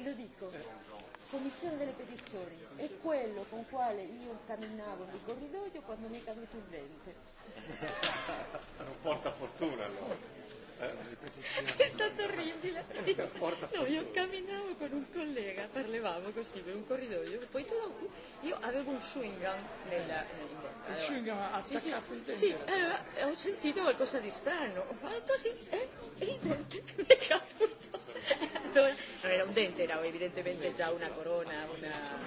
perché lo dico, commissione delle petizioni, è quello con quale io camminavo nel corridoio quando mi è caduto il dente. Non porta fortuna allora. È stato orribile. No, io camminavo con un collega, parlavamo così per un corridoio, poi tu, io avevo un chewing gum nella, in bocca. Allora, il chewing gum attaccato sì, il dente? Sì, allora ho sentito qualcosa di strano, ho fatto così, eh, il dente mi è caduto Presidente era evidentemente già una corona, una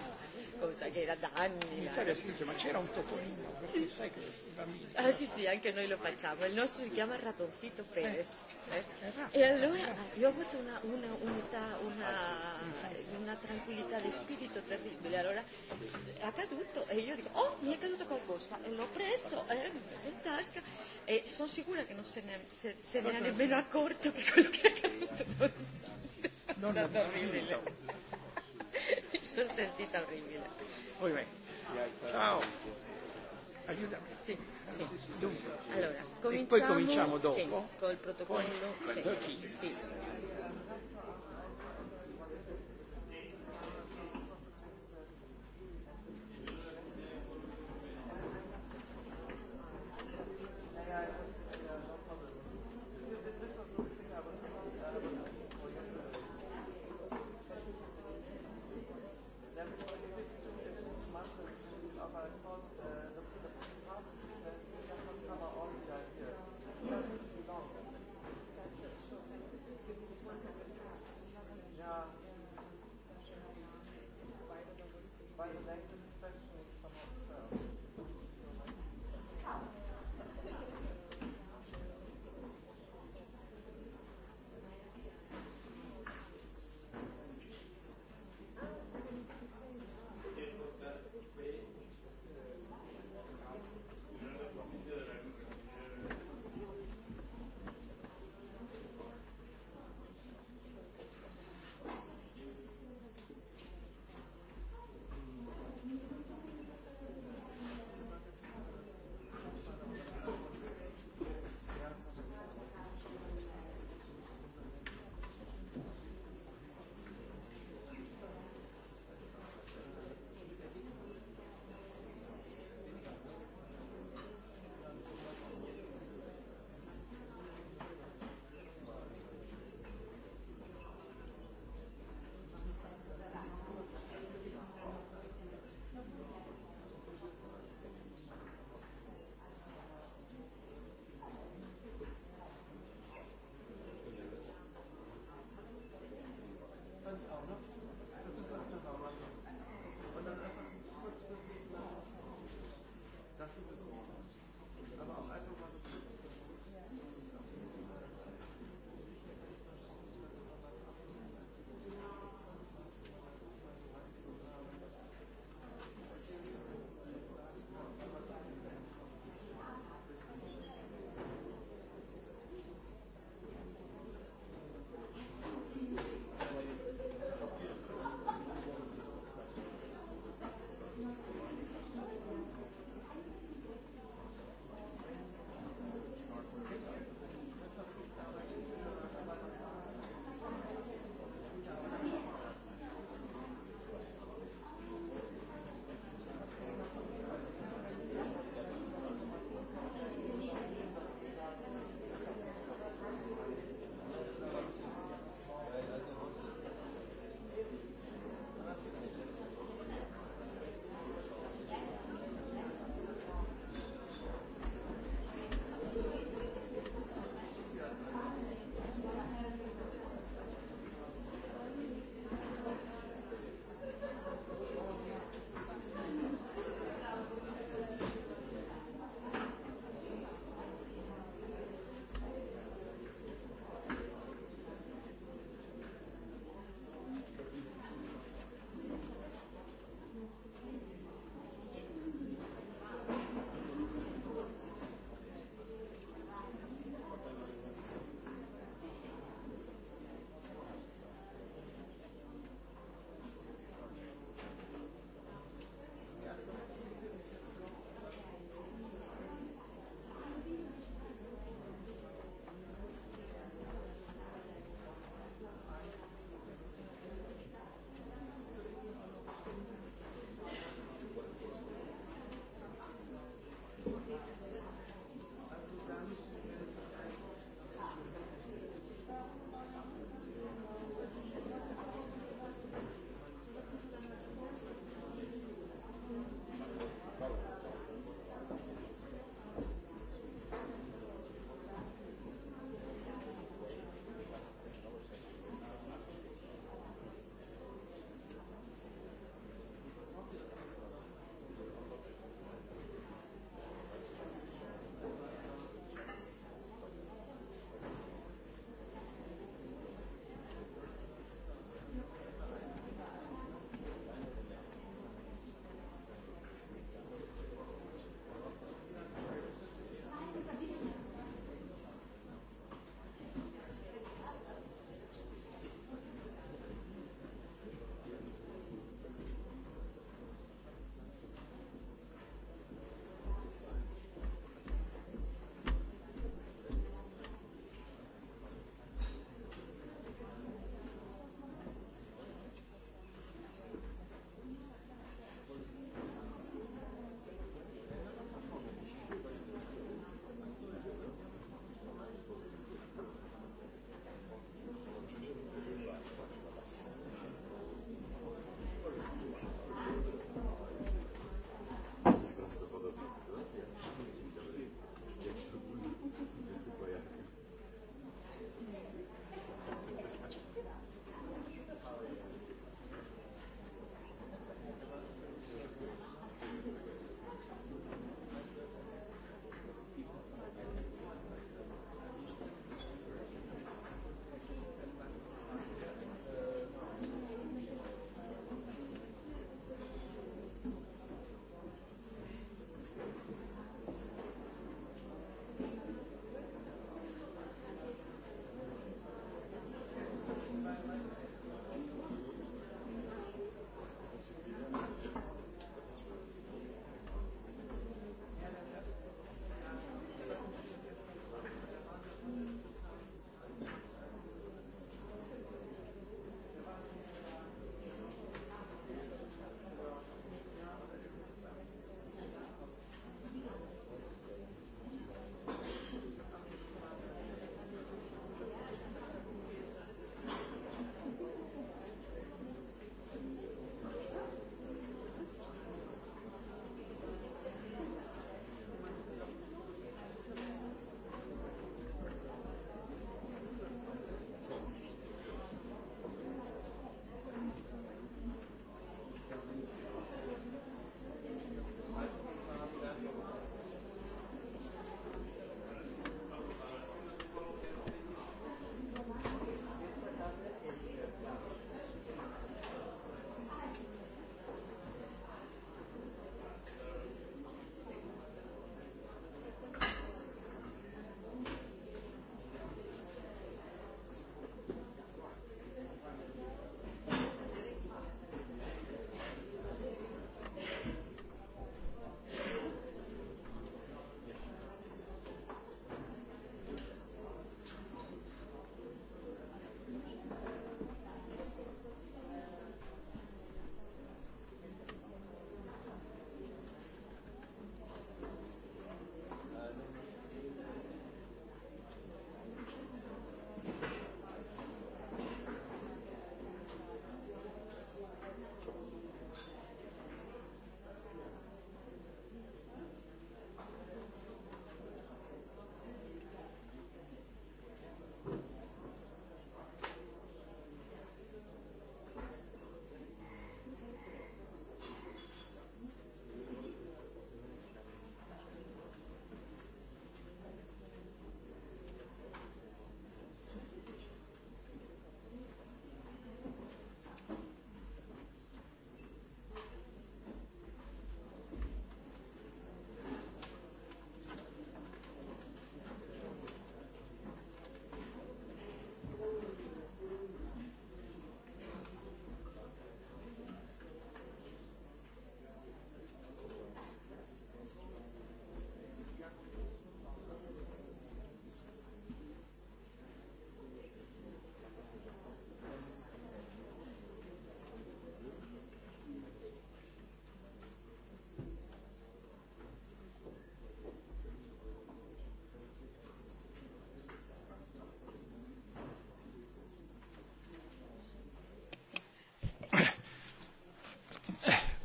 cosa che era da anni. In Italia si dice ma c'era un topolino, sì. sai che i bambini. Ah sì sì, anche noi lo facciamo, il nostro si chiama Ratoncito Perez. Eh? E allora io ho avuto una, una unità, una, una tranquillità di spirito terribile, allora è accaduto e io dico, oh mi è caduto qualcosa, e eh, l'ho preso eh, in tasca e sono sicura che non se ne, eh, se, se ne ha nemmeno accorto che quello che è accaduto. Non Non, è stato orribile. Mi sono sentita orribile. Poi vai. Ciao. Aiutami. Sì, sì. Dunque. Allora, cominciamo, e poi cominciamo dopo. Sì, col protocollo. Poi, sì. Sì.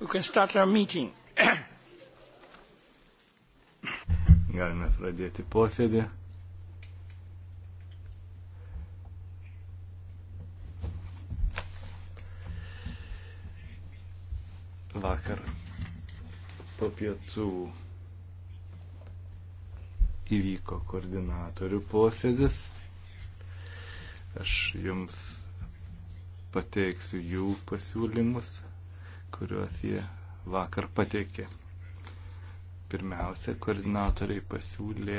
can start our meeting. Galime pradėti posėdį. Vakar po pietų įvyko koordinatorių posėdis. Aš jums pateiksiu jų pasiūlymus kuriuos jie vakar pateikė. Pirmiausia, koordinatoriai pasiūlė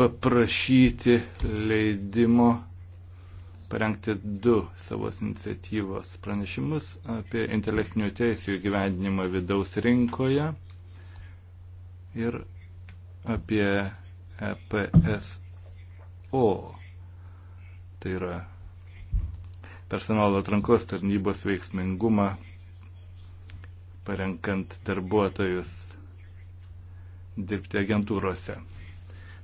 paprašyti leidimo parengti du savos iniciatyvos pranešimus apie intelektinių teisų įgyvendinimą vidaus rinkoje ir apie EPSO. Tai yra personalo atrankos tarnybos veiksmingumą, parenkant darbuotojus dirbti agentūrose.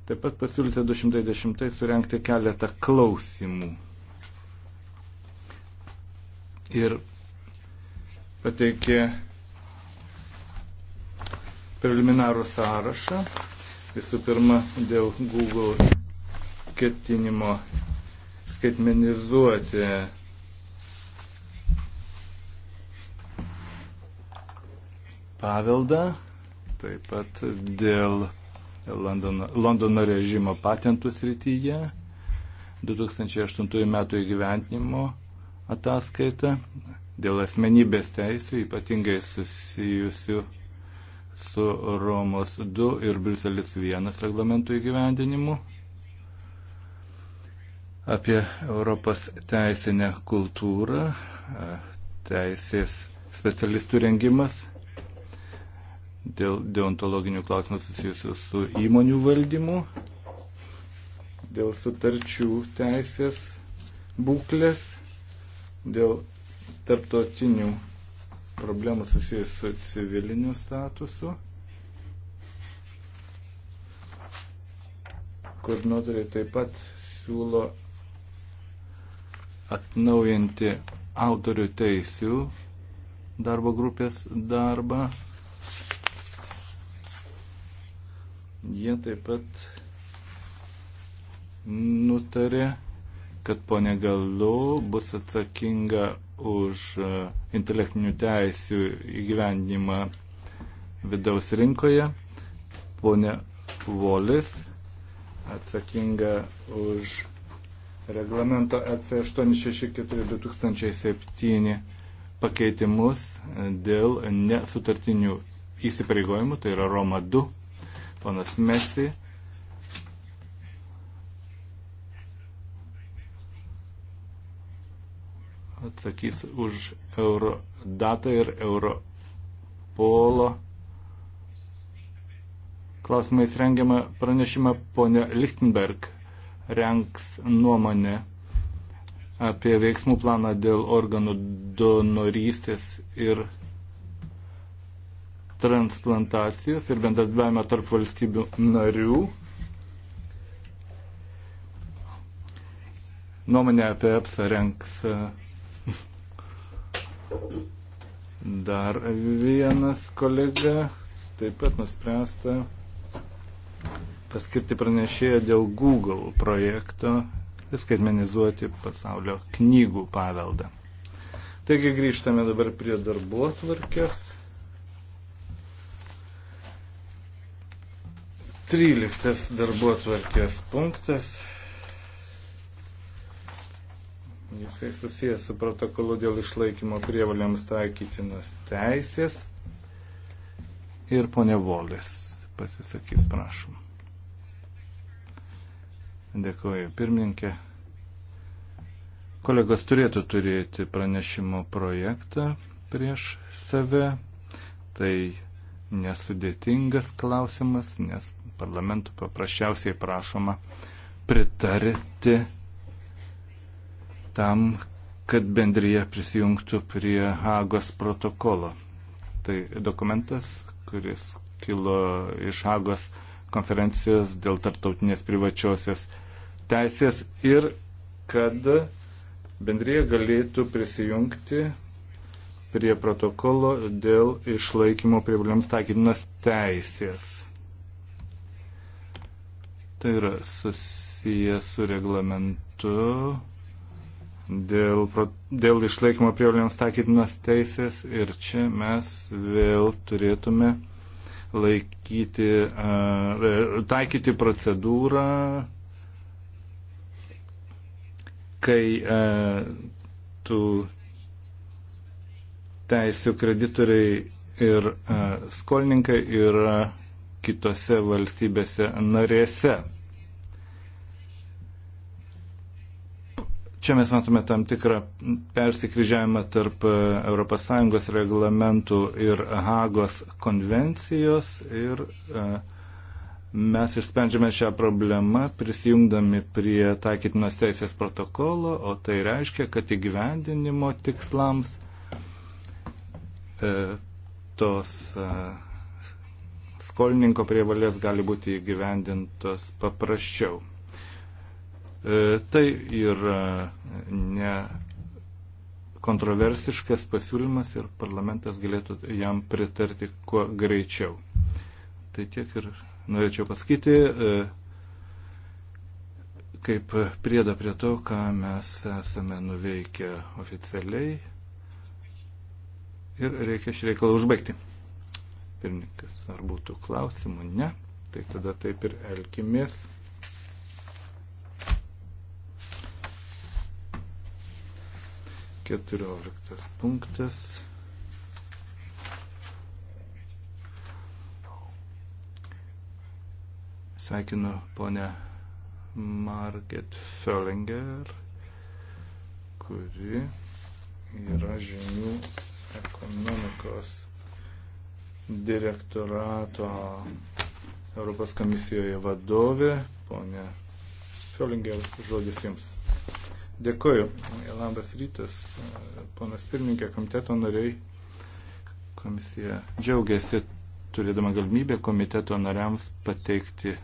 Taip pat pasiūlyta 210 surenkti keletą klausimų. Ir pateikė preliminarų sąrašą. Visų pirma, dėl Google ketinimo skaitmenizuoti paveldą, taip pat dėl Londono, Londono režimo patentų srityje 2008 metų įgyventinimo ataskaita dėl asmenybės teisų, ypatingai susijusių su Romos 2 ir Briuselis 1 reglamentų įgyvendinimu, apie Europos teisinę kultūrą, teisės specialistų rengimas dėl deontologinių klausimų susijusių su įmonių valdymu, dėl sutarčių teisės būklės, dėl tarptautinių problemų susijusių su civiliniu statusu. Koordinatoriai taip pat siūlo atnaujinti autorių teisių darbo grupės darbą Jie taip pat nutarė, kad ponė Galu bus atsakinga už e, intelektinių teisių įgyvendinimą vidaus rinkoje. Pone Volis atsakinga už reglamento EC 864-2007 pakeitimus e, dėl nesutartinių įsipareigojimų, tai yra Roma 2 ponas Mesi. Atsakys už Eurodatą ir Europolo klausimais rengiamą pranešimą ponia Lichtenberg renks nuomonę apie veiksmų planą dėl organų donorystės ir transplantacijas ir bendradarbiavimą tarp valstybių narių. Nuomonę apie EPSA renks e, dar vienas kolega. Taip pat nuspręsta paskirti pranešėją dėl Google projekto skaitmenizuoti pasaulio knygų paveldą. Taigi grįžtame dabar prie darbuotvarkės. 13 darbo atvarkės punktas. Jisai susijęs su protokolu dėl išlaikymo prievaliams taikytinas teisės. Ir ponė Volis pasisakys, prašom. Dėkuoju, pirmininkė. Kolegos turėtų turėti pranešimo projektą prieš save. Tai nesudėtingas klausimas, nes parlamentų paprasčiausiai prašoma pritarti tam, kad bendryje prisijungtų prie Hagos protokolo. Tai dokumentas, kuris kilo iš Hagos konferencijos dėl tartautinės privačiosios teisės ir kad bendryje galėtų prisijungti prie protokolo dėl išlaikymo prievalėms taikytinas teisės. Tai yra susijęs su reglamentu dėl, dėl išlaikymo prievalėms taikytinas teisės ir čia mes vėl turėtume laikyti, e, taikyti procedūrą, kai e, tų teisių kreditoriai ir e, skolininkai yra kitose valstybėse narėse. Čia mes matome tam tikrą persikryžiavimą tarp e, ES reglamentų ir Hagos konvencijos ir e, mes išsprendžiame šią problemą prisijungdami prie taikytinos teisės protokolo, o tai reiškia, kad įgyvendinimo tikslams E, tos e, skolininko prievalės gali būti įgyvendintos paprasčiau. E, tai yra ne kontroversiškas pasiūlymas ir parlamentas galėtų jam pritarti kuo greičiau. Tai tiek ir norėčiau pasakyti, kaip priedą prie to, ką mes esame nuveikę oficialiai ir reikia šį reikalą užbaigti. Pirmininkas, ar būtų klausimų? Ne. Tai tada taip ir elkimės. Keturioliktas punktas. Sveikinu ponę Margaret Fellinger, kuri yra žinių ekonomikos direktorato Europos komisijoje vadovė, ponė Šiolinger, žodis jums. Dėkuoju. Labas rytas, ponas pirmininkė, komiteto nariai. Komisija džiaugiasi turėdama galimybę komiteto nariams pateikti,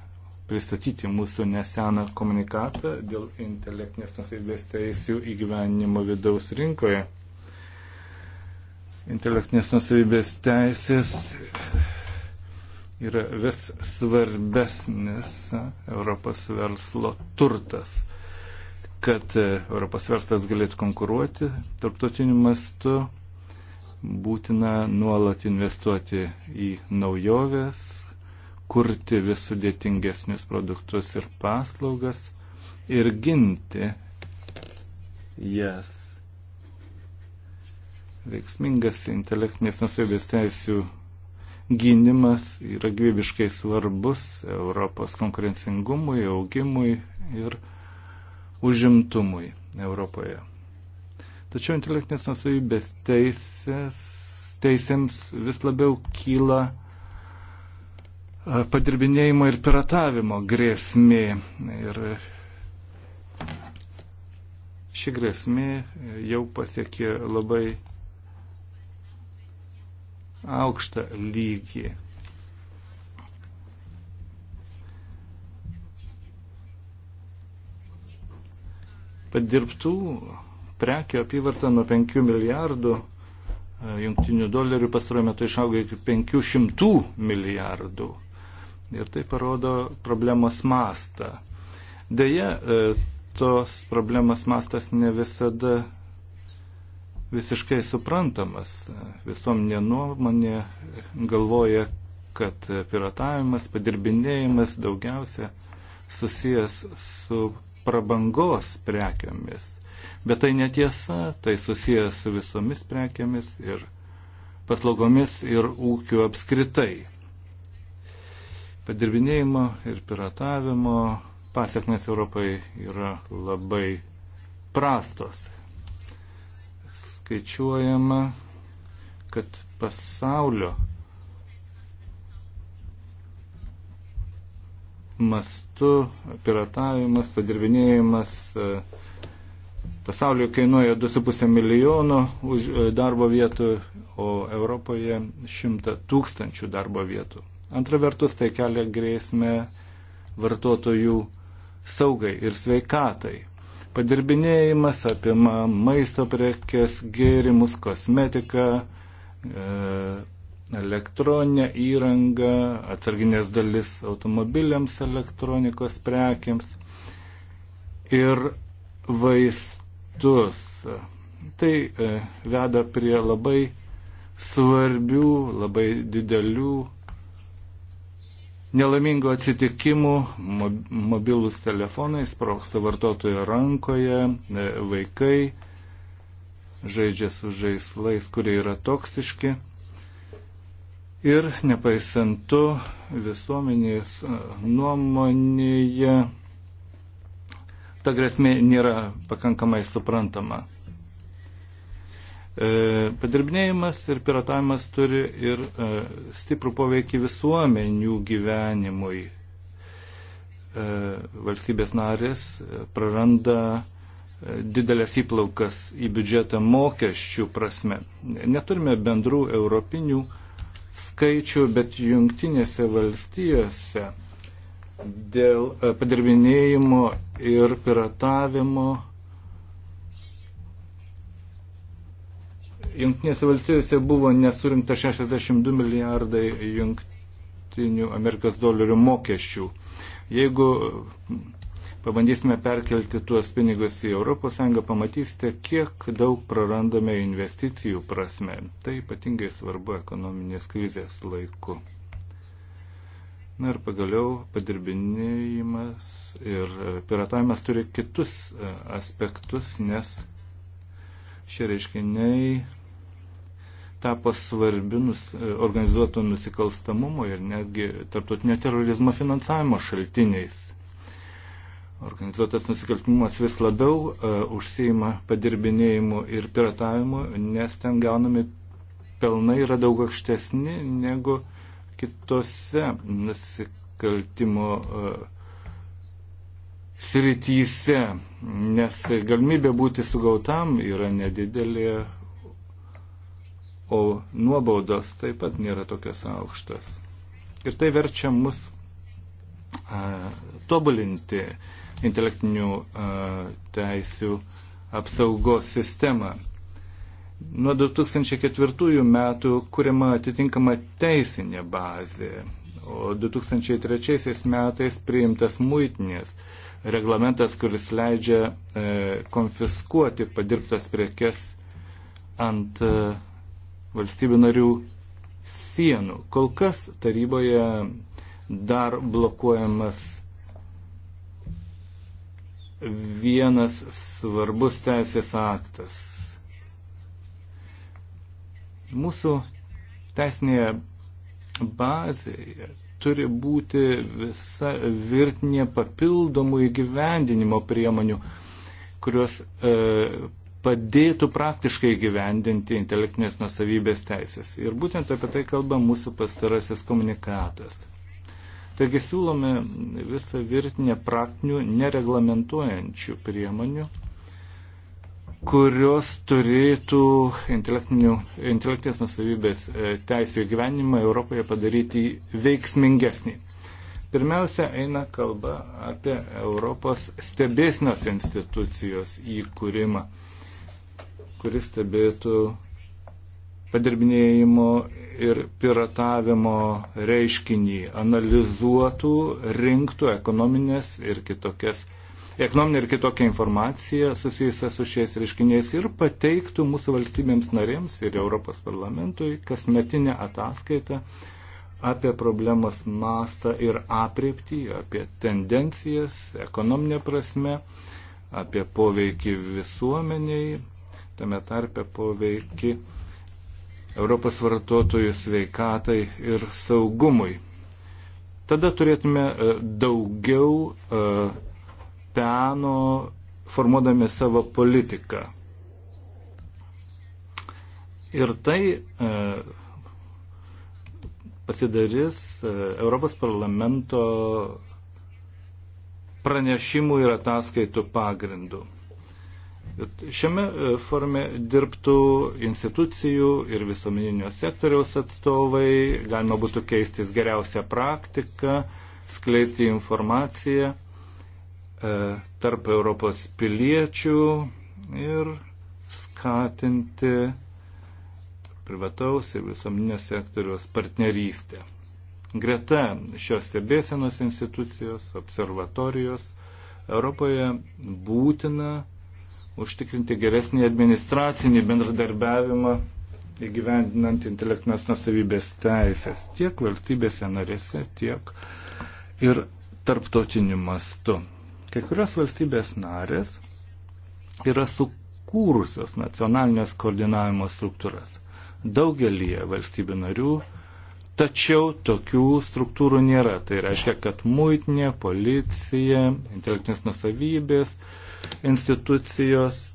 pristatyti mūsų neseną komunikatą dėl intelektinės nusavybės teisų įgyvenimo vidaus rinkoje intelektinės nusavybės teisės yra vis svarbesnis Europos verslo turtas. Kad Europos verslas galėtų konkuruoti tarptautiniu mastu, būtina nuolat investuoti į naujoves, kurti vis sudėtingesnius produktus ir paslaugas ir ginti jas. Yes veiksmingas intelektinės nusavybės teisių gynimas yra gyvybiškai svarbus Europos konkurencingumui, augimui ir užimtumui Europoje. Tačiau intelektinės nusavybės teisės, teisėms vis labiau kyla e, padirbinėjimo ir piratavimo grėsmė. Ir ši grėsmė jau pasiekė labai aukštą lygį. Padirbtų prekių apyvarta nuo 5 milijardų e, jungtinių dolerių pastaruoju metu išaugo iki 500 milijardų. Ir tai parodo problemos mastą. Deja, e, tos problemos mastas ne visada visiškai suprantamas. Visuomenė nuomonė galvoja, kad piratavimas, padirbinėjimas daugiausia susijęs su prabangos prekiamis. Bet tai netiesa, tai susijęs su visomis prekiamis ir paslaugomis ir ūkiu apskritai. Padirbinėjimo ir piratavimo pasiekmes Europai yra labai prastos skaičiuojama, kad pasaulio mastu piratavimas, padirbinėjimas e, pasaulyje kainuoja 2,5 milijono už e, darbo vietų, o Europoje 100 tūkstančių darbo vietų. Antra vertus, tai kelia grėsmę vartotojų saugai ir sveikatai. Padirbinėjimas apima maisto prekes, gėrimus, kosmetiką, e, elektroninę įrangą, atsarginės dalis automobiliams, elektronikos prekiams ir vaistus. Tai e, veda prie labai svarbių, labai didelių nelaimingų atsitikimų, mobilus telefonai sproksta vartotojo rankoje, e, vaikai žaidžia su žaislais, kurie yra toksiški. Ir nepaisant to visuomenės e, nuomonėje ta grėsmė nėra pakankamai suprantama. E, padirbinėjimas ir piratavimas turi ir e, stiprų poveikį visuomenių gyvenimui. E, valstybės narės praranda didelės įplaukas į biudžetą mokesčių prasme. Neturime bendrų europinių skaičių, bet jungtinėse valstijose dėl padirbinėjimo ir piratavimo Junktinėse valstijose buvo nesurinkta 62 milijardai jungtinių Amerikos dolerių mokesčių. Jeigu pabandysime perkelti tuos pinigus į ES, pamatysite, kiek daug prarandame investicijų prasme. Tai ypatingai svarbu ekonominės krizės laiku. Na ir pagaliau padirbinėjimas ir piratavimas turi kitus e, aspektus, nes šie reiškiniai tapo svarbi e, organizuoto nusikalstamumo ir netgi tarptautinio terorizmo finansavimo šaltiniais. Organizuotas nusikaltimumas vis labiau uh, e, užsieima padirbinėjimu ir piratavimu, nes ten gaunami pelnai yra daug aukštesni negu kitose nusikaltimo uh, srityse, nes galimybė būti sugautam yra nedidelė, o nuobaudos taip pat nėra tokios aukštos. Ir tai verčia mus a, tobulinti intelektinių a, teisių apsaugos sistemą. Nuo 2004 metų kuriama atitinkama teisinė bazė, o 2003 metais priimtas muitinės reglamentas, kuris leidžia e, konfiskuoti padirbtas prekes ant e, valstybių narių sienų. Kol kas taryboje dar blokuojamas vienas svarbus teisės aktas. Mūsų teisinėje bazėje turi būti visa virtinė papildomų įgyvendinimo priemonių, kurios e, padėtų praktiškai gyvendinti intelektinės nusavybės teisės. Ir būtent apie tai kalba mūsų pastarasis komunikatas. Taigi siūlome visą virtinę praktinių, nereglamentuojančių priemonių, kurios turėtų intelektinės nusavybės e, teisėjų gyvenimą Europoje padaryti veiksmingesnį. Pirmiausia, eina kalba apie Europos stebėsnios institucijos įkūrimą kuris stebėtų padirbinėjimo ir piratavimo reiškinį, analizuotų, rinktų ekonominės ir kitokias, ekonominę ir kitokią informaciją susijusią su šiais reiškiniais ir pateiktų mūsų valstybėms narėms ir Europos parlamentui kasmetinę ataskaitą apie problemos mastą ir apriepti, apie tendencijas ekonominė prasme, apie poveikį visuomeniai, tame tarpe poveikį Europos vartotojų sveikatai ir saugumui. Tada turėtume e, daugiau e, peno formuodami savo politiką. Ir tai e, pasidarys Europos parlamento pranešimų ir ataskaitų pagrindų. Šiame e, forume dirbtų institucijų ir visuomeninio sektoriaus atstovai, galima būtų keistis geriausią praktiką, skleisti informaciją e, tarp Europos piliečių ir skatinti privataus ir visuomeninio sektoriaus partnerystę. Greta šios stebėsenos institucijos, observatorijos Europoje būtina užtikrinti geresnį administracinį bendradarbiavimą įgyvendinant intelektinės nusavybės teisės tiek valstybėse narėse, tiek ir tarptautiniu mastu. Kai kurios valstybės narės yra sukūrusios nacionalinės koordinavimo struktūras daugelį valstybių narių, tačiau tokių struktūrų nėra. Tai reiškia, kad muitinė, policija, intelektinės nusavybės, institucijos,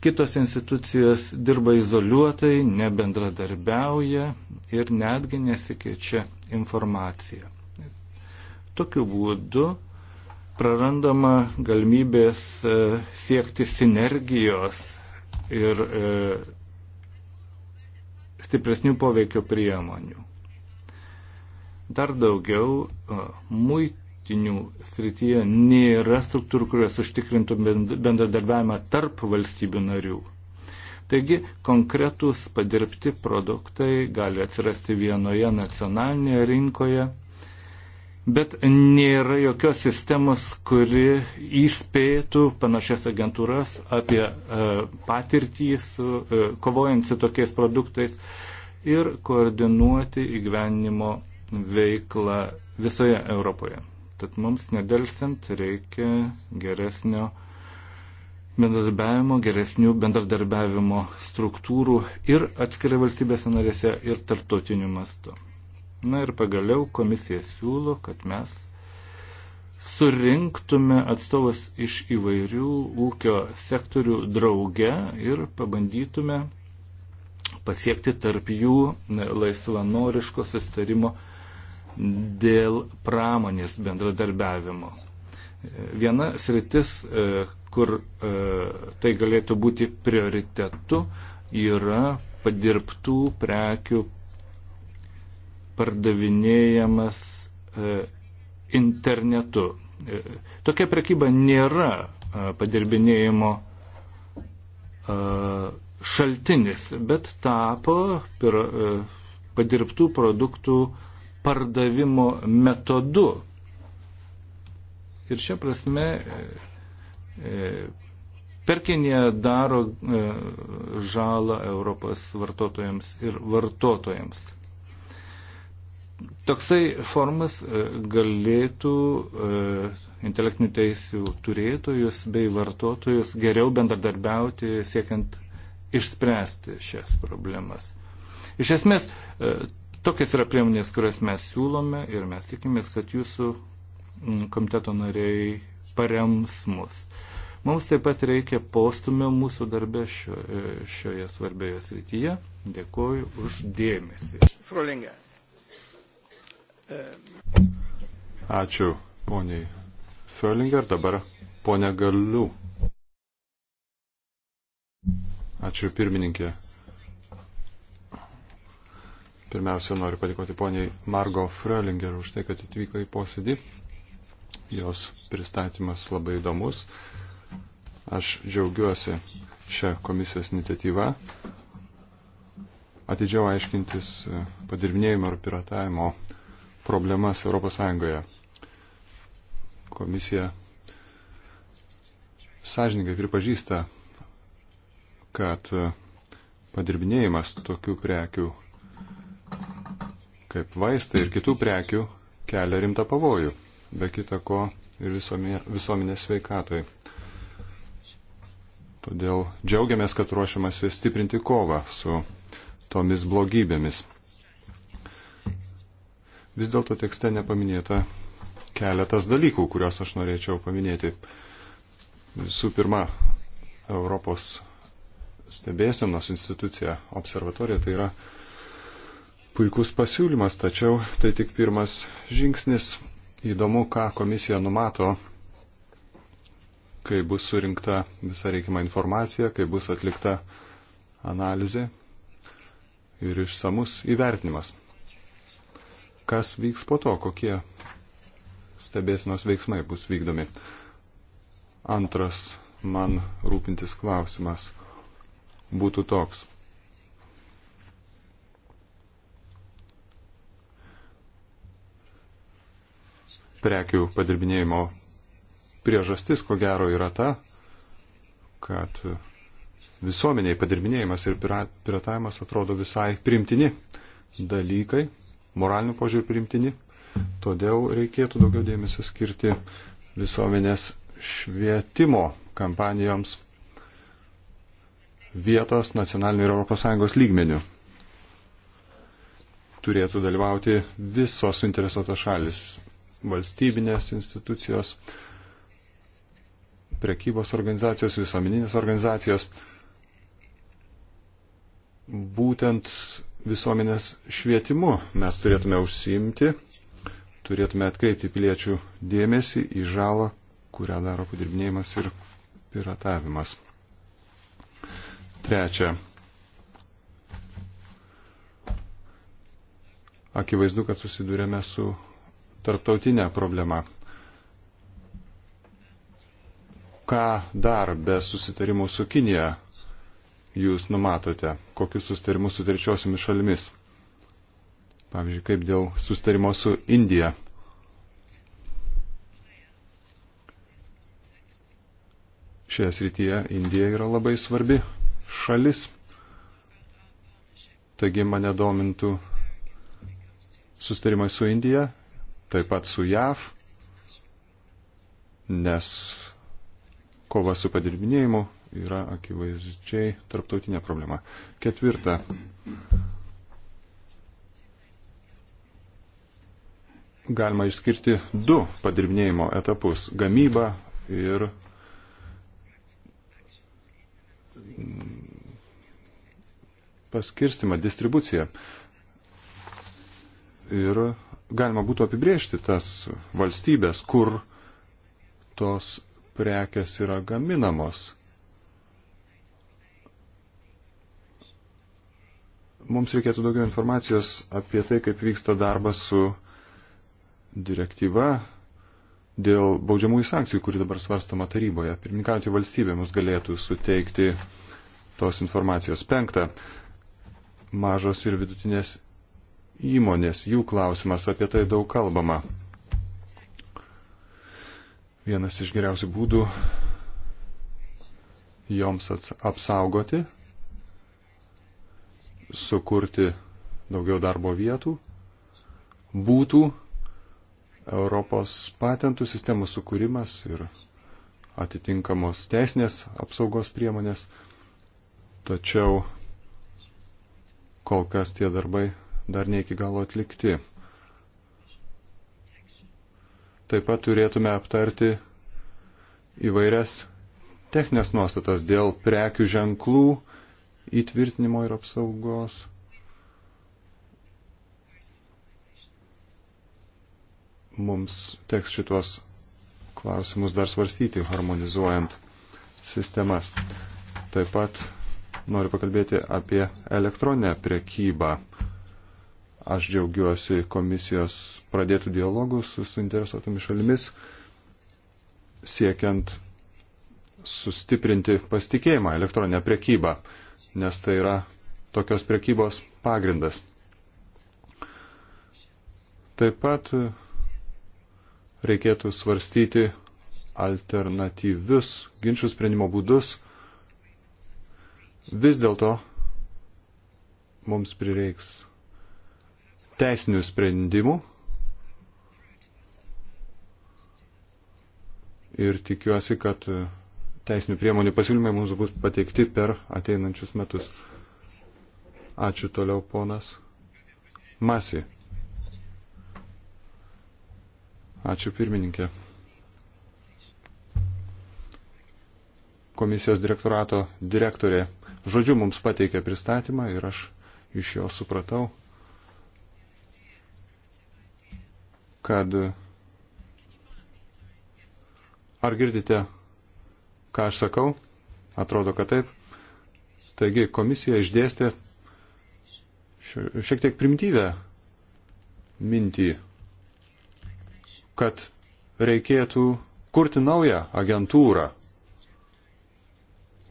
kitos institucijos dirba izoliuotai, nebendradarbiauja ir netgi nesikeičia informacija. Tokiu būdu prarandama galimybės e, siekti sinergijos ir e, stipresnių poveikio priemonių. Dar daugiau, e, muit statinių srityje nėra struktūrų, kurios užtikrintų bendradarbiavimą tarp valstybių narių. Taigi konkretūs padirbti produktai gali atsirasti vienoje nacionalinėje rinkoje, bet nėra jokios sistemos, kuri įspėtų panašias agentūras apie e, patirtį su, e, kovojant su tokiais produktais ir koordinuoti įgyvenimo veiklą visoje Europoje. Tad mums nedelsiant reikia geresnio bendradarbiavimo, geresnių bendradarbiavimo struktūrų ir atskirai valstybėse narėse ir tarptautiniu mastu. Na ir pagaliau komisija siūlo, kad mes surinktume atstovas iš įvairių ūkio sektorių drauge ir pabandytume pasiekti tarp jų laisvanoriško sustarimo dėl pramonės bendradarbiavimo. Viena sritis, e, kur e, tai galėtų būti prioritetu, yra padirbtų prekių pardavinėjamas e, internetu. Tokia prekyba nėra padirbinėjimo šaltinis, bet tapo pir, padirbtų produktų uh, pardavimo metodu. Ir šia prasme e, e, perkinė daro e, žalą Europos vartotojams ir vartotojams. Toksai formas galėtų intelektinių teisių turėtojus bei vartotojus geriau bendradarbiauti siekiant išspręsti šias problemas. Iš esmės, Tokias yra priemonės, kurias mes siūlome ir mes tikimės, kad jūsų mm, komiteto nariai parems mus. Mums taip pat reikia postumio mūsų darbė šio, e, šioje svarbioje srityje. Dėkuoju už dėmesį. Frolingė. E. Ačiū poniai Frolinger, dabar ponia Galiu. Ačiū pirmininkė. Pirmiausia, noriu padėkoti poniai Margo Frölinger už tai, kad atvyko į posėdį. Jos pristatymas labai įdomus. Aš džiaugiuosi šią komisijos iniciatyvą atidžiau aiškintis e, padirbinėjimo ir piratavimo problemas ES. Komisija sąžininkai pripažįsta, kad e, padirbinėjimas tokių prekių kaip vaistai ir kitų prekių, kelia rimtą pavojų, be kita ko ir visuomenės sveikatai. Todėl džiaugiamės, kad ruošiamasi stiprinti kovą su tomis blogybėmis. Vis dėlto tekste nepaminėta keletas dalykų, kuriuos aš norėčiau paminėti. Visų pirma, Europos stebėsenos institucija, observatorija, tai yra puikus pasiūlymas, tačiau tai tik pirmas žingsnis. Įdomu, ką komisija numato, kai bus surinkta visa reikima informacija, kai bus atlikta analizė ir išsamus įvertinimas. Kas vyks po to, kokie stebėsinos veiksmai bus vykdomi. Antras man rūpintis klausimas būtų toks. prekių padirbinėjimo priežastis, ko gero, yra ta, kad visuomeniai padirbinėjimas ir piratavimas atrodo visai primtini dalykai, moralinių požiūrį primtini, todėl reikėtų daugiau dėmesio skirti visuomenės švietimo kampanijoms vietos nacionalinių ir ES lygmenių. Turėtų dalyvauti visos suinteresuotos šalis valstybinės institucijos, prekybos organizacijos, visuomeninės organizacijos. Būtent visuomenės švietimu mes turėtume užsiimti, turėtume atkreipti piliečių dėmesį į žalą, kurią daro padirbinėjimas ir piratavimas. Trečia. Akivaizdu, kad susidurėme su tarptautinė problema. Ką dar be susitarimų su Kinija jūs numatote? Kokius susitarimus su trečiosiomis šalimis? Pavyzdžiui, kaip dėl susitarimo su Indija? Šioje srityje Indija yra labai svarbi šalis. Taigi mane domintų sustarimai su Indija taip pat su JAV, nes kova su padirbinėjimu yra akivaizdžiai tarptautinė problema. Ketvirta. Galima išskirti du padirbinėjimo etapus - gamybą ir paskirstimą, distribuciją. Ir galima būtų apibriežti tas valstybės, kur tos prekes yra gaminamos. Mums reikėtų daugiau informacijos apie tai, kaip vyksta darbas su direktyva dėl baudžiamųjų sankcijų, kuri dabar svarstama taryboje. Pirmininkaujantį valstybė mus galėtų suteikti tos informacijos. Penkta. Mažos ir vidutinės įmonės, jų klausimas, apie tai daug kalbama. Vienas iš geriausių būdų joms apsaugoti, sukurti daugiau darbo vietų, būtų Europos patentų sistemų sukūrimas ir atitinkamos teisinės apsaugos priemonės. Tačiau kol kas tie darbai dar ne iki galo atlikti. Taip pat turėtume aptarti įvairias techninės nuostatas dėl prekių ženklų įtvirtinimo ir apsaugos. Mums teks šitos klausimus dar svarstyti, harmonizuojant sistemas. Taip pat noriu pakalbėti apie elektroninę priekybą. Aš džiaugiuosi komisijos pradėtų dialogų su suinteresuotomis šalimis, siekiant sustiprinti pasitikėjimą elektroninę prekybą, nes tai yra tokios prekybos pagrindas. Taip pat reikėtų svarstyti alternatyvius ginčių sprendimo būdus. Vis dėlto mums prireiks teisinių sprendimų ir tikiuosi, kad teisinių priemonių pasiūlymai mums bus pateikti per ateinančius metus. Ačiū toliau, ponas. Masi. Ačiū pirmininkė. Komisijos direktorato direktorė žodžiu mums pateikė pristatymą ir aš iš jo supratau, kad ar girdite, ką aš sakau? Atrodo, kad taip. Taigi komisija išdėstė šiek tiek primityvę mintį, kad reikėtų kurti naują agentūrą.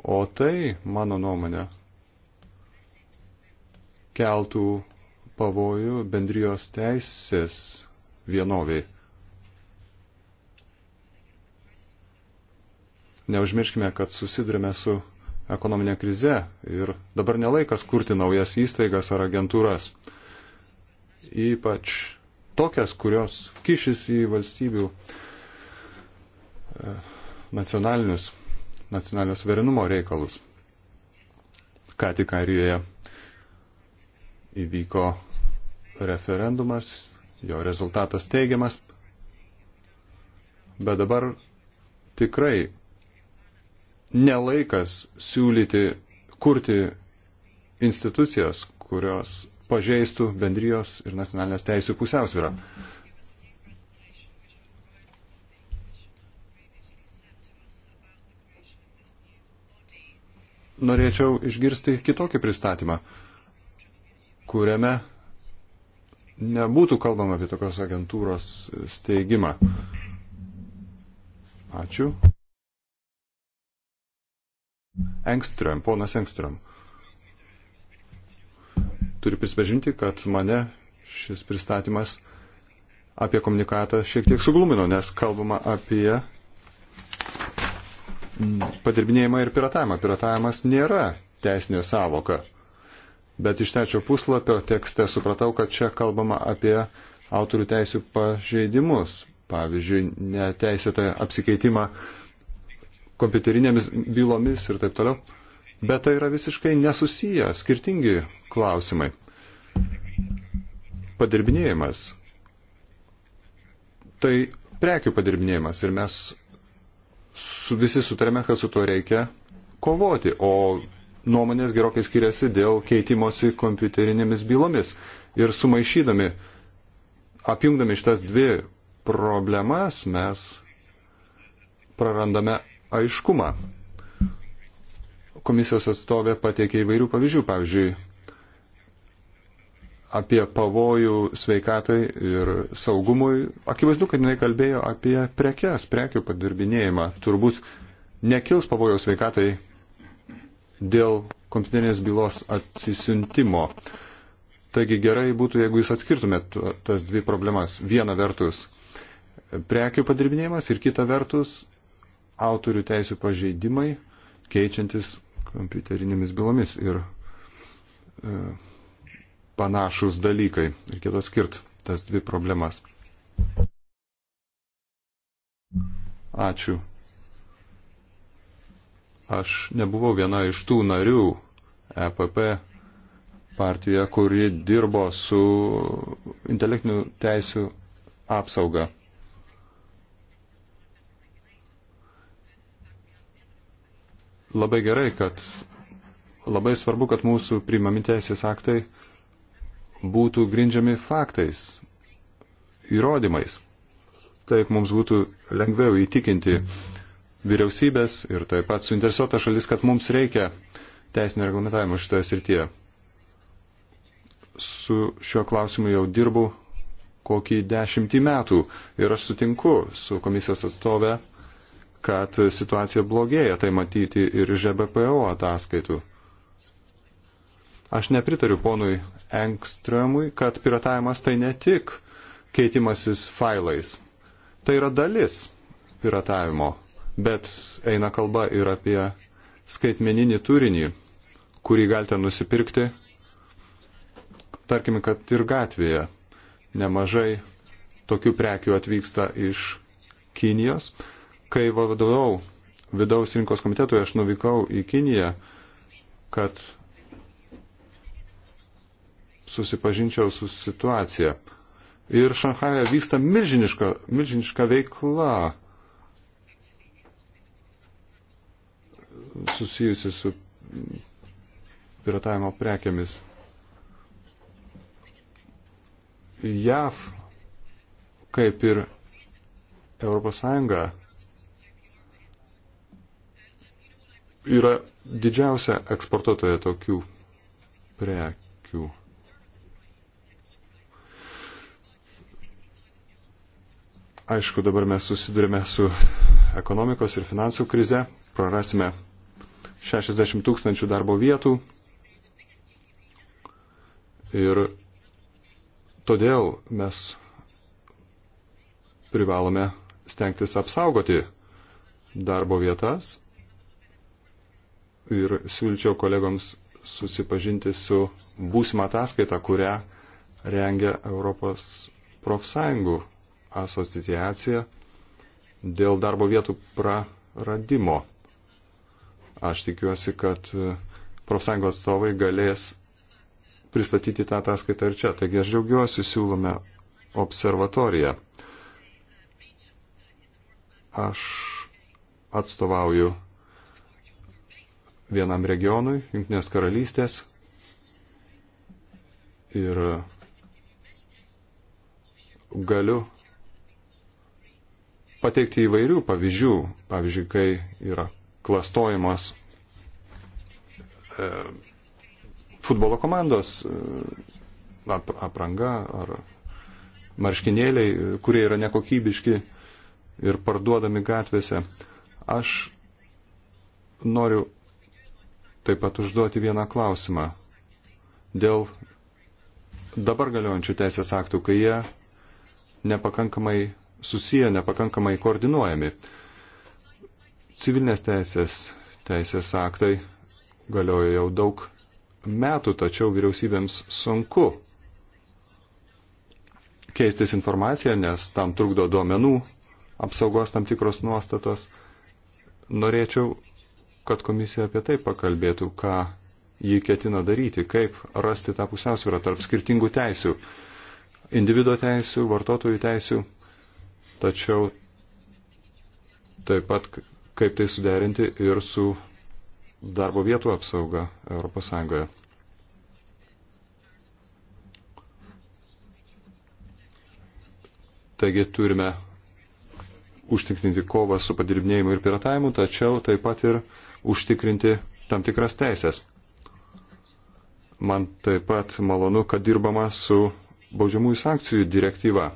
O tai, mano nuomonė, keltų pavojų bendrijos teisės vienoviai. Neužmirškime, kad susidurime su ekonominė krize ir dabar nelaikas kurti naujas įstaigas ar agentūras. Ypač tokias, kurios kišis į valstybių e, nacionalinius, nacionalinio suverenumo reikalus. Ką tik Arijoje įvyko referendumas jo rezultatas teigiamas, bet dabar tikrai nelaikas siūlyti kurti institucijas, kurios pažeistų bendrijos ir nacionalinės teisų pusiausvyrą. Norėčiau išgirsti kitokį pristatymą, kuriame nebūtų kalbama apie tokios agentūros steigimą. Ačiū. Engström, ponas Engström. Turiu prisipažinti, kad mane šis pristatymas apie komunikatą šiek tiek suglumino, nes kalbama apie mm, padirbinėjimą ir piratavimą. Piratavimas nėra teisinė savoka bet iš trečio puslapio tekste supratau, kad čia kalbama apie autorių teisų pažeidimus, pavyzdžiui, neteisėtą apsikeitimą kompiuterinėmis bylomis ir taip toliau. Bet tai yra visiškai nesusiję, skirtingi klausimai. Padirbinėjimas. Tai prekių padirbinėjimas ir mes su, visi sutarėme, kad su tuo reikia kovoti, o nuomonės gerokai skiriasi dėl keitimosi kompiuterinėmis bylomis. Ir sumaišydami, apjungdami šitas dvi problemas, mes prarandame aiškumą. Komisijos atstovė pateikė įvairių pavyzdžių, pavyzdžiui, apie pavojų sveikatai ir saugumui. Akivaizdu, kad jinai kalbėjo apie prekes, prekių padirbinėjimą. Turbūt nekils pavojaus sveikatai dėl kompiuterinės bylos atsisiuntimo. Taigi gerai būtų, jeigu jūs atskirtumėt tas dvi problemas. Viena vertus prekių padirbinėjimas ir kita vertus autorių teisų pažeidimai keičiantis kompiuterinėmis bylomis ir e, panašus dalykai. Reikėtų atskirti tas dvi problemas. Ačiū. Aš nebuvau viena iš tų narių EPP partijoje, kuri dirbo su intelektinių teisių apsauga. Labai gerai, kad labai svarbu, kad mūsų priimami teisės aktai būtų grindžiami faktais, įrodymais. Taip mums būtų lengviau įtikinti uh, vyriausybės ir taip pat suinteresuota šalis, kad mums reikia teisinio reglamentavimo šitoje srityje. Su šiuo klausimu jau dirbu kokį dešimtį metų ir aš sutinku su komisijos atstove, kad situacija blogėja, tai matyti ir iš BPO ataskaitų. Aš nepritariu ponui Engströmui, kad piratavimas tai ne tik keitimasis failais. Tai yra dalis piratavimo bet eina kalba ir apie skaitmeninį turinį, kurį galite nusipirkti, tarkim, kad ir gatvėje. Nemažai tokių prekių atvyksta iš Kinijos. Kai vadovau vidaus rinkos komitetui, aš nuvykau į Kiniją, kad susipažinčiau su situacija. Ir Šanhaja vyksta milžiniška, milžiniška veikla susijusi su piratavimo prekiamis. JAV, kaip ir ES, yra didžiausia eksportuotoja tokių prekių. Aišku, dabar mes susidurime su ekonomikos ir finansų krize, prarasime 60 tūkstančių darbo vietų. Ir todėl mes privalome stengtis apsaugoti darbo vietas ir siūlyčiau kolegoms susipažinti su būsima ataskaita, kurią rengia Europos profsąjungų asociacija dėl darbo vietų praradimo. Aš tikiuosi, kad e, profsąjungos atstovai galės pristatyti tą ataskaitą ir čia. Taigi aš džiaugiuosi, siūlome observatoriją. Aš atstovauju vienam regionui, Junktinės karalystės. Ir galiu pateikti įvairių pavyzdžių. Pavyzdžiui, kai yra klastojimas e, futbolo komandos e, apranga ar marškinėliai, kurie yra nekokybiški ir parduodami gatvėse. Aš noriu taip pat užduoti vieną klausimą dėl dabar galiojančių teisės aktų, kai jie nepakankamai susiję, nepakankamai koordinuojami. Civilinės teisės teisės aktai galioja jau daug metų, tačiau vyriausybėms sunku keistis informaciją, nes tam trukdo duomenų apsaugos tam tikros nuostatos. Norėčiau, kad komisija apie tai pakalbėtų, ką jį ketina daryti, kaip rasti tą pusiausvyrą tarp skirtingų teisių - individuo teisių, vartotojų teisių, tačiau taip pat kaip tai suderinti ir su darbo vietų apsauga ES. Taigi turime užtikrinti kovą su padirbinėjimu ir piratavimu, tačiau taip pat ir užtikrinti tam tikras teisės. Man taip pat malonu, kad dirbama su baudžiamųjų sankcijų direktyva.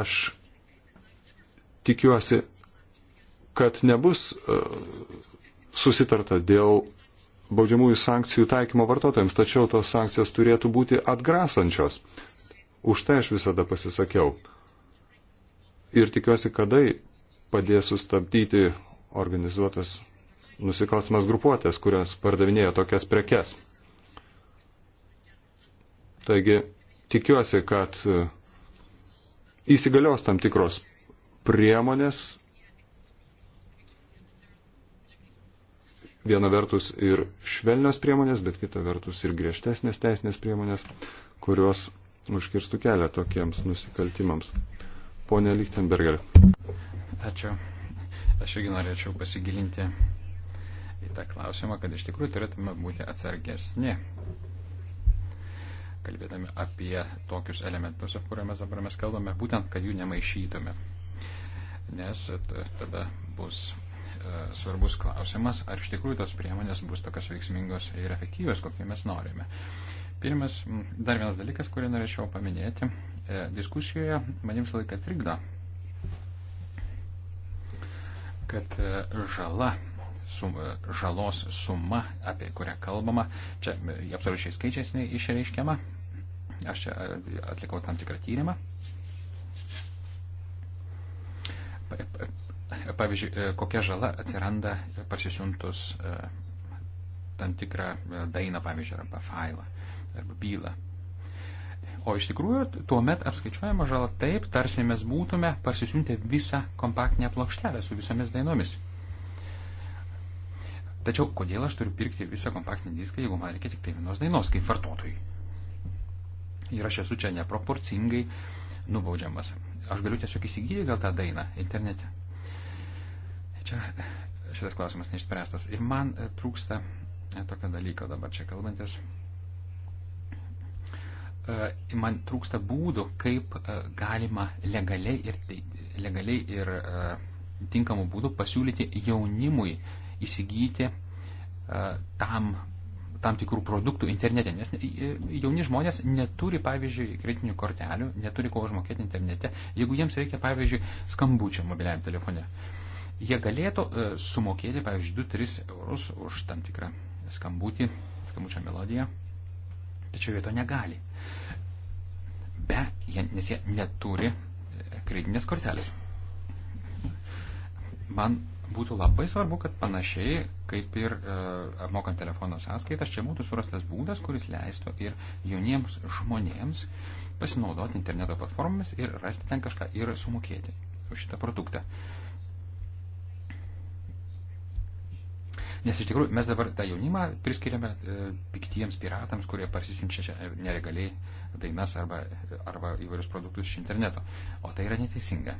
Aš tikiuosi, kad nebus e, susitarta dėl baudžiamųjų sankcijų taikymo vartotojams, tačiau tos sankcijos turėtų būti atgrasančios. Už tai aš visada pasisakiau. Ir tikiuosi, kadai padės sustabdyti organizuotas nusikalstamas grupuotės, kurios pardavinėjo tokias prekes. Taigi, tikiuosi, kad e, įsigalios tam tikros priemonės viena vertus ir švelnios priemonės, bet kita vertus ir griežtesnės teisinės priemonės, kurios užkirstų kelią tokiems nusikaltimams. Pone Lichtenberger. Ačiū. Aš irgi norėčiau pasigilinti į tą klausimą, kad iš tikrųjų turėtume būti atsargesni, kalbėdami apie tokius elementus, apie kuriuos dabar mes kalbame, būtent, kad jų nemaišytume nes tada bus e, svarbus klausimas, ar iš tikrųjų tos priemonės bus tokios veiksmingos ir efektyvios, kokie mes norime. Pirmas, dar vienas dalykas, kurį norėčiau paminėti, e, diskusijoje manim visą laiką trikdo, kad e, žala, sum, žalos suma, apie kurią kalbama, čia absoliučiai skaičiais išreiškiama, aš čia atlikau tam tikrą tyrimą pavyzdžiui, e, kokia žala atsiranda parsisiuntus e, tam tikrą e, dainą, pavyzdžiui, arba failą, arba bylą. O iš tikrųjų, tuo met apskaičiuojama žala taip, tarsi mes būtume parsisiuntę visą kompaktinę plokštelę su visomis dainomis. Tačiau, kodėl aš turiu pirkti visą kompaktinį diską, jeigu man reikia tik tai vienos dainos, kaip vartotojui? Ir aš esu čia neproporcingai nubaudžiamas aš galiu tiesiog įsigyti gal tą dainą internete. Čia šitas klausimas neišspręstas. Ir man e, trūksta e, tokio dalyko dabar čia kalbantis. E, man trūksta būdų, kaip galima legaliai ir, legaliai ir tinkamų būdų pasiūlyti jaunimui įsigyti tam tam tikrų produktų internete, nes e, e, jauni žmonės neturi, pavyzdžiui, kreditinių kortelių, neturi ko užmokėti internete, jeigu jiems reikia, pavyzdžiui, skambučio mobiliajam telefone. Jie galėtų e, sumokėti, pavyzdžiui, 2-3 eurus už tam tikrą skambutį, skambučio melodiją, tačiau jie to negali. Be, jie, nes jie neturi kreditinės kortelės. Man būtų labai svarbu, kad panašiai kaip ir e, mokant telefono sąskaitas, čia būtų surastas būdas, kuris leistų ir jauniems žmonėms pasinaudoti interneto platformomis ir rasti ten kažką ir sumokėti už šitą produktą. Nes iš tikrųjų mes dabar tą jaunimą priskiriame e, piktiems piratams, kurie parsisiunčia nelegaliai dainas arba, arba įvairius produktus iš interneto. O tai yra neteisinga.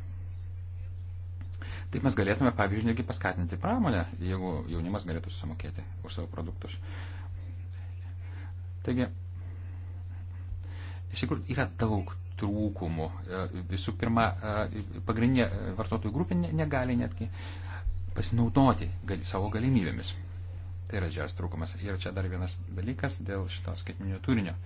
Taip mes galėtume, pavyzdžiui, negi paskatinti pramonę, jeigu jaunimas galėtų sumokėti už savo produktus. Taigi, iš tikrųjų, yra daug trūkumų. E, visų pirma, e, pagrindinė vartotojų grupė negali netgi pasinaudoti gali, savo galimybėmis. Tai yra didžiausias trūkumas. Ir čia dar vienas dalykas dėl šito skaitminio turinio,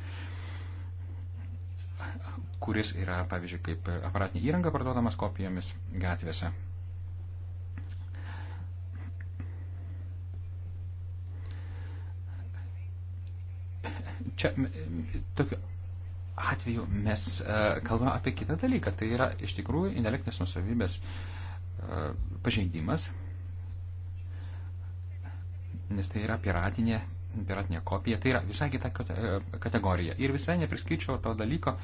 kuris yra, pavyzdžiui, kaip aparatinė įranga parduodamas kopijomis gatvėse. čia tokiu atveju mes e, kalbame apie kitą dalyką. Tai yra iš tikrųjų intelektinės nusavybės e, pažeidimas, nes tai yra piratinė, piratinė kopija, tai yra visai kita e, kategorija. Ir visai nepriskaičiau to dalyko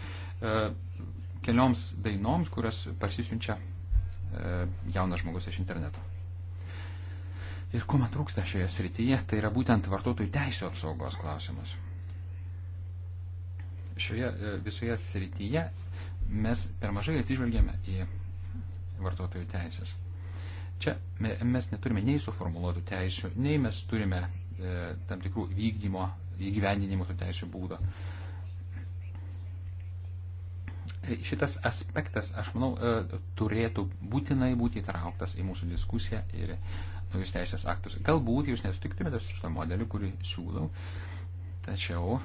kelioms dainoms, kurias pasisiunčia jaunas žmogus iš interneto. Ir ko man trūksta šioje srityje, tai yra būtent vartotojų teisų apsaugos klausimas šioje e, visoje srityje mes per mažai atsižvelgėme į vartotojų teisės. Čia mes neturime nei suformuoluotų teisių, nei mes turime e, tam tikrų vykdymo, įgyvendinimo tų teisių būdo. E, šitas aspektas, aš manau, e, turėtų būtinai būti įtrauktas į mūsų diskusiją ir naujus teisės aktus. Galbūt jūs nesutiktumėte su šitą modelį, kurį siūlau, tačiau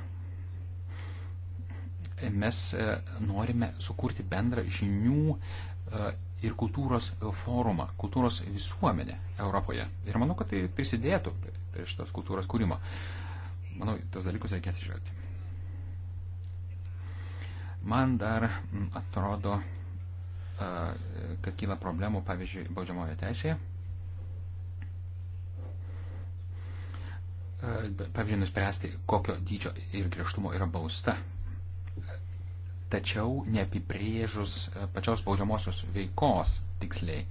mes e, norime sukurti bendrą žinių e, ir kultūros forumą, kultūros visuomenę Europoje. Ir manau, kad tai prisidėtų prie šitos kultūros kūrimo. Manau, tos dalykus reikia atsižvelgti. Man dar atrodo, e, kad kyla problemų, pavyzdžiui, baudžiamojo teisėje. Pavyzdžiui, nuspręsti, kokio dydžio ir griežtumo yra bausta tačiau neapibrėžus e, pačios baudžiamosios veikos tiksliai.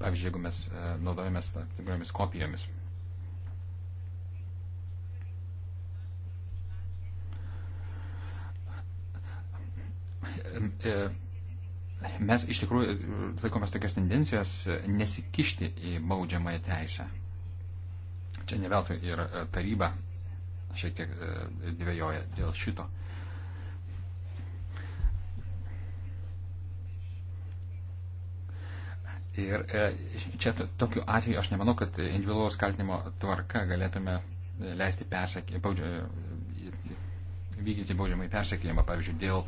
Pavyzdžiui, jeigu mes e, naudojamės tam tikromis kopijomis. E, mes iš tikrųjų laikomės tokios tendencijos nesikišti į baudžiamąją teisę. Čia ne veltui ir taryba šiek tiek dvėjoja dėl šito. Ir e, čia tokiu atveju aš nemanau, kad individualaus kaltinimo tvarka galėtume e, leisti persekė, baudžia, e, vykdyti baudžiamai persekėjimą, pavyzdžiui, dėl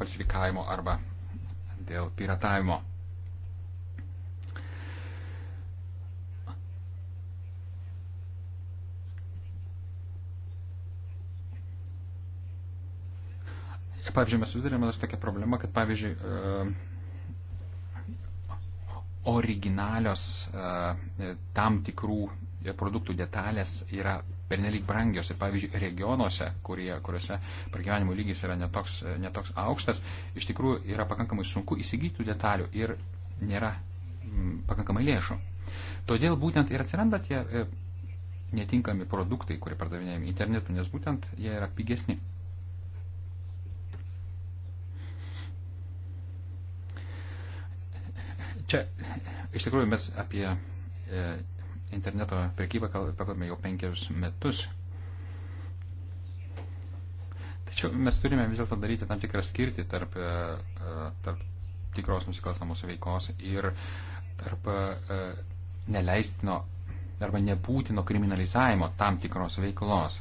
falsifikavimo arba dėl piratavimo. Pavyzdžiui, mes susidurėme su tokia problema, kad, pavyzdžiui, originalios e, tam tikrų e, produktų detalės yra pernelyg brangios. Ir pavyzdžiui, regionuose, kurie, kuriuose pragyvenimo lygis yra netoks, e, netoks aukštas, iš tikrųjų yra pakankamai sunku įsigyti tų detalių ir nėra m, pakankamai lėšų. Todėl būtent ir atsiranda tie netinkami produktai, kurie pardavinėjami internetu, nes būtent jie yra pigesni. Čia iš tikrųjų mes apie e, interneto prekybą kalbame jau penkerius metus. Tačiau mes turime vis dėlto daryti tam tikrą skirtį tarp, e, e, tarp tikros nusikalstamos veikos ir tarp neleistino arba nebūtino kriminalizavimo tam tikros veiklos.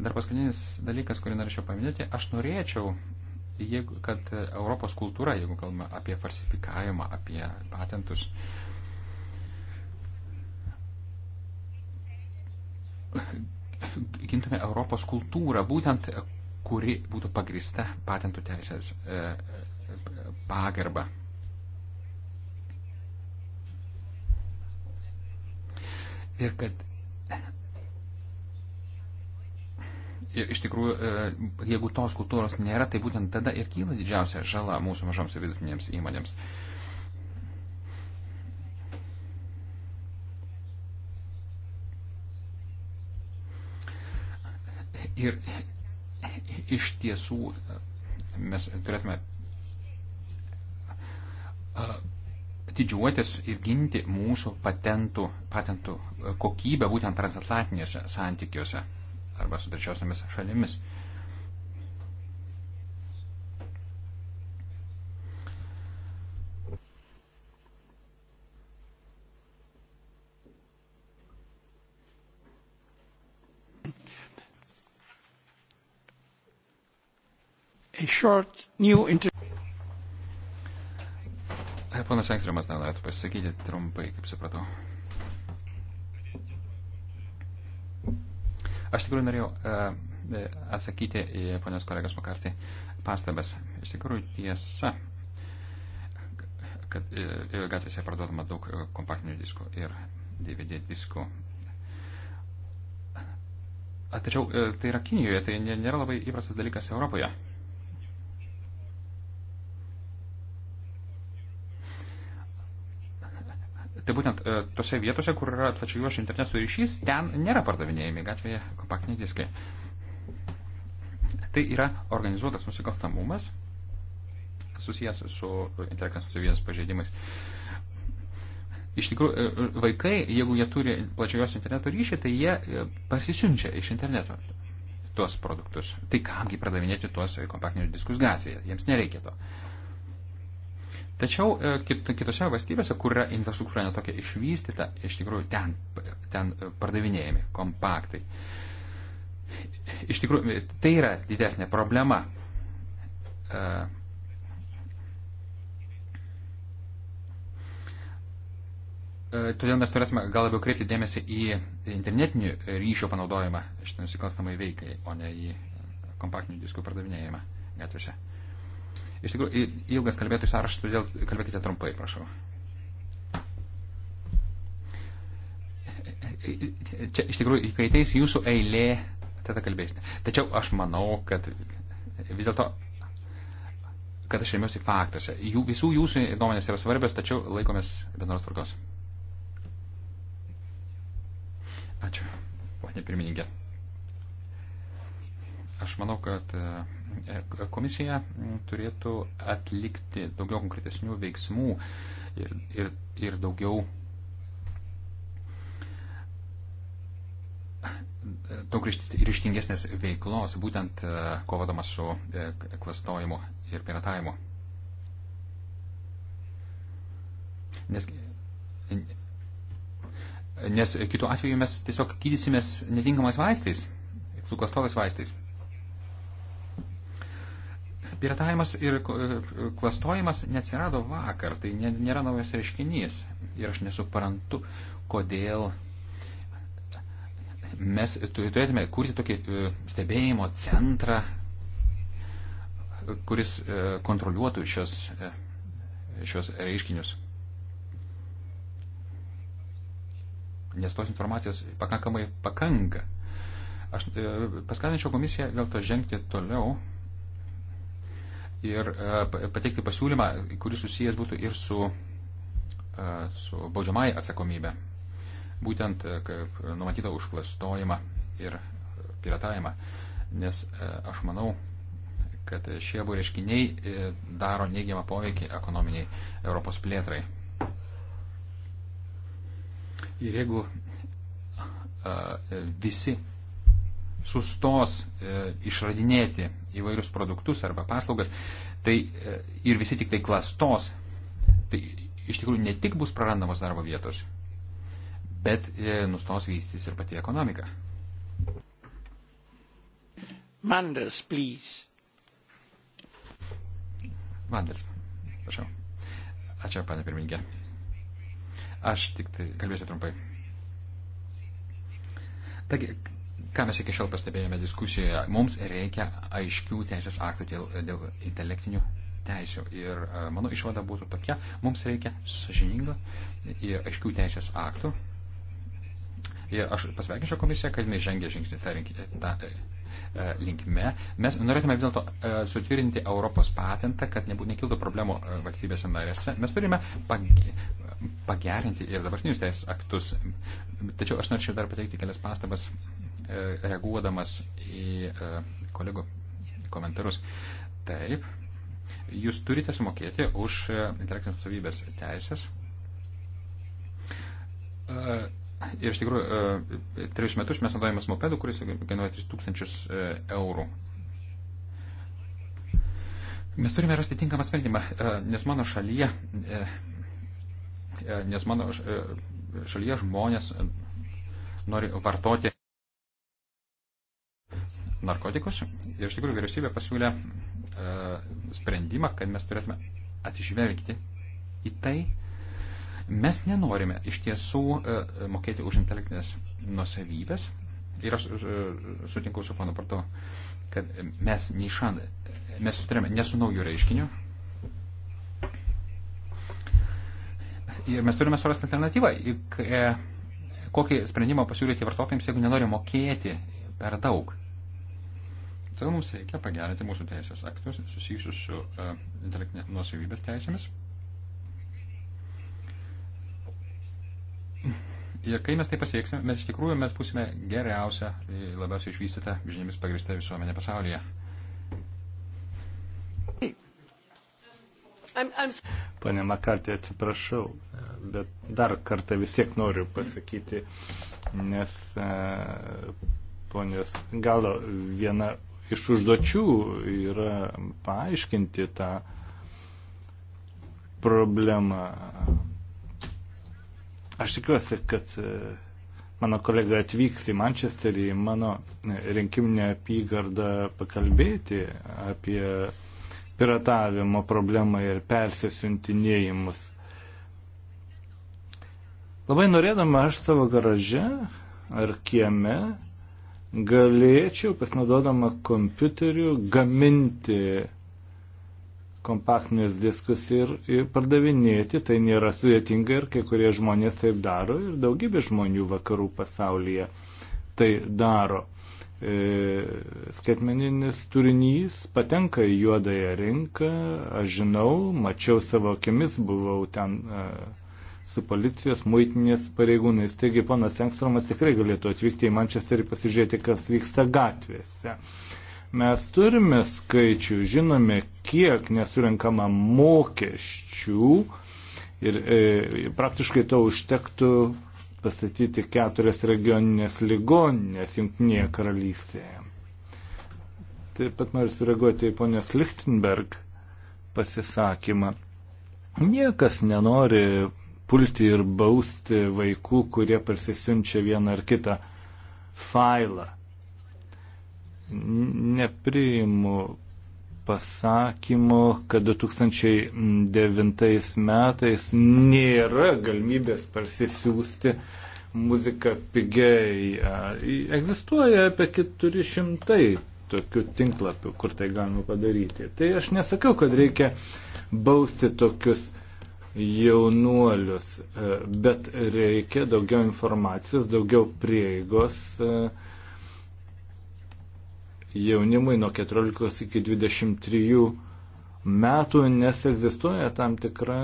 Dar paskutinis dalykas, kurį norėčiau paminėti, aš norėčiau jeigu, kad Europos kultūra, jeigu kalbame apie falsifikavimą, apie patentus, gintume Europos kultūrą, būtent kuri būtų pagrista patentų teisės e, pagarba. Ir kad Ir iš tikrųjų, e, jeigu tos kultūros nėra, tai būtent tada ir kyla didžiausia žala mūsų mažoms ir vidutinėms įmonėms. Ir iš tiesų e, mes turėtume e, didžiuotis ir ginti mūsų patentų, patentų kokybę būtent transatlantinėse santykiuose arba su trečiosiamis šalimis. Ponas Ekstrimas nenorėtų pasisakyti trumpai, kaip supratau. Aš tikrai norėjau e, e, atsakyti į ponios kolegos Makartį pastabas. Iš tikrųjų tiesa, kad e, gatvėse parduodama daug kompaktinių diskų ir DVD diskų. Tačiau tai yra Kinijoje, tai nėra labai įprastas dalykas Europoje. Tai būtent e, tose vietose, kur yra plačiajuošio interneto ryšys, ten nėra pardavinėjami gatvėje kompaktiniai diskai. Tai yra organizuotas nusikalstamumas susijęs su intelektinės nusivybės pažeidimais. Iš tikrųjų, e, e, vaikai, jeigu jie turi plačiajos interneto ryšį, tai jie pasisiunčia iš interneto tuos produktus. Tai kamgi pradavinėti tuos kompaktinius diskus gatvėje, jiems nereikia to. Uh, Tačiau e, kit, kitose valstybėse, kur yra infrastruktūra netokia išvystyta, iš tikrųjų ten, ten pardavinėjami kompaktai. Iš tikrųjų, tai yra didesnė problema. E, e, todėl mes turėtume gal labiau kreipti dėmesį į internetinį ryšio panaudojimą šitą nusikalstamai veikai, o ne į kompaktinį diskų pardavinėjimą gatvėse. Iš tikrųjų, ilgas kalbėtų sąrašas, todėl kalbėkite trumpai, prašau. Čia iš tikrųjų, kai ateis jūsų eilė, tada kalbėsite. Tačiau aš manau, kad vis dėlto, kad aš remiuosi faktuose. Jų, visų jūsų nuomonės yra svarbios, tačiau laikomės bendros tvarkos. Ačiū, ponė pirmininkė. Aš manau, kad e, e, komisija turėtų atlikti daugiau konkretesnių veiksmų ir, ir, ir daugiau daug ryštingesnės veiklos, būtent e, kovodamas su klastojimu ir piratavimu. Nes, nes kitu atveju mes tiesiog gydysimės netinkamais vaistais, suklastotais vaistais. Piratavimas ir e, klastojimas neatsirado vakar, tai nėra naujas reiškinys. Ir aš nesuprantu, kodėl mes turėtume kurti tokį e, stebėjimo centrą, kuris e, kontroliuotų šios, šios reiškinius. Nes tos informacijos pakankamai pakanka. Aš paskatinčiau komisiją gal to žengti toliau ir e, pateikti pasiūlymą, kuris susijęs būtų ir su, e, su baudžiamai atsakomybė. Būtent e, kaip numatyta už klastojimą ir piratavimą. Nes aš manau, kad šie abu reiškiniai daro neigiamą poveikį ekonominiai Europos plėtrai. Ir jeigu visi sustos e, išradinėti įvairius produktus arba paslaugas, tai e, ir visi tik tai klastos, tai iš tikrųjų ne tik bus prarandamos darbo vietos, bet e, nustos vystytis ir pati ekonomika. Manders, please. Manders, prašau. Ačiū, panė pirmininkė. Aš tik tai kalbėsiu trumpai. Taigi, ką mes iki šiol pastebėjome diskusijoje, mums reikia aiškių teisės aktų dėl, dėl intelektinių teisių. Ir e, mano išvada būtų tokia, mums reikia sažiningo ir aiškių teisės aktų. Ir aš pasveikinčiau komisiją, kad jis žengė žingsnį tą, tą e, e, linkme. Mes norėtume vis dėlto sutvirtinti Europos patentą, kad nebūtų nekiltų problemų valstybėse narėse. Mes turime pagerinti ir dabartinius teisės aktus. Tačiau aš norėčiau dar pateikti kelias pastabas E, reaguodamas į e, kolegų komentarus. Taip, jūs turite sumokėti už e, intelektinės savybės teisės. Ir iš tikrųjų, trejus metus mes naudojame mopedų, kuris kainuoja 3000 eurų. Mes turime rasti tinkamą sprendimą, nes mano šalyje, nes mano šalyje žmonės nori vartoti narkotikus. Ir iš tikrųjų vyriausybė pasiūlė e, sprendimą, kad mes turėtume atsižvelgti į tai. Mes nenorime iš tiesų e, mokėti už intelektinės nusavybės. Ir aš e, sutinku su panu Partu, kad mes neišan, mes sutarėme ne su nauju reiškiniu. Ir mes turime surasti alternatyvą, į, e, kokį sprendimą pasiūlyti vartotojams, jeigu nenori mokėti per daug. Todėl mums reikia pagerinti mūsų teisės aktus susijusius su uh, intelektinė nuosavybės teisėmis. Ir kai mes tai pasieksime, mes iš tikrųjų mes būsime geriausia, e, labiausiai išvystyta žiniomis pagrįsta visuomenė pasaulyje. Pane Makartė, atsiprašau, bet dar kartą vis tiek noriu pasakyti, nes uh, ponios galo viena iš užduočių yra paaiškinti tą problemą. Aš tikiuosi, kad e, mano kolega atvyks į Mančesterį, į mano rinkiminę apygardą pakalbėti apie piratavimo problemą ir persisiuntinėjimus. Labai norėdama aš savo garaže ar kieme galėčiau pasinaudodama kompiuteriu gaminti kompaktinius diskus ir, ir pardavinėti, tai nėra sudėtinga ir kai kurie žmonės taip daro ir daugybė žmonių vakarų pasaulyje tai daro. E, skaitmeninis turinys patenka į juodąją rinką, aš žinau, mačiau savo akimis, buvau ten e, su policijos, muitinės pareigūnais. Taigi ponas Engstromas tikrai galėtų atvykti į Mančesterį pasižiūrėti, kas vyksta gatvėse. Mes turime skaičių, žinome, kiek nesurinkama mokesčių ir e, praktiškai to užtektų pastatyti keturias regioninės ligoninės Junktinėje karalystėje. Taip pat noriu sureaguoti į ponios Lichtenberg pasisakymą. Niekas nenori pulti ir bausti vaikų, kurie persisiunčia vieną ar kitą failą. Nepriimu pasakymo, kad 2009 metais nėra galimybės parsisiųsti muziką pigiai. Egzistuoja apie 400 tokių tinklapių, kur tai galima padaryti. Tai aš nesakau, kad reikia bausti tokius jaunuolius, e, bet reikia daugiau informacijos, daugiau prieigos e, jaunimui nuo 14 iki 23 metų, nes egzistuoja tam tikra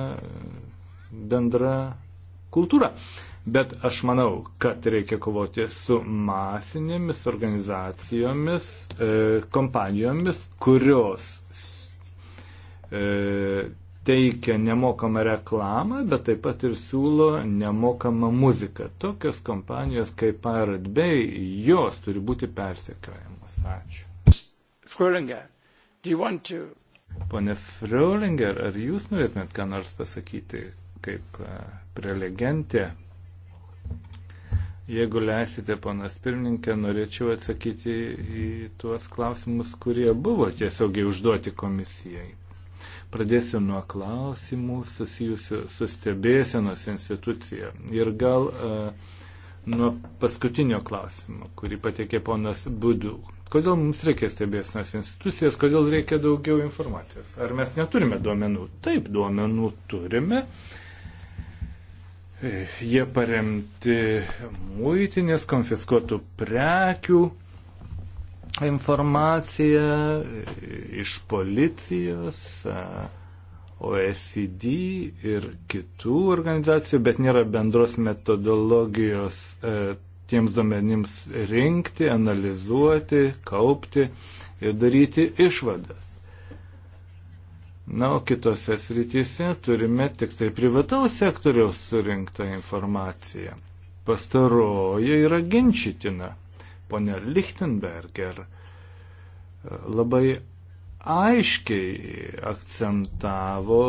bendra kultūra. Bet aš manau, kad reikia kovoti su masinėmis organizacijomis, e, kompanijomis, kurios teikia nemokamą reklamą, bet taip pat ir siūlo nemokamą muziką. Tokios kompanijos kaip Pirate Bay, jos turi būti persekiojamos. Ačiū. Frölinger, do you want to? Pone Frölinger, ar jūs norėtumėt ką nors pasakyti kaip e, prelegentė? Jeigu leisite, panas pirmininkė, norėčiau atsakyti į tuos klausimus, kurie buvo tiesiogiai užduoti komisijai. Pradėsiu nuo klausimų susijusių su stebėsenos institucija. Ir gal e, nuo paskutinio klausimo, kurį pateikė ponas Budu. Kodėl mums reikia stebėsenos institucijas, kodėl reikia daugiau informacijos? Ar mes neturime duomenų? Taip, duomenų turime. E, jie paremti muitinės konfiskuotų prekių informacija iš policijos, OECD ir kitų organizacijų, bet nėra bendros metodologijos e, tiems duomenims rinkti, analizuoti, kaupti ir daryti išvadas. Na, o kitose srityse turime tik tai privataus sektoriaus surinktą informaciją. Pastaroji yra ginčitina ponia Lichtenberger labai aiškiai akcentavo,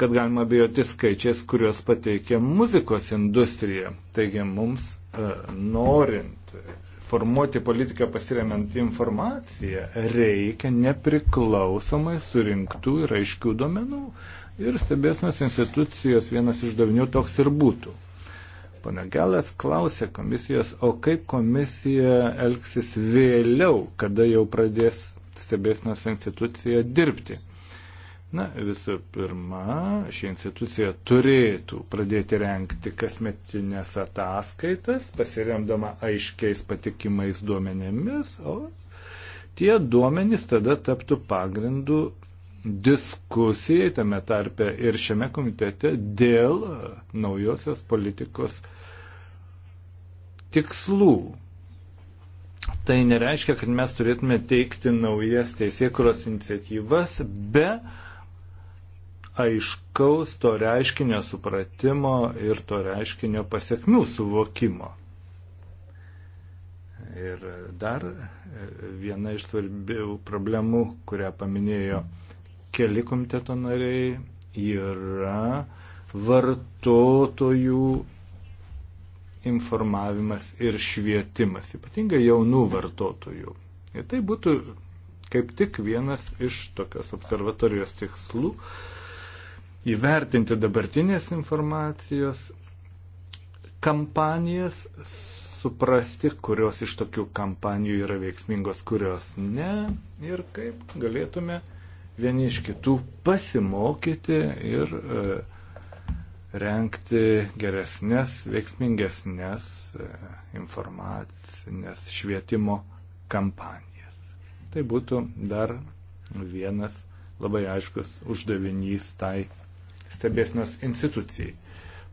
kad galima bijoti skaičiais, kuriuos pateikia muzikos industrija. Taigi mums e, norint formuoti politiką pasiremiant informaciją, reikia nepriklausomai surinktų ir aiškių duomenų. Ir stebėsnos institucijos vienas iš davinių toks ir būtų. Pana Gelas klausė komisijos, o kaip komisija elgsis vėliau, kada jau pradės stebėsnos institucija dirbti. Na, visų pirma, ši institucija turėtų pradėti renkti kasmetinės ataskaitas, pasiremdama aiškiais patikimais duomenėmis, o tie duomenys tada taptų pagrindu diskusijai tame tarpe ir šiame komitete dėl naujosios politikos tikslų. Tai nereiškia, kad mes turėtume teikti naujas teisėkuros iniciatyvas be aiškaus to reiškinio supratimo ir to reiškinio pasiekmių suvokimo. Ir dar viena iš svarbių problemų, kurią paminėjo mm keli komiteto nariai yra vartotojų informavimas ir švietimas, ypatingai jaunų vartotojų. Ir tai būtų kaip tik vienas iš tokios observatorijos tikslų įvertinti dabartinės informacijos kampanijas, suprasti, kurios iš tokių kampanijų yra veiksmingos, kurios ne ir kaip galėtume uh, vieni iš kitų pasimokyti ir e, renkti geresnės, veiksmingesnės e, informacinės švietimo kampanijas. Tai būtų dar vienas labai aiškus uždavinys tai stebėsnos institucijai.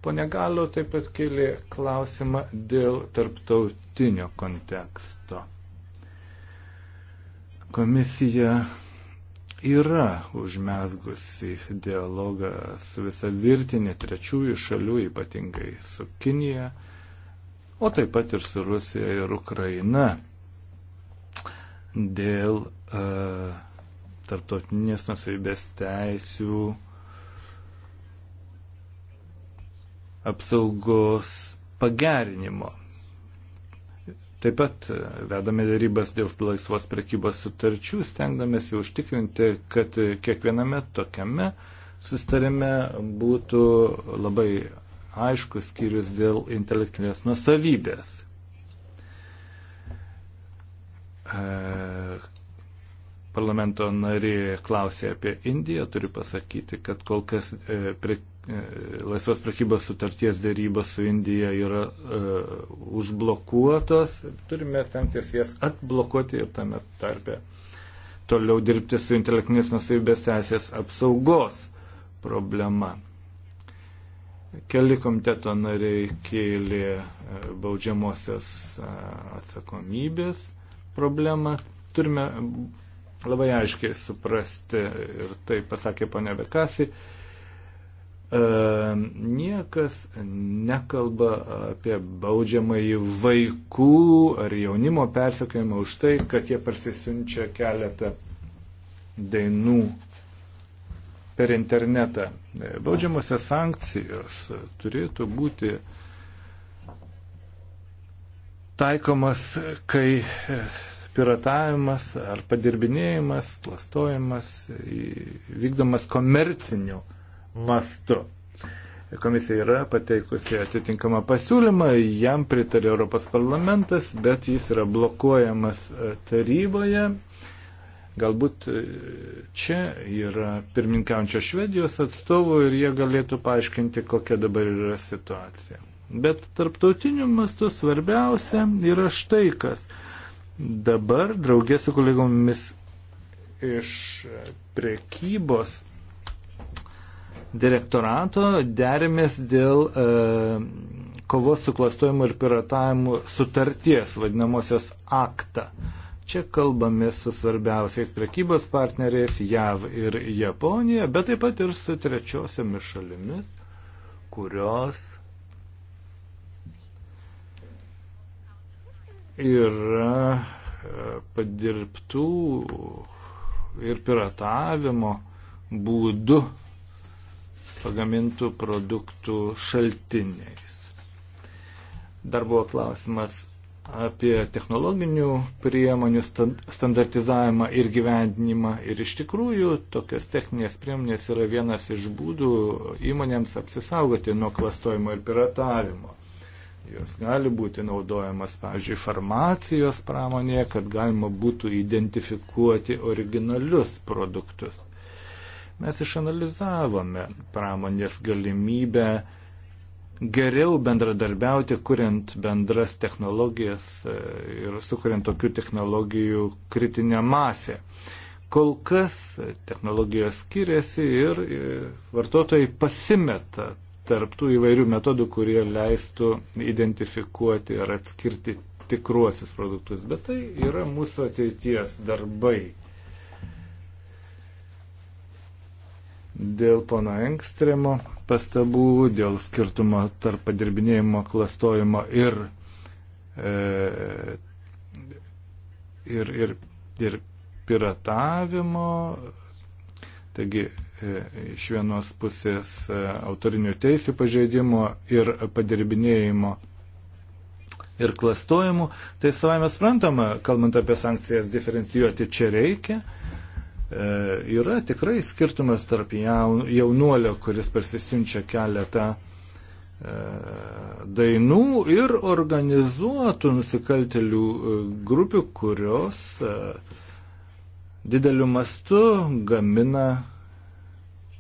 Pone Galo taip pat kėlė klausimą dėl tarptautinio konteksto. Komisija yra užmesgusi dialogą su visa virtinė trečiųjų šalių, ypatingai su Kinija, o taip pat ir su Rusija ir Ukraina dėl uh, tarptautinės nusavybės teisių apsaugos pagerinimo. Taip pat e, vedame dėrybas dėl laisvos prekybos sutarčių, stengdamėsi užtikrinti, kad kiekviename tokiame sustarime būtų labai aiškus skyrius dėl intelektinės nusavybės. E, parlamento narė klausė apie Indiją, turiu pasakyti, kad kol kas e, prekybos E, laisvos prekybos sutarties dėrybos su Indija yra e, užblokuotos, turime stengtis jas atblokuoti ir tame tarpe toliau dirbti su intelektinės nusavybės teisės apsaugos problema. Keli komiteto nariai kėlė e, baudžiamosios e, atsakomybės problemą. Turime labai aiškiai suprasti, ir tai pasakė ponia Bekasi, E, niekas nekalba apie baudžiamąjį vaikų ar jaunimo persekiojimą už tai, kad jie parsisiunčia keletą dainų per internetą. E, baudžiamosios sankcijos turėtų būti taikomas, kai e, piratavimas ar padirbinėjimas, klastojimas vykdomas komerciniu mastu. Komisija yra pateikusi atitinkamą pasiūlymą, jam pritarė Europos parlamentas, bet jis yra blokuojamas e, taryboje. Galbūt e, čia yra pirminkiaujančio Švedijos atstovų ir jie galėtų paaiškinti, kokia dabar yra situacija. Bet tarptautiniu mastu svarbiausia yra štai kas. Dabar draugė su kolegomis iš e, prekybos direktorato derimės dėl e, kovos su klastojimu ir piratavimu sutarties, vadinamosios aktą. Čia kalbame su svarbiausiais prekybos partneriais JAV ir Japonija, bet taip pat ir su trečiosiamis šalimis, kurios yra e, padirbtų ir piratavimo būdu pagamintų produktų šaltiniais. Dar buvo klausimas apie technologinių priemonių standartizavimą ir gyvendinimą. Ir iš tikrųjų tokios techninės priemonės yra vienas iš būdų įmonėms apsisaugoti nuo klastojimo ir piratavimo. Jos gali būti naudojamas, pavyzdžiui, farmacijos pramonėje, kad galima būtų identifikuoti originalius produktus. Mes išanalizavome pramonės galimybę geriau bendradarbiauti, kuriant bendras technologijas e, ir sukuriant tokių technologijų kritinę masę. Kol kas technologijos skiriasi ir e, vartotojai pasimeta tarptų įvairių metodų, kurie leistų identifikuoti ar atskirti tikruosius produktus. Bet tai yra mūsų ateities darbai. dėl pono Engstremo pastabų, dėl skirtumo tarp padirbinėjimo, klastojimo ir, e, ir, ir, ir piratavimo. Taigi e, iš vienos pusės e, autorinių teisų pažeidimo ir padirbinėjimo ir klastojimų. Tai savai mes suprantama, kalbant apie sankcijas, diferencijuoti čia reikia. E, E, yra tikrai skirtumas tarp jaunuolio, kuris persisiunčia keletą e, dainų ir organizuotų nusikaltelių e, grupių, kurios dideliu mastu gamina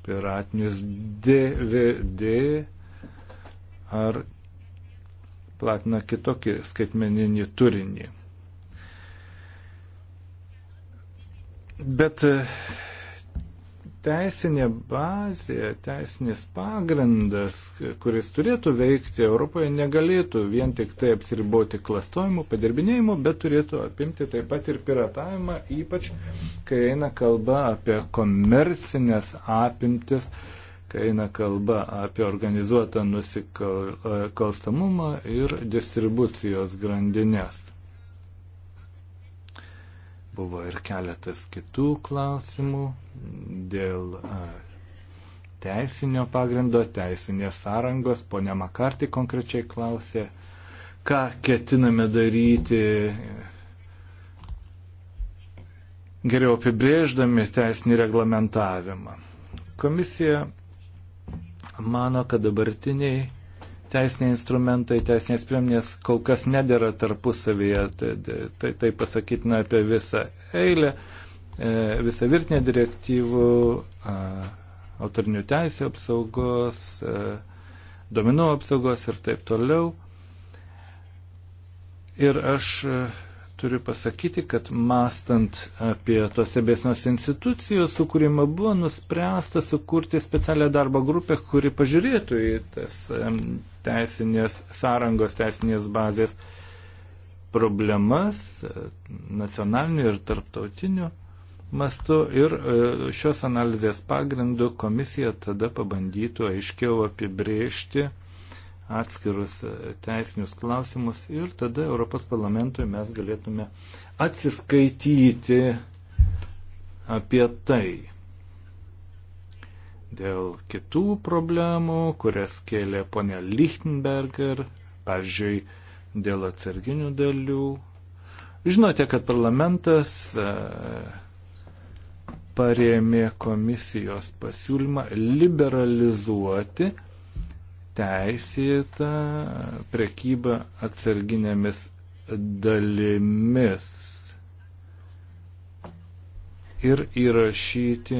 piratinius DVD ar platina kitokį skaitmeninį turinį. Bet e, teisinė bazė, teisinis pagrindas, kuris turėtų veikti Europoje, negalėtų vien tik tai apsiriboti klastojimu, padirbinėjimu, bet turėtų apimti taip pat ir piratavimą, ypač kai eina kalba apie komercinės apimtis, kai eina kalba apie organizuotą nusikalstamumą ir distribucijos grandinės. Buvo ir keletas kitų klausimų dėl teisinio pagrindo, teisinės sąrangos. Pone Makarti konkrečiai klausė, ką ketiname daryti geriau apibrėždami teisinį reglamentavimą. Komisija mano, kad dabartiniai teisiniai instrumentai, teisinės priemonės kol kas nedėra tarpusavėje, tai, tai, tai, tai pasakytina apie visą eilę, e, visą virtinę direktyvų, autorinių teisų apsaugos, e, duomenų apsaugos ir taip toliau. Ir aš e, turiu pasakyti, kad mastant apie tos stebėsnos institucijos sukūrimą buvo nuspręsta sukurti specialią darbo grupę, kuri pažiūrėtų į tas teisinės sąrangos, teisinės bazės problemas e, nacionaliniu ir tarptautiniu mastu ir e, šios analizės pagrindu komisija tada pabandytų aiškiau apibrėžti atskirus e, teisinius klausimus ir tada Europos parlamentui mes galėtume atsiskaityti apie tai. Dėl kitų problemų, kurias kėlė ponia Lichtenberger, pavyzdžiui, dėl atsarginių dalių. Žinote, kad parlamentas e, parėmė komisijos pasiūlymą liberalizuoti teisėtą prekybą atsarginėmis dalimis ir įrašyti e,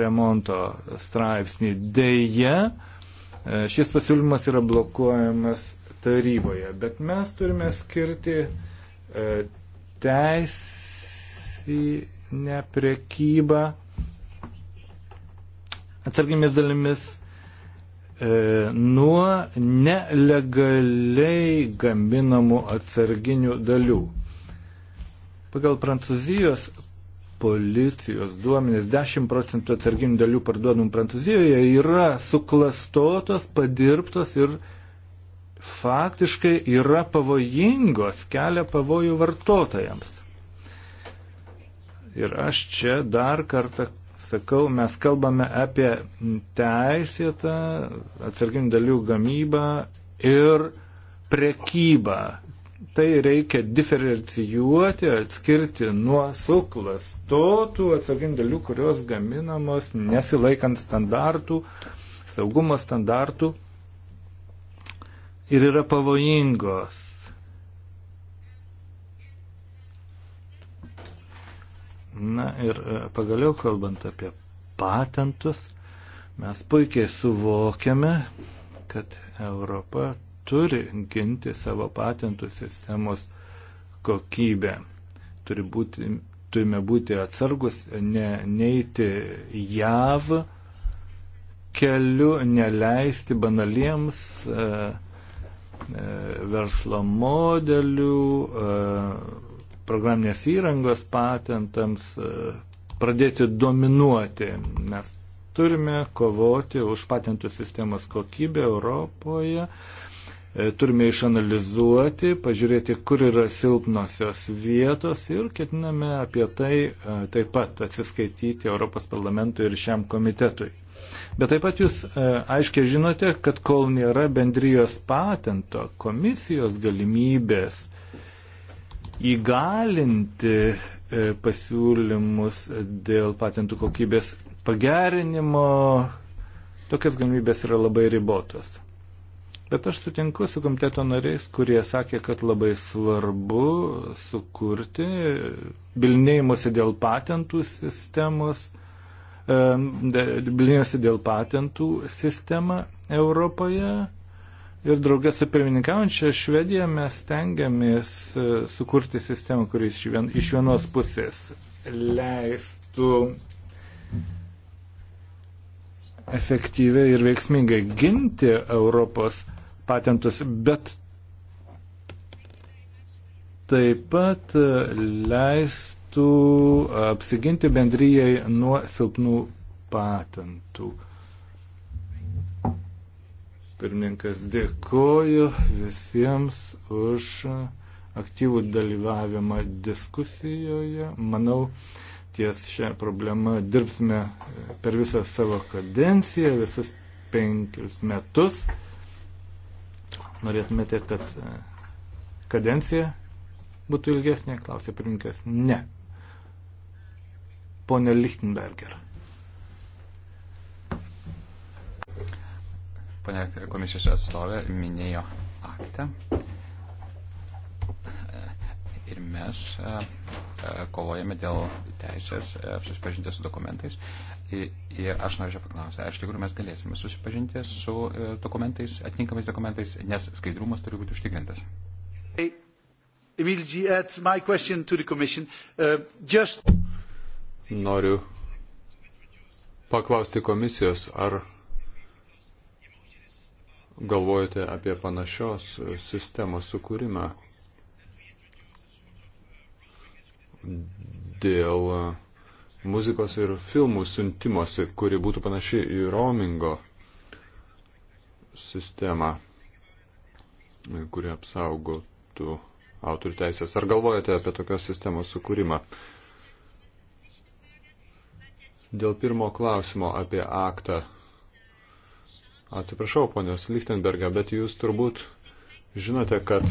remonto straipsnį. Deja, e, šis pasiūlymas yra blokuojamas taryboje, bet mes turime skirti e, teisinę prekybą atsarginėmis dalimis e, nuo nelegaliai gaminamų atsarginių dalių. Pagal Prancūzijos policijos duomenys 10 procentų atsarginių dalių parduodamų Prancūzijoje yra suklastotos, padirbtos ir faktiškai yra pavojingos, kelia pavojų vartotojams. Ir aš čia dar kartą sakau, mes kalbame apie teisėtą atsarginių dalių gamybą ir prekybą. Tai reikia diferencijuoti, atskirti nuo suklastotų atsarginių dalių, kurios gaminamos nesilaikant standartų, saugumo standartų ir yra pavojingos. Na ir e, pagaliau kalbant apie patentus, mes puikiai suvokiame, kad Europa turi ginti savo patentų sistemos kokybę. Turi būti, turime būti atsargus, ne, neiti jav keliu, neleisti banaliems e, e, verslo modelių, e, programinės įrangos patentams e, pradėti dominuoti. Mes turime kovoti už patentų sistemos kokybę Europoje, e, turime išanalizuoti, pažiūrėti, kur yra silpnosios vietos ir ketiname apie tai e, taip pat atsiskaityti Europos parlamentui ir šiam komitetui. Bet taip pat jūs aiškiai žinote, kad kol nėra bendrijos patento, komisijos galimybės įgalinti e, pasiūlymus dėl patentų kokybės pagerinimo, tokias galimybės yra labai ribotos. Bet aš sutinku su komiteto nariais, kurie sakė, kad labai svarbu sukurti bilinėjimuose dėl patentų sistemos, e, bilinėjimuose dėl patentų sistemą Europoje Ir draugės su pirmininkaujančia Švedija mes tengiamės e, sukurti sistemą, kuris iš vienos pusės leistų efektyviai ir veiksmingai ginti Europos patentus, bet taip pat e, leistų apsiginti bendryjai nuo silpnų patentų. Pirmininkas dėkoju visiems už aktyvų dalyvavimą diskusijoje. Manau, ties šią problemą dirbsime per visą savo kadenciją, visus penkius metus. Norėtumėte, kad e, kadencija būtų ilgesnė, klausė pirmininkas. Ne. Pone Lichtenberger. Pane komisijos atstovė minėjo aktą. Ir mes e, e, kovojame dėl teisės e, susipažinti su dokumentais. Ir, ir aš norėčiau paklausti, ar iš tikrųjų mes galėsime susipažinti su dokumentais, atitinkamais dokumentais, nes skaidrumas turi būti užtikrintas. Immediately at my question to the Commission, uh, just... Noriu paklausti komisijos, ar galvojate apie panašios sistemos sukūrimą dėl muzikos ir filmų siuntimosi, kuri būtų panaši į roamingo sistemą, kuri apsaugotų autorių teisės. Ar galvojate apie tokios sistemos sukūrimą? Dėl pirmo klausimo apie aktą Atsiprašau, ponios Lichtenberga, bet jūs turbūt žinote, kad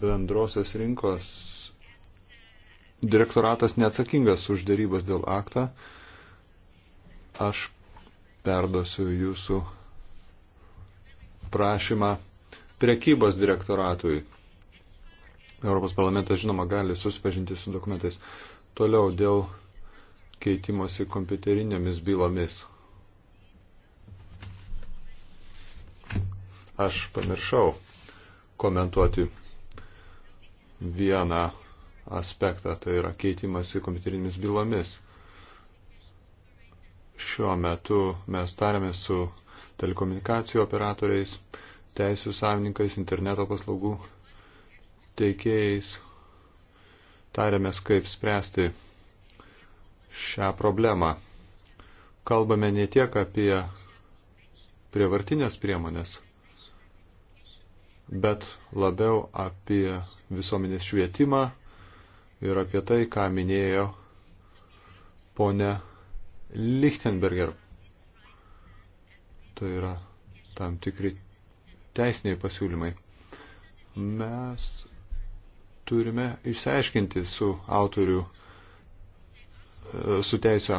bendrosios rinkos direktoratas neatsakingas už dėrybas dėl aktą. Aš perduosiu jūsų prašymą priekybos direktoratui. Europos parlamentas, žinoma, gali susipažinti su dokumentais. Toliau dėl keitimosi kompiuterinėmis bylomis. Aš pamiršau komentuoti vieną aspektą, tai yra keitimas į kompiuterinėmis bylomis. Šiuo metu mes tarėme su telekomunikacijų operatoriais, teisų savininkais, interneto paslaugų teikėjais. Tarėmės, kaip spręsti šią problemą. Kalbame ne tiek apie prievartinės priemonės, bet labiau apie visuomenės švietimą ir apie tai, ką minėjo ponia Lichtenberger. Tai yra tam tikri teisiniai pasiūlymai. Mes turime išsiaiškinti su autorių, su teisio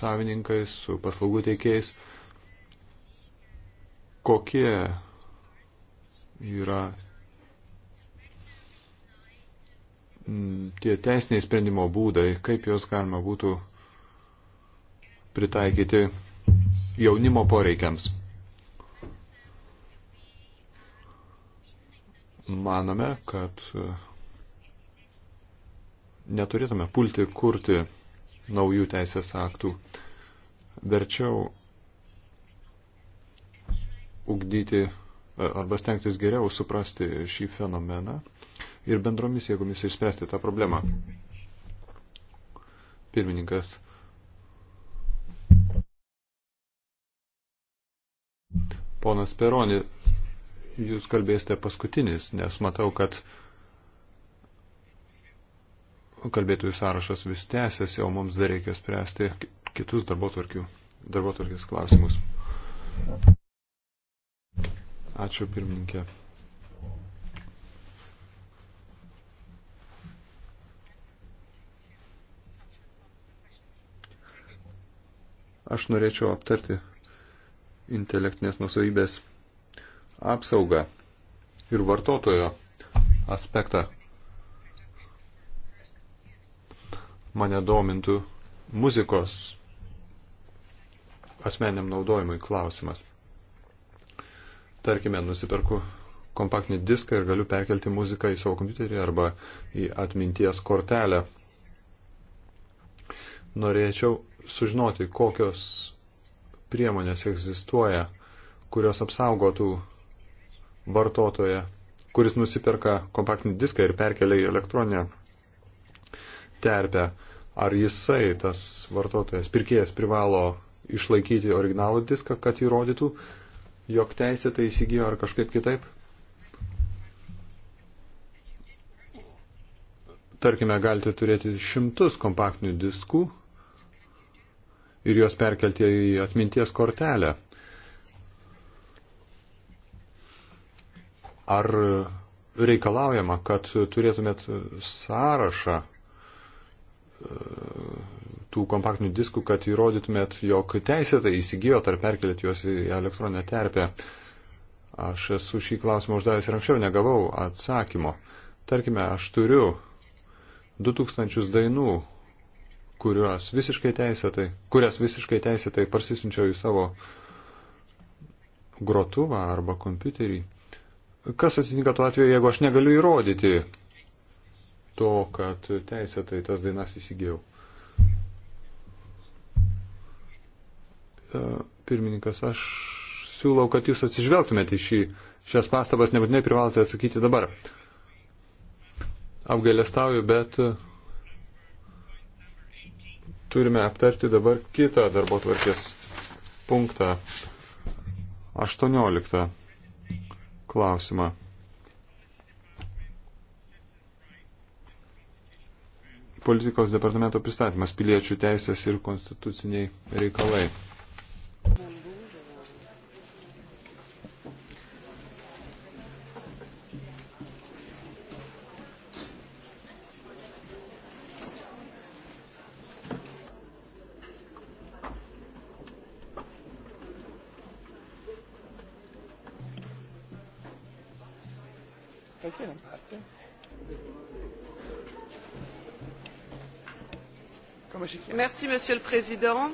savininkais, su paslaugų teikėjais, kokie yra mm, tie teisiniai sprendimo būdai, kaip juos galima būtų pritaikyti jaunimo poreikiams. Manome, kad e, neturėtume pulti kurti naujų teisės aktų. Verčiau ugdyti arba stengtis geriau suprasti šį fenomeną ir bendromis jėgomis išspręsti tą problemą. Pirmininkas. Ponas Peroni, jūs kalbėsite paskutinis, nes matau, kad kalbėtojų sąrašas vis tęsiasi, o mums dar reikia spręsti kitus darbotvarkius klausimus. Ačiū pirmininkė. Aš norėčiau aptarti intelektinės nusavybės apsaugą ir vartotojo aspektą. Mane domintų muzikos asmeniam naudojimui klausimas. Tarkime, nusiperku kompaktinį diską ir galiu perkelti muziką į savo kompiuterį arba į atminties kortelę. Norėčiau sužinoti, kokios priemonės egzistuoja, kurios apsaugotų vartotoje, kuris nusiperka kompaktinį diską ir perkelia į elektroninę terpę. Ar jisai, tas vartotojas, pirkėjas privalo išlaikyti originalų diską, kad įrodytų, jog teisė tai įsigijo ar kažkaip kitaip? Tarkime, galite turėti šimtus kompaktinių diskų ir juos perkelti į atminties kortelę. Ar reikalaujama, kad turėtumėt sąrašą tų kompaktinių diskų, kad įrodytumėt, jog teisėtai įsigijot ar perkelėt juos į elektroninę terpę. Aš esu šį klausimą uždavęs ir anksčiau negavau atsakymo. Tarkime, aš turiu 2000 dainų, kurias visiškai teisėtai, kurias visiškai teisėtai parsisinčiau į savo grotuvą arba kompiuterį. Kas atsitinka tuo atveju, jeigu aš negaliu įrodyti to, kad teisėtai tas dainas įsigijau? E, pirmininkas, aš siūlau, kad jūs atsižvelgtumėte į šį, šias pastabas, nebūtinai privalote atsakyti dabar. Apgailestauju, bet e, turime aptarti dabar kitą darbo tvarkės punktą. 18 klausimą. Politikos departamento pristatymas piliečių teisės ir konstituciniai reikalai. Perché non parte? Come si chiama? Merci Monsieur le Président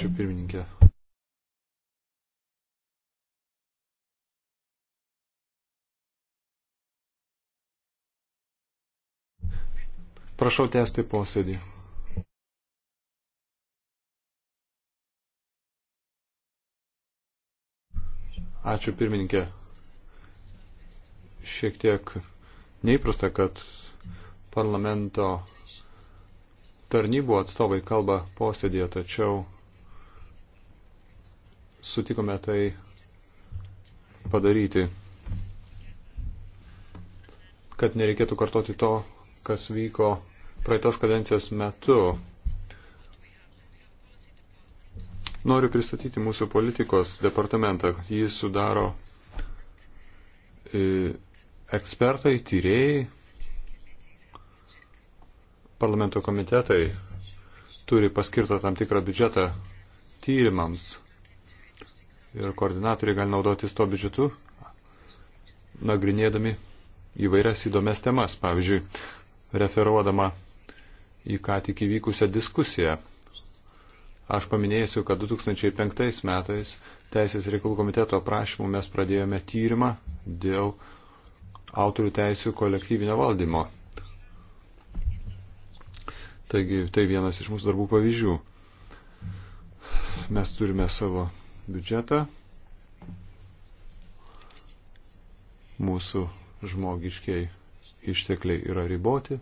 Ačiū pirmininkė. Prašau tęsti posėdį. Ačiū pirmininkė. Šiek tiek neįprasta, kad parlamento tarnybų atstovai kalba posėdėje, tačiau sutikome tai padaryti, kad nereikėtų kartoti to, kas vyko praeitos kadencijos metu. Noriu pristatyti mūsų politikos departamentą. Jį sudaro e, ekspertai, tyrėjai, parlamento komitetai turi paskirtą tam tikrą biudžetą tyrimams ir koordinatoriai gali naudotis to biudžetu, nagrinėdami įvairias įdomias temas. Pavyzdžiui, referuodama į ką tik įvykusią diskusiją. Aš paminėsiu, kad 2005 metais Teisės reikalų komiteto prašymų mes pradėjome tyrimą dėl autorių teisų kolektyvinio valdymo. Taigi tai vienas iš mūsų darbų pavyzdžių. Mes turime savo biudžetą, mūsų žmogiškiai ištekliai yra riboti.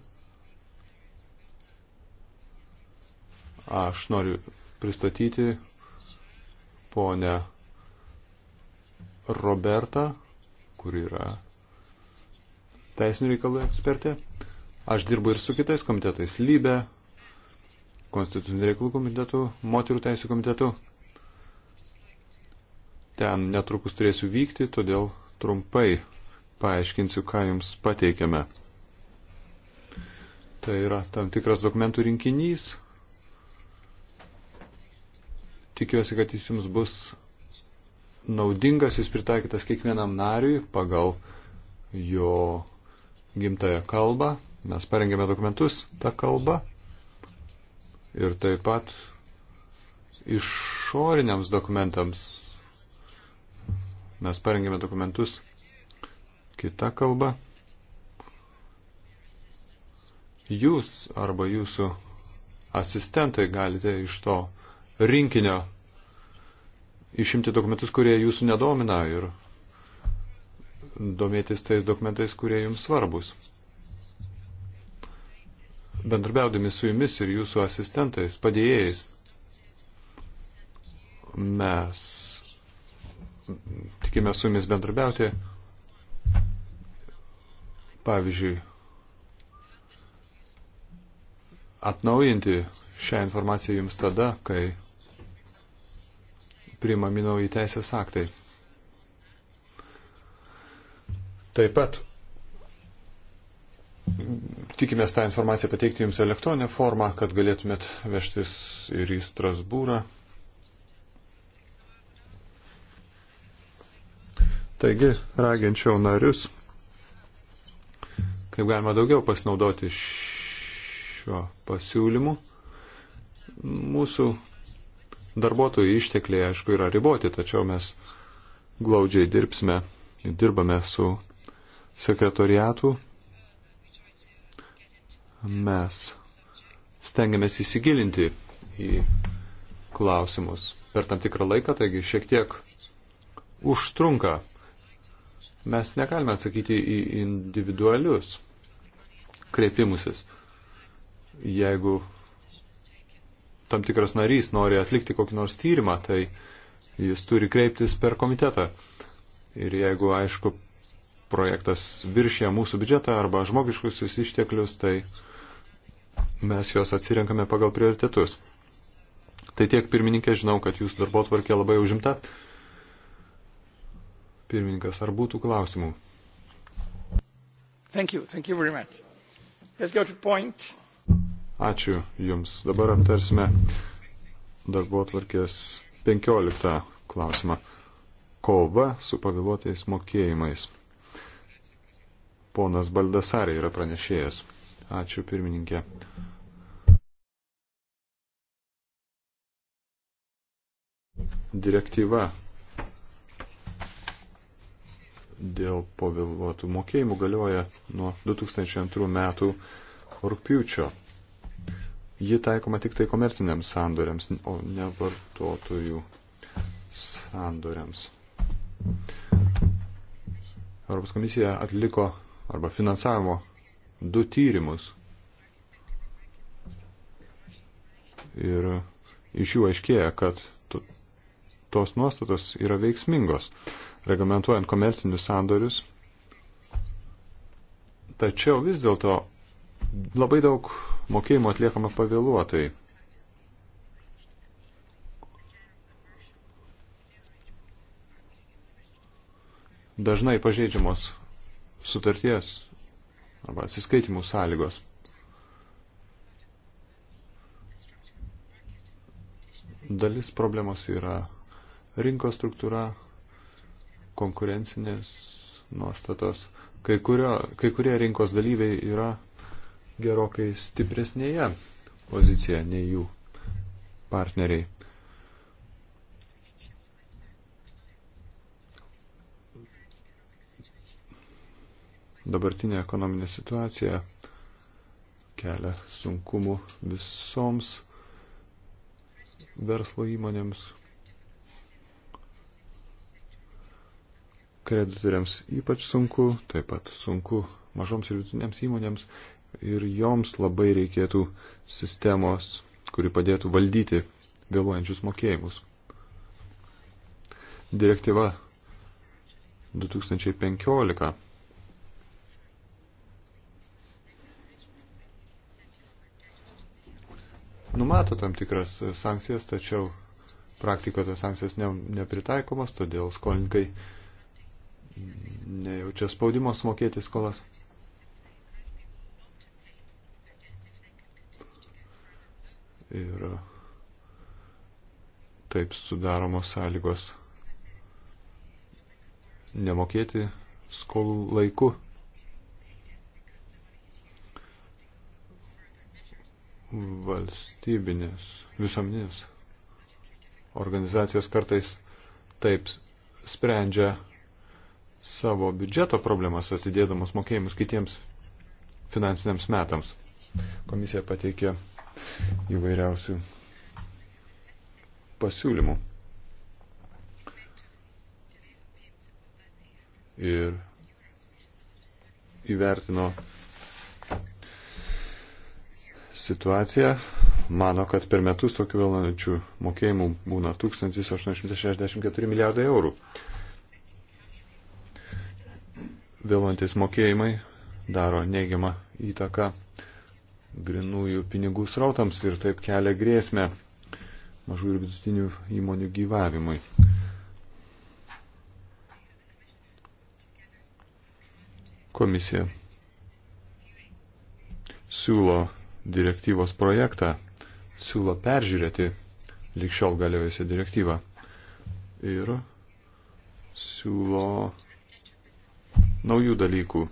Aš noriu pristatyti ponę Robertą, kuri yra teisinių reikalų ekspertė. Aš dirbu ir su kitais komitetais - Lybe, Konstitucinio reikalų komitetu, Moterų teisų komitetu ten netrukus turėsiu vykti, todėl trumpai paaiškinsiu, ką jums pateikėme. Tai yra tam tikras dokumentų rinkinys. Tikiuosi, kad jis jums bus naudingas, jis pritaikytas kiekvienam nariui pagal jo gimtąją kalbą. Mes parengėme dokumentus tą kalbą ir taip pat išoriniams dokumentams Mes parengėme dokumentus kitą kalbą. Jūs arba jūsų asistentai galite iš to rinkinio išimti dokumentus, kurie jūsų nedomina ir domėtis tais dokumentais, kurie jums svarbus. Bendrabiaudami su jumis ir jūsų asistentais, padėjėjais, mes tikime su jumis bendrabiauti. Pavyzdžiui, atnaujinti šią informaciją jums tada, kai priimami nauji teisės aktai. Taip pat tikimės tą informaciją pateikti jums elektroninę formą, kad galėtumėt vežtis ir į Strasbūrą. Taigi, raginčiau narius, kaip galima daugiau pasinaudoti šiuo pasiūlymu. Mūsų darbuotojų ištekliai, aišku, yra riboti, tačiau mes glaudžiai dirbsime, dirbame su sekretoriatu. Mes stengiamės įsigilinti į klausimus per tam tikrą laiką, taigi šiek tiek užtrunka Mes negalime atsakyti į individualius kreipimusis. Jeigu tam tikras narys nori atlikti kokį nors tyrimą, tai jis turi kreiptis per komitetą. Ir jeigu, aišku, projektas viršė mūsų biudžetą arba žmogiškusius išteklius, tai mes juos atsirenkame pagal prioritetus. Tai tiek pirmininkė, žinau, kad jūsų darbo tvarkė labai užimta. Pirmininkas, ar būtų klausimų? Thank you. Thank you very much. Let's go to point. Ačiū Jums. Dabar aptarsime darbo atvarkės 15 klausimą. Kova su pavėluotais mokėjimais. Ponas Baldasarė yra pranešėjas. Ačiū pirmininkė. Direktyva dėl pavėluotų mokėjimų galioja nuo 2002 metų rūpiučio. Ji taikoma tik tai komerciniams sandoriams, o ne vartotojų sandoriams. Europos komisija atliko arba finansavimo du tyrimus. Ir iš jų aiškėja, kad tos nuostatos yra veiksmingos reglamentuojant komercinius sandorius. Tačiau vis dėlto labai daug mokėjimų atliekama pavėluotojai. Dažnai pažeidžiamos sutarties arba atsiskaitimų sąlygos. Dalis problemos yra rinkos struktūra, konkurencinės nuostatos. Kai, kurio, kai kurie rinkos dalyviai yra gerokai stipresnėje pozicijoje nei jų partneriai. Dabartinė ekonominė situacija kelia sunkumų visoms verslo įmonėms, kreditoriams ypač sunku, taip pat sunku mažoms ir vidutinėms įmonėms ir joms labai reikėtų sistemos, kuri padėtų valdyti vėluojančius mokėjimus. Direktyva 2015 numato tam tikras sankcijas, tačiau praktikoje tos sankcijos ne, nepritaikomos, todėl skolininkai nejaučia spaudimo sumokėti skolas. Ir taip sudaromos sąlygos nemokėti skolų laiku. Valstybinės, visuomenės organizacijos kartais taip sprendžia savo biudžeto problemas atidėdamas mokėjimus kitiems finansiniams metams. Komisija pateikė įvairiausių pasiūlymų. Ir įvertino situaciją, mano, kad per metus tokių vėlančių mokėjimų būna 1864 milijardai eurų vėlantis mokėjimai daro neigiamą įtaką grinųjų pinigų srautams ir taip kelia grėsmę mažų ir vidutinių įmonių gyvavimui. Komisija siūlo direktyvos projektą, siūlo peržiūrėti likščiol galiojusią direktyvą ir siūlo naujų dalykų.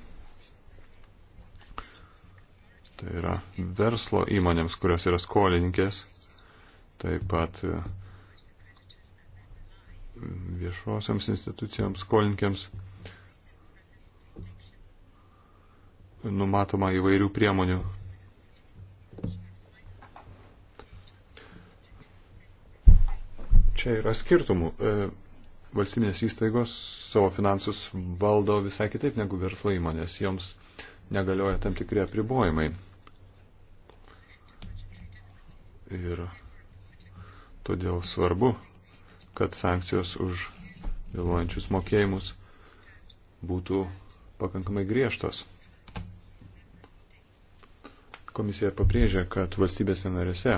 Tai yra verslo įmonėms, kurios yra skolininkės, taip pat e, viešosiams institucijoms, skolininkėms numatoma įvairių priemonių. Čia yra skirtumų. E, valstybinės įstaigos savo finansus valdo visai kitaip negu verslo įmonės. Joms negalioja tam tikri apribojimai. Ir todėl svarbu, kad sankcijos už vėluojančius mokėjimus būtų pakankamai griežtos. Komisija pabrėžia, kad valstybėse narėse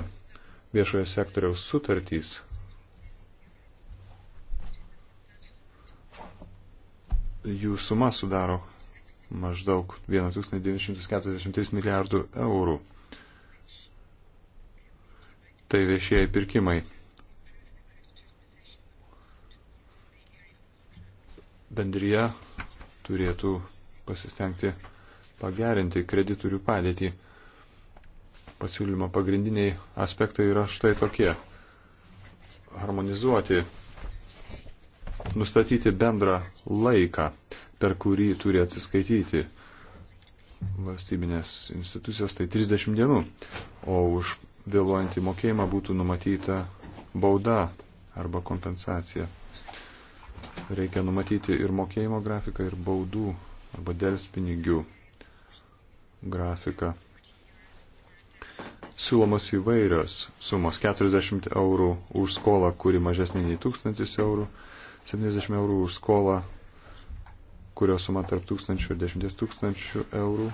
viešojo sektoriaus sutartys jų suma sudaro maždaug 1943 milijardų eurų. Tai viešieji pirkimai. Bendryje turėtų pasistengti pagerinti kreditorių padėtį. Pasiūlymo pagrindiniai aspektai yra štai tokie. Harmonizuoti nustatyti bendrą laiką, per kurį turi atsiskaityti valstybinės institucijos, tai 30 dienų, o už vėluojantį mokėjimą būtų numatyta bauda arba kompensacija. Reikia numatyti ir mokėjimo grafiką, ir baudų arba dėlspinigių grafiką. Siūlomos įvairios sumos - 40 eurų už skolą, kuri mažesnė nei 1000 eurų, 70 eurų už skolą, kurio suma tarp 1000 ir 10 tūkstančių eurų.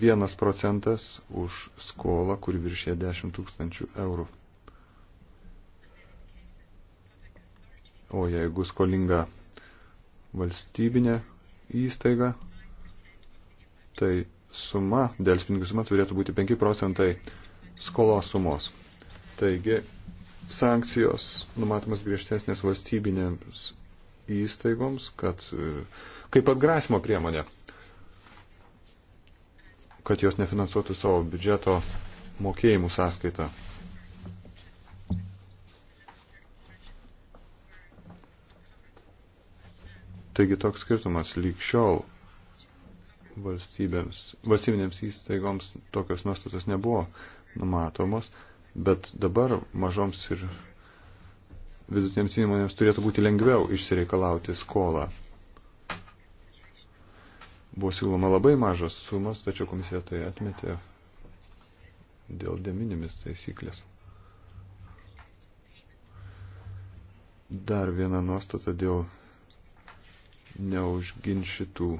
1 procentas už skolą, kuri viršė 10 tūkstančių eurų. O jeigu skolinga valstybinė įstaiga, tai suma, dėl pinigų suma turėtų būti 5 procentai skolos sumos. Taigi sankcijos numatomas griežtesnės valstybinėms įstaigoms, kad e, kaip atgrasimo priemonė, kad jos nefinansuotų savo biudžeto mokėjimų sąskaitą. Taigi toks skirtumas lyg šiol valstybėms, valstybinėms įstaigoms tokios nuostatos nebuvo numatomos, Bet dabar mažoms ir vidutinėms įmonėms turėtų būti lengviau išsireikalauti skolą. Buvo siūloma labai mažas sumas, tačiau komisija tai atmetė dėl deminimis taisyklės. Dar viena nuostata dėl neužginčytų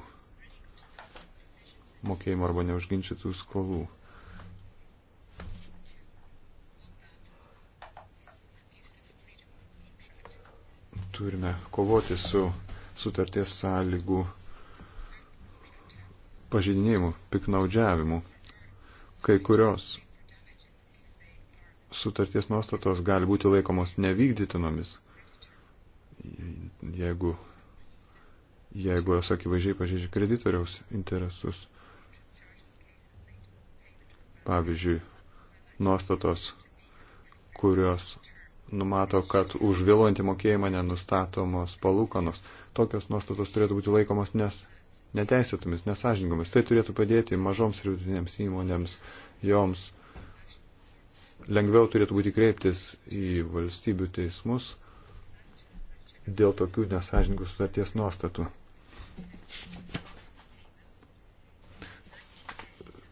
mokėjimų arba neužginčytų skolų. Turime kovoti su sutarties sąlygų pažydinėjimu, piknaudžiavimu. Kai kurios sutarties nuostatos gali būti laikomos nevykdytinomis, jeigu, jeigu jos akivaizdžiai pažeidžia kreditoriaus interesus. Pavyzdžiui, nuostatos, kurios numato, kad už vėluojantį mokėjimą nenustatomos palūkanos. Tokios nuostatos turėtų būti laikomos nes neteisėtomis, nesažingomis. Tai turėtų padėti mažoms ir vidutinėms įmonėms, joms lengviau turėtų būti kreiptis į valstybių teismus dėl tokių nesažininkų sutarties nuostatų.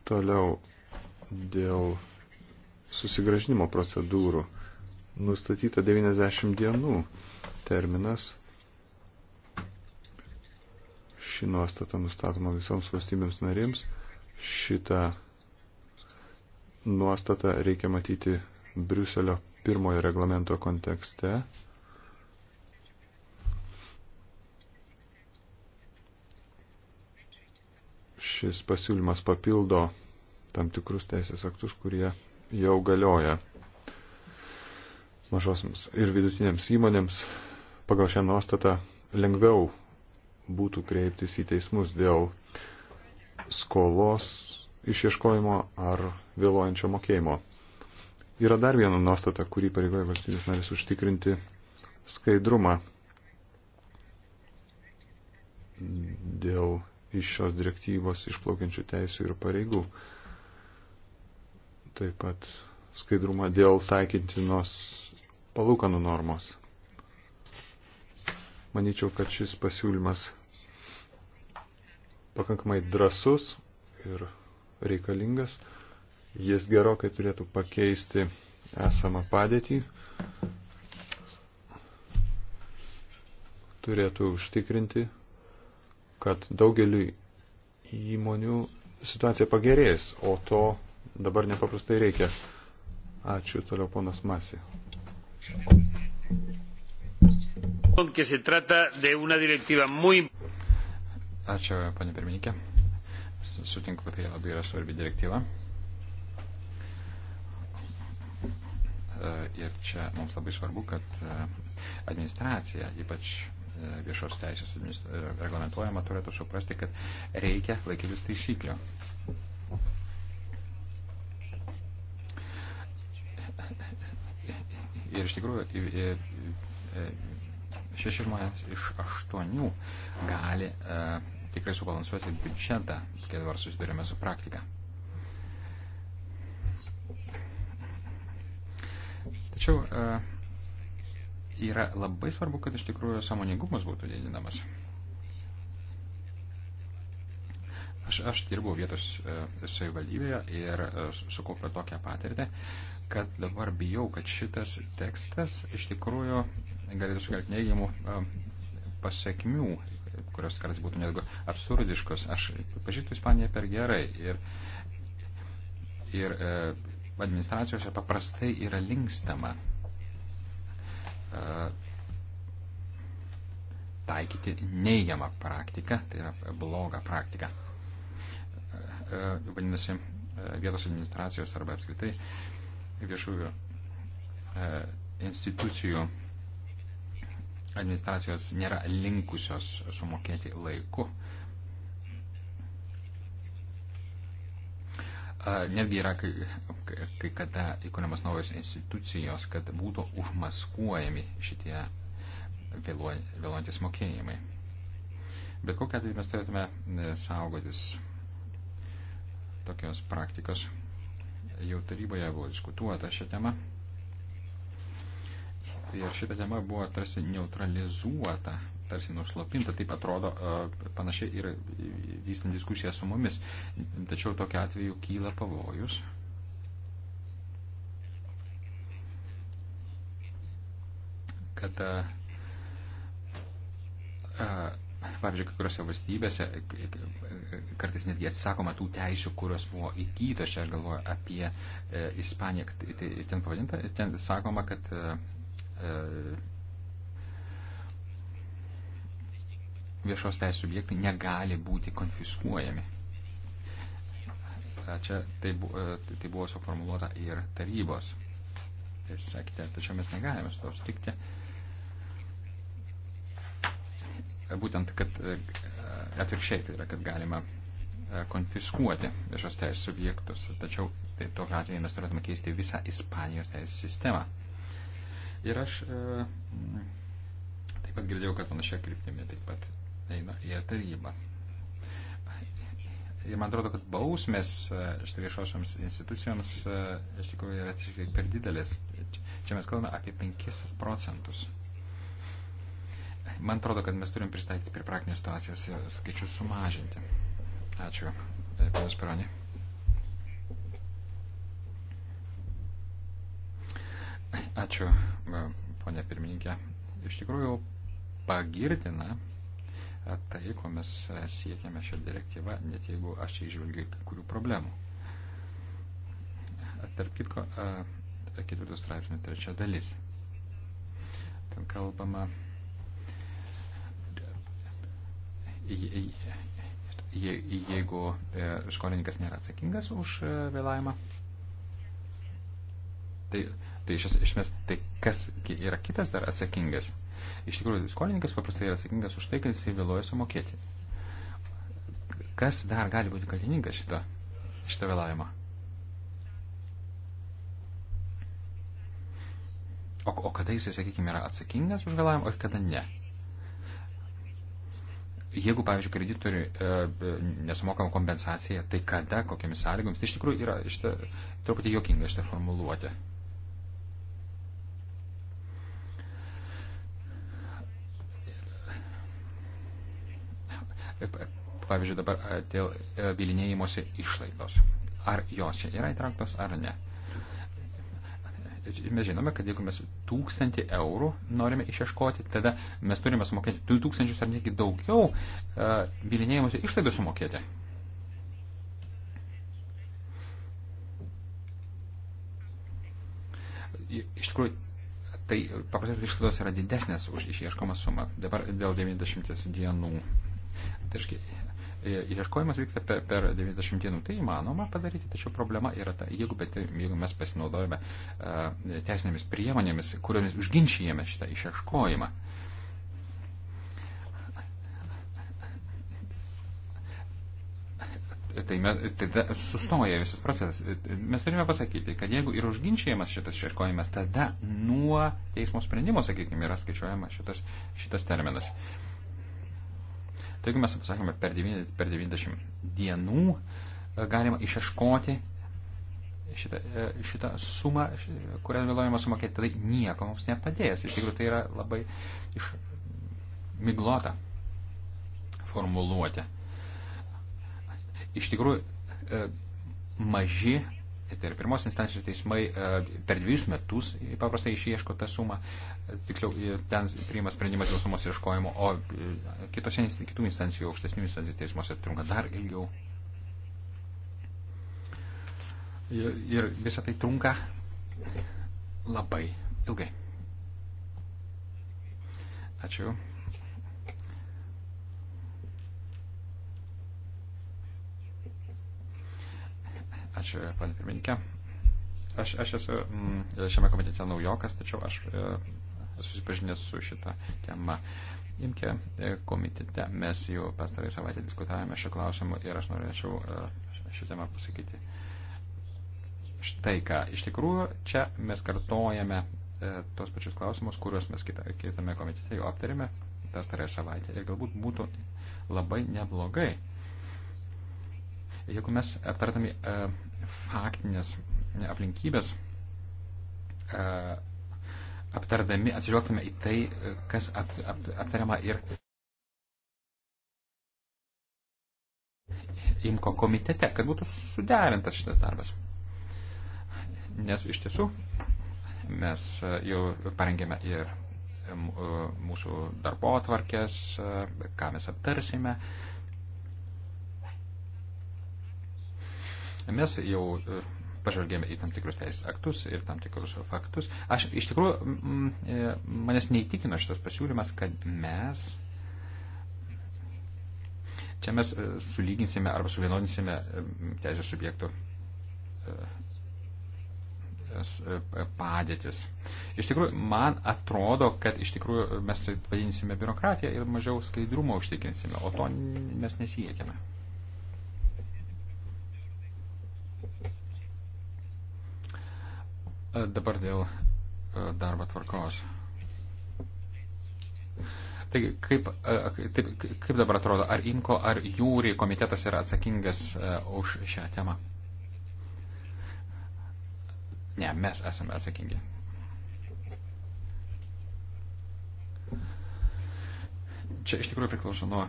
Toliau dėl susigražinimo procedūrų nustatyta 90 dienų terminas. Ši nuostata nustatoma visoms valstybėms narėms. Šitą nuostatą reikia matyti Briuselio pirmojo reglamento kontekste. Šis pasiūlymas papildo tam tikrus teisės aktus, kurie jau galioja mažosiams ir vidutinėms įmonėms pagal šią nuostatą lengviau būtų kreiptis į teismus dėl skolos išieškojimo ar vėluojančio mokėjimo. Yra dar viena nuostata, kurį pareigoja valstybės narės užtikrinti skaidrumą dėl iš šios direktyvos išplaukiančių teisų ir pareigų. Taip pat skaidrumą dėl taikintinos palūkanų normos. Manyčiau, kad šis pasiūlymas pakankamai drasus ir reikalingas. Jis gerokai turėtų pakeisti esamą padėtį, turėtų užtikrinti, kad daugeliu įmonių situacija pagerės, o to dabar nepaprastai reikia. Ačiū toliau ponas Masi. Ačiū, panė pirmininkė. Sutinku, kad tai labai yra svarbi direktyva. E, ir čia mums labai svarbu, kad e, administracija, ypač e, viešos teisės reglamentuojama, turėtų suprasti, kad reikia laikytis taisyklių. Ir iš tikrųjų šeši žmonės iš aštuonių gali e, tikrai subalansuoti biudžetą, kai dabar susidurėme su praktika. Tačiau e, yra labai svarbu, kad iš tikrųjų samoningumas būtų didinamas. Aš, aš dirbau vietos e, savivaldybėje ir sukaupiau tokią patirtį, kad dabar bijau, kad šitas tekstas iš tikrųjų galėtų sukelti neigiamų pasiekmių, kurios kartais būtų netgi absurdiškos. Aš pažįstu Ispaniją per gerai ir, ir e, administracijose paprastai yra linkstama e, taikyti neigiamą praktiką, tai yra blogą praktiką. E, e vadinasi, e, vietos administracijos arba apskritai e, viešųjų e, institucijų administracijos nėra linkusios sumokėti laiku. E, netgi yra kai, kai kada įkūriamas naujos institucijos, kad būtų užmaskuojami šitie vėluojantis mokėjimai. Bet kokia atveju mes turėtume e, saugotis tokios praktikos jau taryboje buvo diskutuota šią temą. Ir šita tema buvo tarsi neutralizuota, tarsi nuslopinta, taip atrodo e, panašiai ir vystant diskusiją su mumis. Tačiau tokiu atveju kyla pavojus, kad a, e, a, e, pavyzdžiui, kai kuriuose valstybėse kartais netgi atsakoma tų teisių, kurios buvo įgytos. Čia aš galvoju apie e, Ispaniją, kad tai, tai ten pavadinta, ten sakoma, kad e, e, viešos teisės subjektai negali būti konfiskuojami. Čia tai, buvo, e, tai buvo suformuoluota ir tarybos. Tai sakėte, tačiau mes negalime su to sutikti. E, būtent, kad e, atvirkščiai tai yra, kad galima e, konfiskuoti viešos teisės subjektus. Tačiau tai tokiu atveju mes turėtume keisti visą Ispanijos teisės sistemą. Ir aš e, taip pat girdėjau, kad panašia kryptimi taip pat eina ir taryba. Ir man atrodo, kad bausmės e, štai viešosioms institucijoms iš tikrųjų yra per didelės. Čia mes kalbame apie 5 procentus Man atrodo, kad mes turim pristaikyti prie praktinės situacijos ir skaičius sumažinti. Ačiū, e, panas Pironė. Ačiū, e, ponė pirmininkė. Iš tikrųjų, pagirtina e, tai, ko mes siekiame šią direktyvą, net jeigu aš čia išvelgiu kai kurių problemų. Tarp kitko, ketvirtos straipsnio trečia dalis. Ten kalbama jeigu skolininkas e, nėra atsakingas už e, vėlavimą, tai, tai iš esmės, tai kas yra kitas dar atsakingas? Iš tikrųjų, skolininkas paprastai yra atsakingas už tai, kad jisai vėluoja sumokėti. Kas dar gali būti kaltininkas šito, šito vėlavimo? O, o kada jisai, sakykime, yra atsakingas už vėlavimą, o kada ne? jeigu, pavyzdžiui, kreditoriui e, e, nesumokama kompensacija, tai kada, kokiamis sąlygomis, tai iš tikrųjų yra šitą, truputį jokinga šitą formuluotę. Pavyzdžiui, dabar e, dėl bylinėjimosi išlaidos. Ar jos čia yra įtrauktos ar ne? mes žinome, kad jeigu mes tūkstantį eurų norime išieškoti, tada mes turime sumokėti 2000 ar netgi daugiau e, bilinėjimuose išlaidų sumokėti. Iš tikrųjų, tai paprastai išlaidos yra didesnės už išieškomą sumą. Dabar dėl 90 dienų. Tai, ieškojimas vyksta per, per 90 dienų. Tai įmanoma padaryti, tačiau problema yra ta, jeigu, bet, jeigu mes pasinaudojame e, teisinėmis priemonėmis, kuriomis užginčijame šitą išieškojimą. Tai tada sustoja visas procesas. Mes turime pasakyti, kad jeigu ir užginčiamas šitas išieškojimas, tada nuo teismo sprendimo, sakykime, yra skaičiuojamas šitas, šitas terminas. Uh, Taigi mes pasakėme, per 90 dienų e, galima išieškoti šitą, e, šitą sumą, kurią vėluojama sumokėti, tai nieko mums nepadės. Iš tikrųjų, tai yra labai iš miglota formuluotė. Iš tikrųjų, e, maži E, tai yra pirmos instancijos teismai e, per dviejus metus paprastai išieško tą sumą, e, tiksliau ten priima sprendimas dėl sumos ieškojimo, o kitose kitų instancijų, aukštesnių instancijų teismuose trunka dar ilgiau. Ir visą tai trunka labai ilgai. Ačiū. Ačiū, pan pirmininkė. Aš, aš esu m, mm, šiame komitete naujokas, tačiau aš e, susipažinęs su šita tema. Imkė e, komitete, mes jau pastarai savaitę diskutavome šio klausimu ir aš norėčiau e, šią temą pasakyti. Štai ką, iš tikrųjų, čia mes kartojame e, tos pačius klausimus, kuriuos mes kita, kitame komitete jau aptarėme pastarąją savaitę ir galbūt būtų labai neblogai jeigu mes aptartami e, faktinės aplinkybės e, aptardami atsižvelgtume į tai, kas ap, ap, aptariama ir imko komitete, kad būtų suderintas šitas darbas. Nes iš tiesų mes jau parengėme ir e, mūsų darbo atvarkės, e, ką mes aptarsime, Mes jau e, pažvelgėme į tam tikrus teisės aktus ir tam tikrus faktus. Aš iš tikrųjų, e, manęs neįtikino šitas pasiūlymas, kad mes. Čia mes e, sulyginsime arba suvienodinsime teisės subjektų padėtis. Iš tikrųjų, man atrodo, kad iš tikrųjų mes padidinsime biurokratiją ir mažiau skaidrumo užtikrinsime, o to mes nesiekime. E, dabar dėl e, darbo tvarkos. Taigi, kaip, e, taip, kaip dabar atrodo, ar Inko, ar Jūri komitetas yra atsakingas uh, už šią temą? Ne, mes esame atsakingi. Čia iš tikrųjų priklauso nuo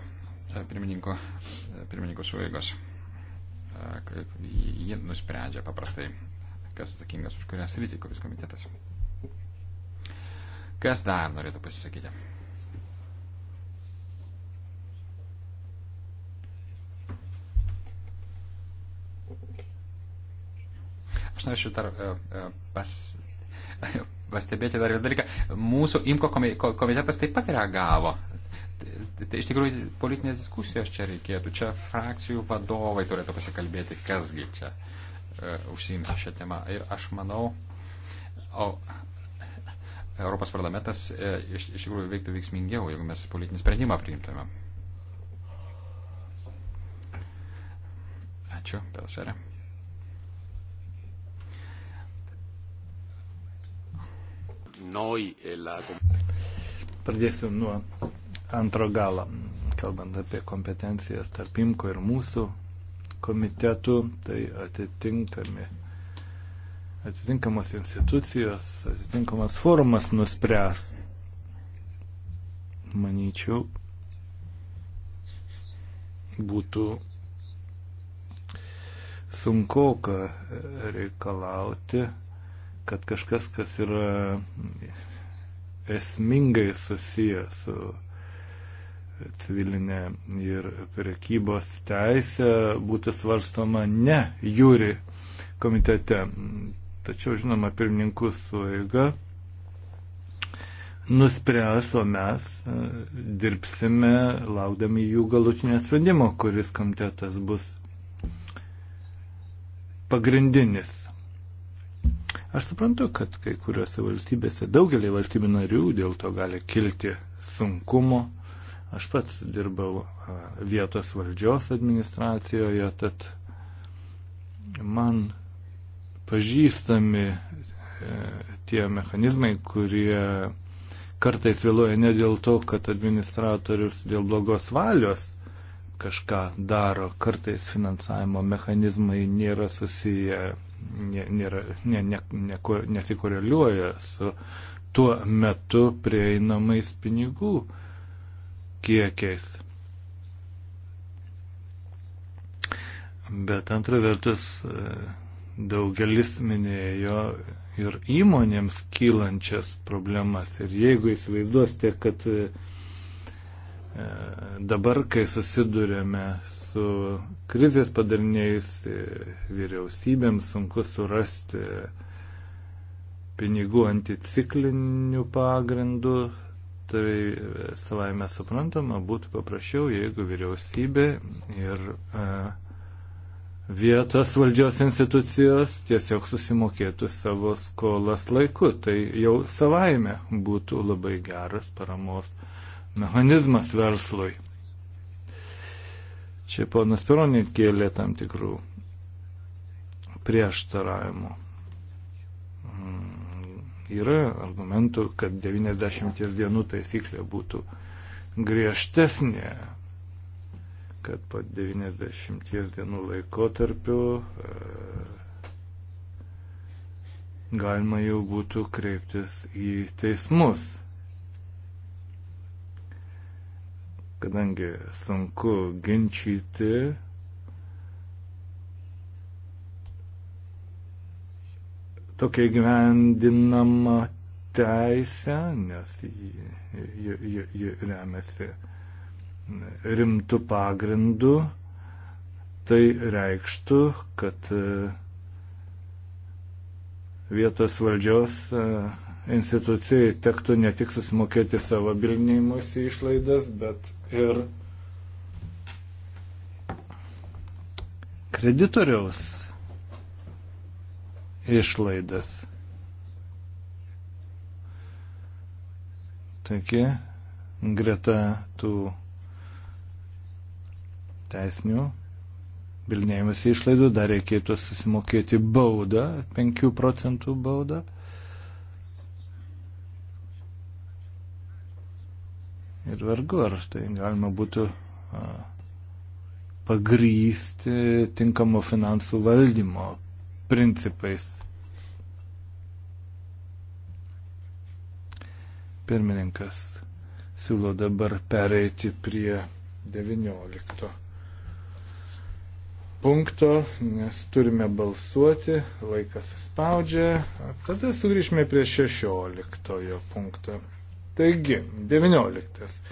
pirmininko, pirmininko suveigos. Ji nusprendžia paprastai kas atsakingas už kurias rytį, kuris komitetas. Kas dar norėtų pasisakyti? Aš norėčiau dar e, e, pas, pastebėti dar vieną dalyką. Mūsų IMKO komitetas taip pat reagavo. Tai iš tikrųjų politinės diskusijos čia reikėtų. Čia frakcijų vadovai turėtų pasikalbėti, kasgi čia. Uh, E, užsiims šią temą. Ir aš manau, o, Europos parlamentas e, iš, iš tikrųjų veiktų veiksmingiau, jeigu mes politinį sprendimą priimtume. Ačiū, Pelserė. E Pradėsiu nuo antro galo, kalbant apie kompetencijas tarp imko ir mūsų komitetų, tai atitinkami, atitinkamas institucijos, atitinkamas forumas nuspręs. Manyčiau, būtų sunku reikalauti, kad kažkas, kas yra esmingai susijęs su civilinė ir prekybos teisė būti svarstoma ne jūri komitete. Tačiau, žinoma, pirmininkų suėga nuspręs, o mes e, dirbsime laukdami jų galutinio sprendimo, kuris komitetas bus pagrindinis. Aš suprantu, kad kai kuriuose valstybėse, daugelį valstybių narių dėl to gali kilti sunkumo, Aš pats dirbau vietos valdžios administracijoje, tad man pažįstami e, tie mechanizmai, kurie kartais vėluoja ne dėl to, kad administratorius dėl blogos valios kažką daro, kartais finansavimo mechanizmai nėra susiję, nėra, nė, nė, nė, nesikorieliuoja su tuo metu prieinamais pinigų kiekiais. Bet antra vertus, daugelis minėjo ir įmonėms kylančias problemas. Ir jeigu įsivaizduosite, kad e, dabar, kai susidurėme su krizės padariniais, e, vyriausybėms sunku surasti pinigų anticiklinių pagrindų, tai savaime suprantama būtų paprasčiau, jeigu vyriausybė ir e, vietos valdžios institucijos tiesiog susimokėtų savo skolas laiku. Tai jau savaime būtų labai geras paramos mechanizmas verslui. Čia ponas Peronė kėlė tam tikrų prieštaravimų. Yra argumentų, kad 90 dienų taisyklė būtų griežtesnė, kad po 90 dienų laikotarpiu e, galima jau būtų kreiptis į teismus. Kadangi sunku ginčyti tokia gyvendinama teisė, nes ji, ji, ji remiasi rimtų pagrindų, tai reikštų, kad e, vietos valdžios e, institucijai tektų ne tik susimokėti savo bilinėjimuose išlaidas, bet ir kreditoriaus išlaidas. Taigi, greta tų teisinių bilnėjimas išlaidų dar reikėtų susimokėti baudą, 5 procentų baudą. Ir vargu, ar tai galima būtų pagrysti tinkamo finansų valdymo principais. Pirmininkas siūlo dabar pereiti prie 19 punkto, nes turime balsuoti, laikas spaudžia, tada sugrįžime prie 16 punkto. Taigi, 19.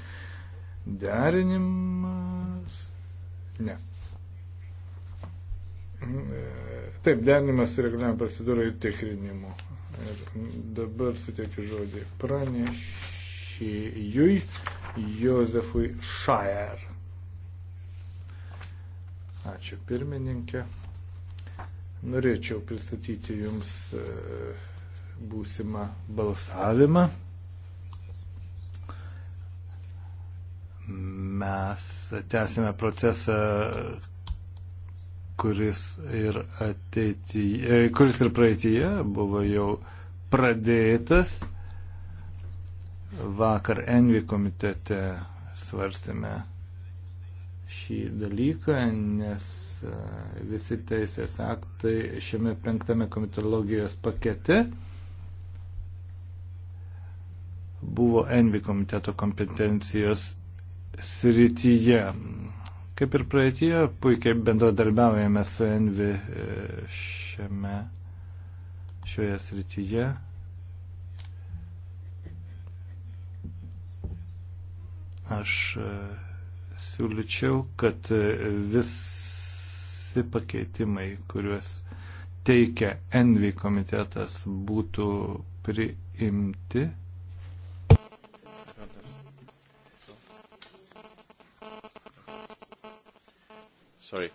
Derinimas. Ne. Taip, derinimas reguliavimo procedūrų ir tikrinimų. Ir dabar suteikiu žodį pranešėjui Jozefui Šajer. Ačiū pirmininkė. Norėčiau pristatyti Jums e, būsimą balsavimą. Mes tęsime procesą, kuris ir, ateityje, e, kuris ir praeitie buvo jau pradėtas. Vakar Envi komitete svarstėme šį dalyką, nes e, visi teisės aktai šiame penktame komitologijos pakete buvo Envi komiteto kompetencijos srityje. Kaip ir praeitie, puikiai bendradarbiaujame su Envi e, šiame, šioje srityje. Aš e, siūlyčiau, kad e, visi pakeitimai, kuriuos teikia Envi komitetas, būtų priimti Sorry,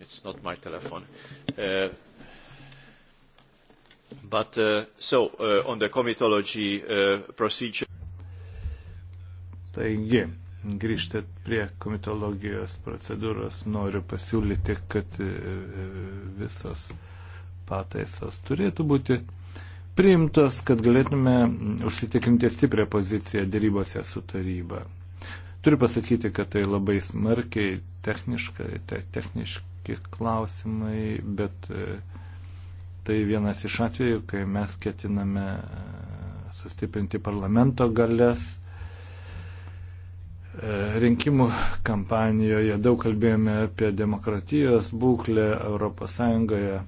it's not my telephone. Uh, but uh, so uh, on the comitology uh, procedure. Taigi, grįžtat prie komitologijos procedūros, noriu pasiūlyti, kad e, e, visos pataisas turėtų būti priimtos, kad galėtume mm, užsitikrinti stiprią poziciją dėrybose su taryba. Turiu pasakyti, kad tai labai smarkiai techniškai, te, techniški klausimai, bet e, tai vienas iš atvejų, kai mes ketiname e, sustiprinti parlamento galės. E, rinkimų kampanijoje daug kalbėjome apie demokratijos būklę Europos Sąjungoje.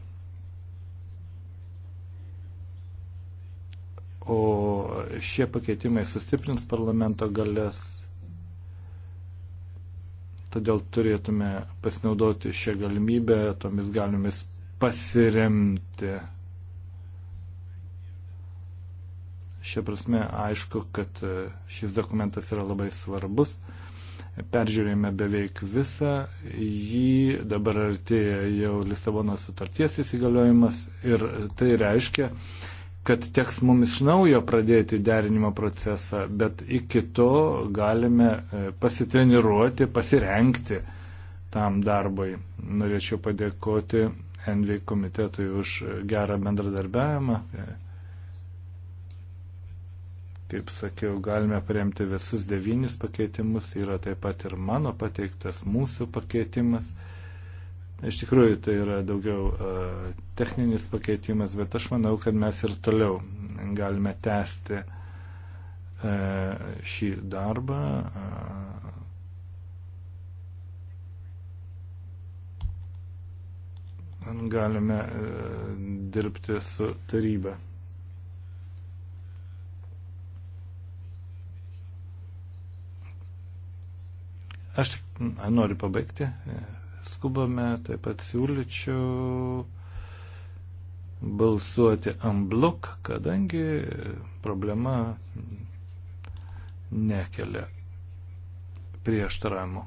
O šie pakeitimai sustiprins parlamento galės Todėl turėtume pasinaudoti šią galimybę, tomis galimis pasiremti. Šia prasme, aišku, kad e, šis dokumentas yra labai svarbus. Peržiūrėjome beveik visą jį, dabar artėja jau Lisabono sutarties įsigaliojimas ir tai reiškia, kad teks mums iš naujo pradėti derinimo procesą, bet iki to galime e, pasitreniruoti, pasirenkti tam darbui. Norėčiau padėkoti NV komitetui už gerą bendradarbiavimą. E, kaip sakiau, galime paremti visus devynis pakeitimus, yra taip pat ir mano pateiktas mūsų pakeitimas. Iš tikrųjų, tai yra daugiau e, techninis pakeitimas, bet aš manau, kad mes ir toliau galime tęsti e, šį darbą. E, galime dirbti su taryba. Aš tik noriu pabaigti skubame, taip pat siūlyčiau balsuoti amblok, kadangi problema nekelia prieštaravimo.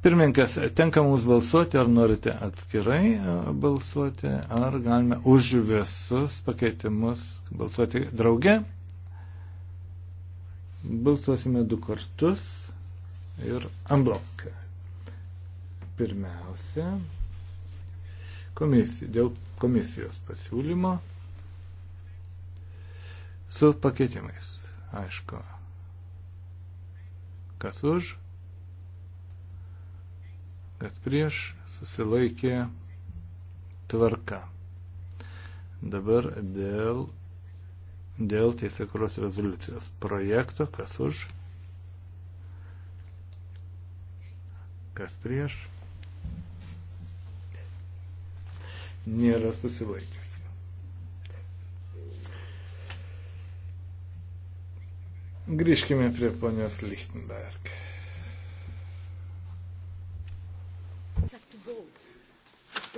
Pirmininkas, tenka mums balsuoti, ar norite atskirai e, balsuoti, ar galime už visus pakeitimus balsuoti drauge. Balsuosime du kartus ir amblok. Pirmiausia, komisija, dėl komisijos pasiūlymo su pakeitimais. Aišku, kas už, kas prieš, susilaikė tvarka. Dabar dėl, dėl teisėkuros rezoliucijos projekto, kas už, kas prieš, nėra susilaikiusi. Grįžkime prie ponios Lichtenberg.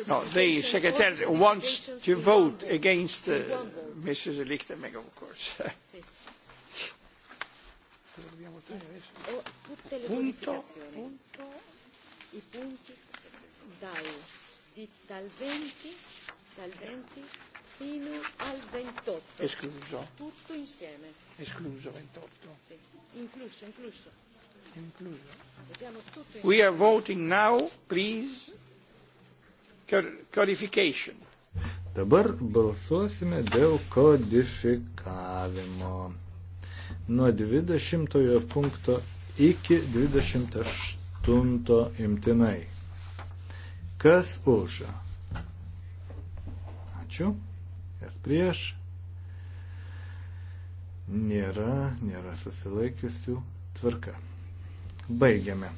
No, the secretary wants to vote against uh, Mrs. Lichtenberg, of course. punto, punto. I punti dai di, dal 20, dal 20 fino al 28. Escluso. Tutto insieme. Escluso 28. Sì. Incluso, incluso. Incluso. Dobbiamo tutto insieme. We are voting now, please. Codification. Dabar balsuosime dėl kodifikavimo. Nuo 20 punkto iki 28 imtinai. Kas už? Ačiū. Kas prieš? Nėra, nėra susilaikiusių tvarka. Baigiame.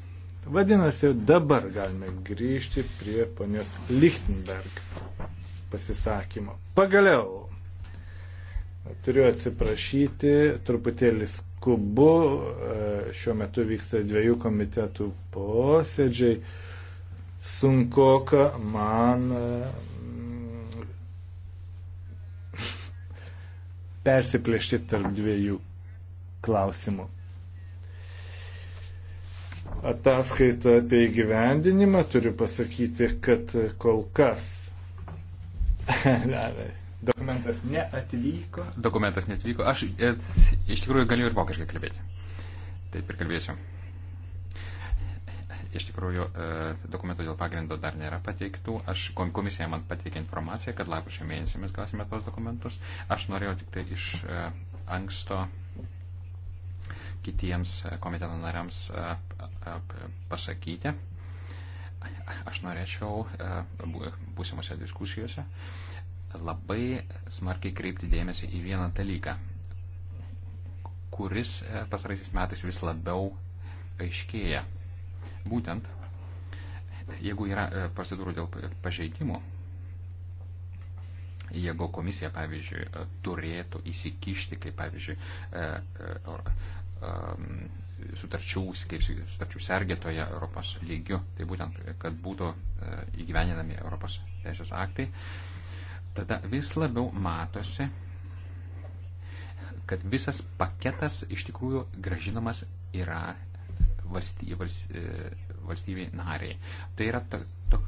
Vadinasi, dabar galime grįžti prie ponios Lichtenberg pasisakymo. Pagaliau, turiu atsiprašyti, truputėlį skubu, e, šiuo metu vyksta dviejų komitetų posėdžiai sunkoka man mm, persiplėšti tarp dviejų klausimų. Ataskaita apie įgyvendinimą turiu pasakyti, kad kol kas dokumentas neatvyko. Dokumentas neatvyko. Aš et, iš tikrųjų galiu ir vokiškai kalbėti. Taip ir kalbėsiu. Iš tikrųjų, e, dokumentų dėl pagrindo dar nėra pateiktų. Aš, komisija man pateikė informaciją, kad lapkričio mėnesį mes gausime tos dokumentus. Aš norėjau tik tai iš e, anksto kitiems e, komiteto nariams pasakyti. Aš norėčiau būsimose diskusijose labai smarkiai kreipti dėmesį į vieną dalyką, kuris pasaraisiais metais vis labiau aiškėja Būtent, jeigu yra e, procedūrų dėl pažeidimų, jeigu komisija, pavyzdžiui, e, turėtų įsikišti, kaip, pavyzdžiui, e, sutarčių, kaip sutarčių sergėtoje Europos lygiu, tai būtent, kad būtų įgyveninami Europos teisės aktai, tada vis labiau matosi, kad visas paketas iš tikrųjų gražinamas yra valsty, valsty, e, valstybei nariai. Tai yra to, to,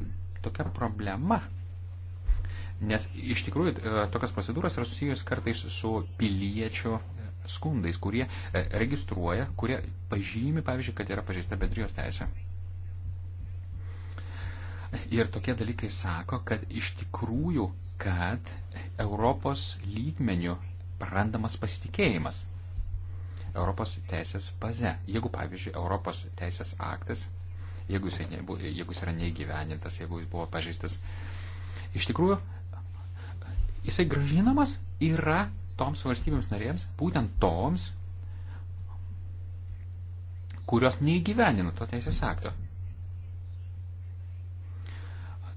tokia problema. Nes iš tikrųjų e, tokias procedūras yra susijęs kartais su piliečių e, skundais, kurie registruoja, kurie pažymi, pavyzdžiui, kad yra pažeista bendrijos teisė. Ir tokie dalykai sako, kad iš tikrųjų, kad Europos lygmenių prarandamas pasitikėjimas Europos teisės baze. Jeigu, pavyzdžiui, Europos teisės aktas, jeigu jis, ne, jeigu jis yra neįgyvenintas, jeigu jis buvo pažįstas, iš tikrųjų, jisai gražinamas yra toms valstybėms narėms, būtent toms, kurios neįgyvenino to teisės akto.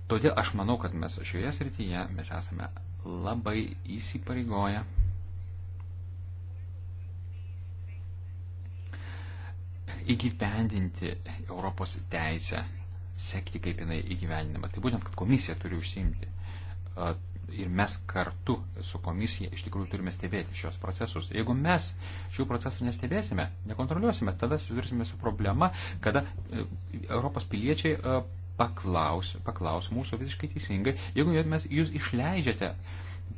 Todėl aš manau, kad mes šioje srityje mes esame labai įsipareigoję įgyvendinti Europos teisę, sekti, kaip jinai įgyvendinama. Tai būtent, kad komisija turi užsiimti. Ir mes kartu su komisija iš tikrųjų turime stebėti šios procesus. Jeigu mes šių procesų nestebėsime, nekontroliuosime, tada susidursime su problema, kada e, Europos piliečiai e, paklaus, paklaus mūsų visiškai teisingai, jeigu mes jūs išleidžiate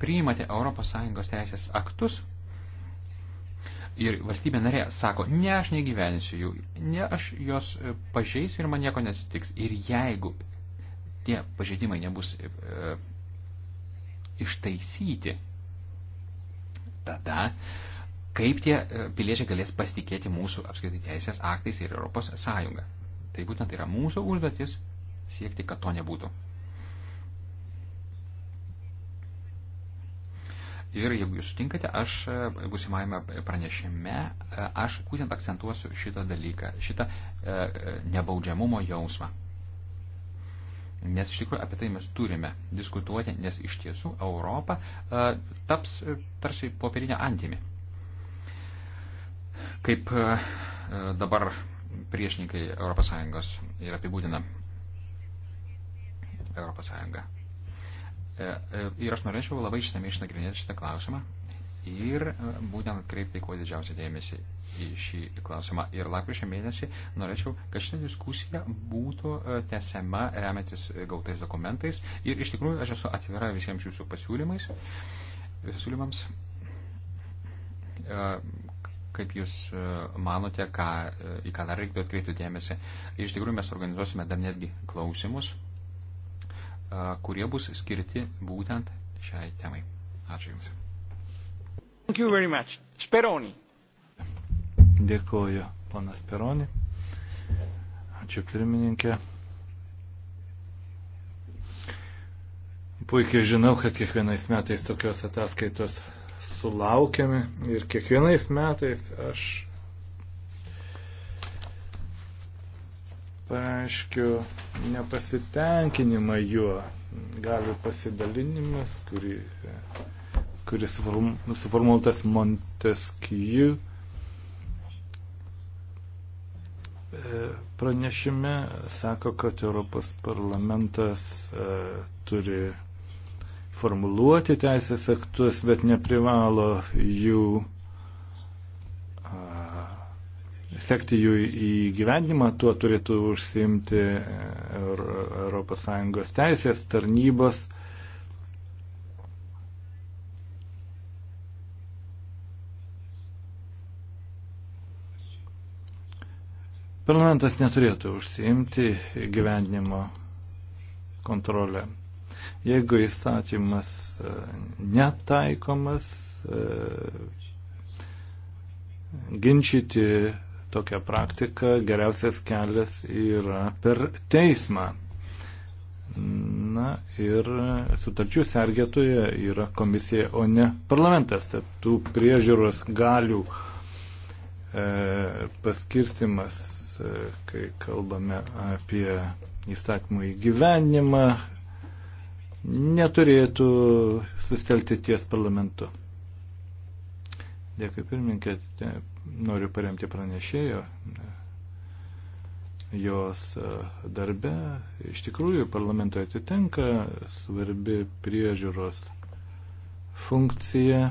priimate ES teisės aktus, Ir valstybė narė sako, ne aš negyvensiu jų, ne aš jos e, pažeisiu ir man nieko nesitiks. Ir jeigu tie pažeidimai nebus e, e ištaisyti, tada kaip tie e, piliečiai galės pasitikėti mūsų apskritai teisės aktais ir Europos Sąjunga. Tai būtent tai yra mūsų užduotis siekti, kad to nebūtų. Ir jeigu jūs sutinkate, aš e, būsimajame pranešime, e, aš būtent akcentuosiu šitą dalyką, šitą e, nebaudžiamumo jausmą. Nes iš tikrųjų apie tai mes turime diskutuoti, nes iš tiesų Europa taps tarsi popierinė antimi. Kaip dabar priešininkai ES ir apibūdina ES. E, e, ir aš norėčiau labai išsamei išnagrinėti šitą klausimą ir e, būtent kreipti kuo didžiausią dėmesį į šį klausimą. Ir lakryšio mėnesį norėčiau, kad šitą diskusiją būtų tęsiama remiantis gautais dokumentais. Ir iš tikrųjų aš esu atvira visiems jūsų pasiūlymais, pasiūlymams. Kaip jūs manote, ką, į ką dar reikėtų atkreipti dėmesį. Iš tikrųjų mes organizuosime dar netgi klausimus kurie bus skirti būtent šiai temai. Ačiū Jums. Speroni. Dėkuoju, panas Peroni. Ačiū pirmininkė. Puikiai žinau, kad kiekvienais metais tokios ataskaitos sulaukiame ir kiekvienais metais aš paaiškiu nepasitenkinimą juo. Galių pasidalinimas, kuri, kuris suformuoltas Montesquieu e, pranešime sako, kad Europos parlamentas e, turi formuluoti teisės aktus, bet neprivalo jų sekti jų įgyvendimą, tuo turėtų užsimti ES teisės tarnybos. Parlamentas neturėtų užsiimti gyvenimo kontrolę. Jeigu įstatymas e, netaikomas, e, ginčyti tokią praktiką, geriausias kelias yra per teismą. Na ir sutarčių sergėtoje yra komisija, o ne parlamentas. Tad tų priežiūros galių e, paskirstimas, e, kai kalbame apie įstatymų įgyvenimą, neturėtų sustelti ties parlamentu. Dėkui pirmininkė, noriu paremti pranešėjo, jos e, darbe iš tikrųjų parlamentoje atitenka svarbi priežiūros funkcija,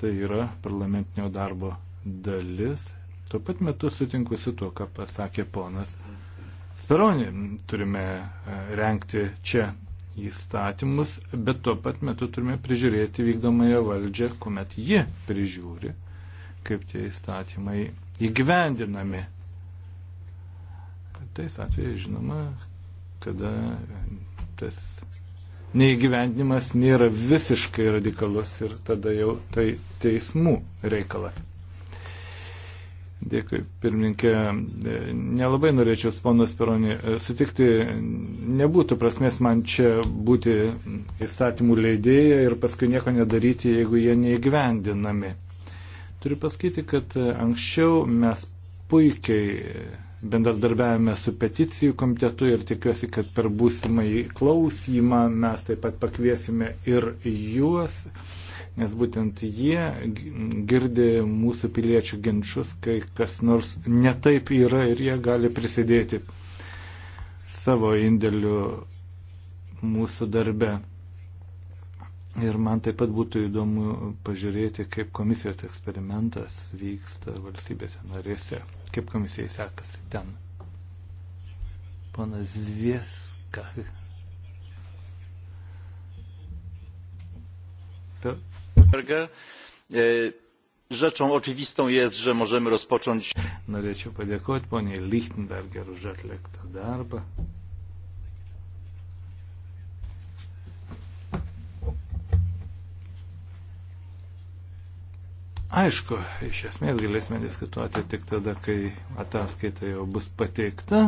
tai yra parlamentinio darbo dalis. Tuo pat metu sutinku su tuo, ką pasakė ponas Speronė. Turime e, renkti čia įstatymus, bet tuo pat metu turime prižiūrėti vykdomąją valdžią, kuomet ji prižiūri kaip tie įstatymai įgyvendinami. Tais atvejais žinoma, kada tas neįgyvendinimas nėra visiškai radikalus ir tada jau tai teismų reikalas. Dėkui, pirmininkė. Nelabai norėčiau su ponas Peronė e, sutikti. Nebūtų prasmės man čia būti įstatymų leidėja ir paskui nieko nedaryti, jeigu jie neįgyvendinami. Turiu pasakyti, kad e, anksčiau mes puikiai e, bendradarbiavime su peticijų komitetu ir tikiuosi, kad per būsimąjį klausimą mes taip pat pakviesime ir juos, nes būtent jie girdi mūsų piliečių ginčius, kai kas nors netaip yra ir jie gali prisidėti savo indėliu mūsų darbe. Ir man taip pat būtų įdomu pažiūrėti, kaip komisijos eksperimentas vyksta valstybėse narėse, kaip komisijai sekasi ten. Ponas Zvieska. E, rzeczą oczywistą jest, że możemy rozpocząć. Norėčiau padėkoti poniai Lichtenberger už atliktą darbą. Aišku, iš esmės galėsime diskutuoti tik tada, kai ataskaita jau bus pateikta.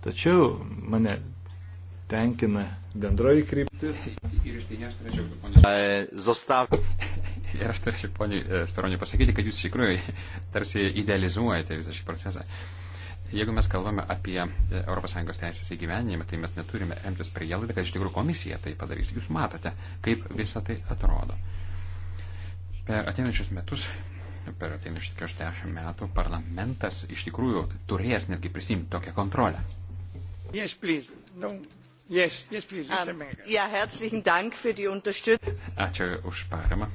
Tačiau mane tenkina bendroji kryptis. Ir iš tai aš turėčiau, poniai. E, zostav. Ir aš turėčiau, poniai e, Speroniai, pasakyti, kad jūs iš tikrųjų tarsi idealizuojate visą šį procesą. Jeigu mes kalbame apie ES teisės įgyvenimą, tai mes neturime remtis prielaidą, kad iš tikrųjų komisija tai padarys. Jūs matote, kaip visa tai atrodo per ateinančius metus, per ateinančius 40 metų parlamentas iš tikrųjų turės netgi prisimti tokią kontrolę. Yes, please. No. Yes, yes, please, um, ja, herzlichen Dank für die Unterstützung. Ačiū už paramą.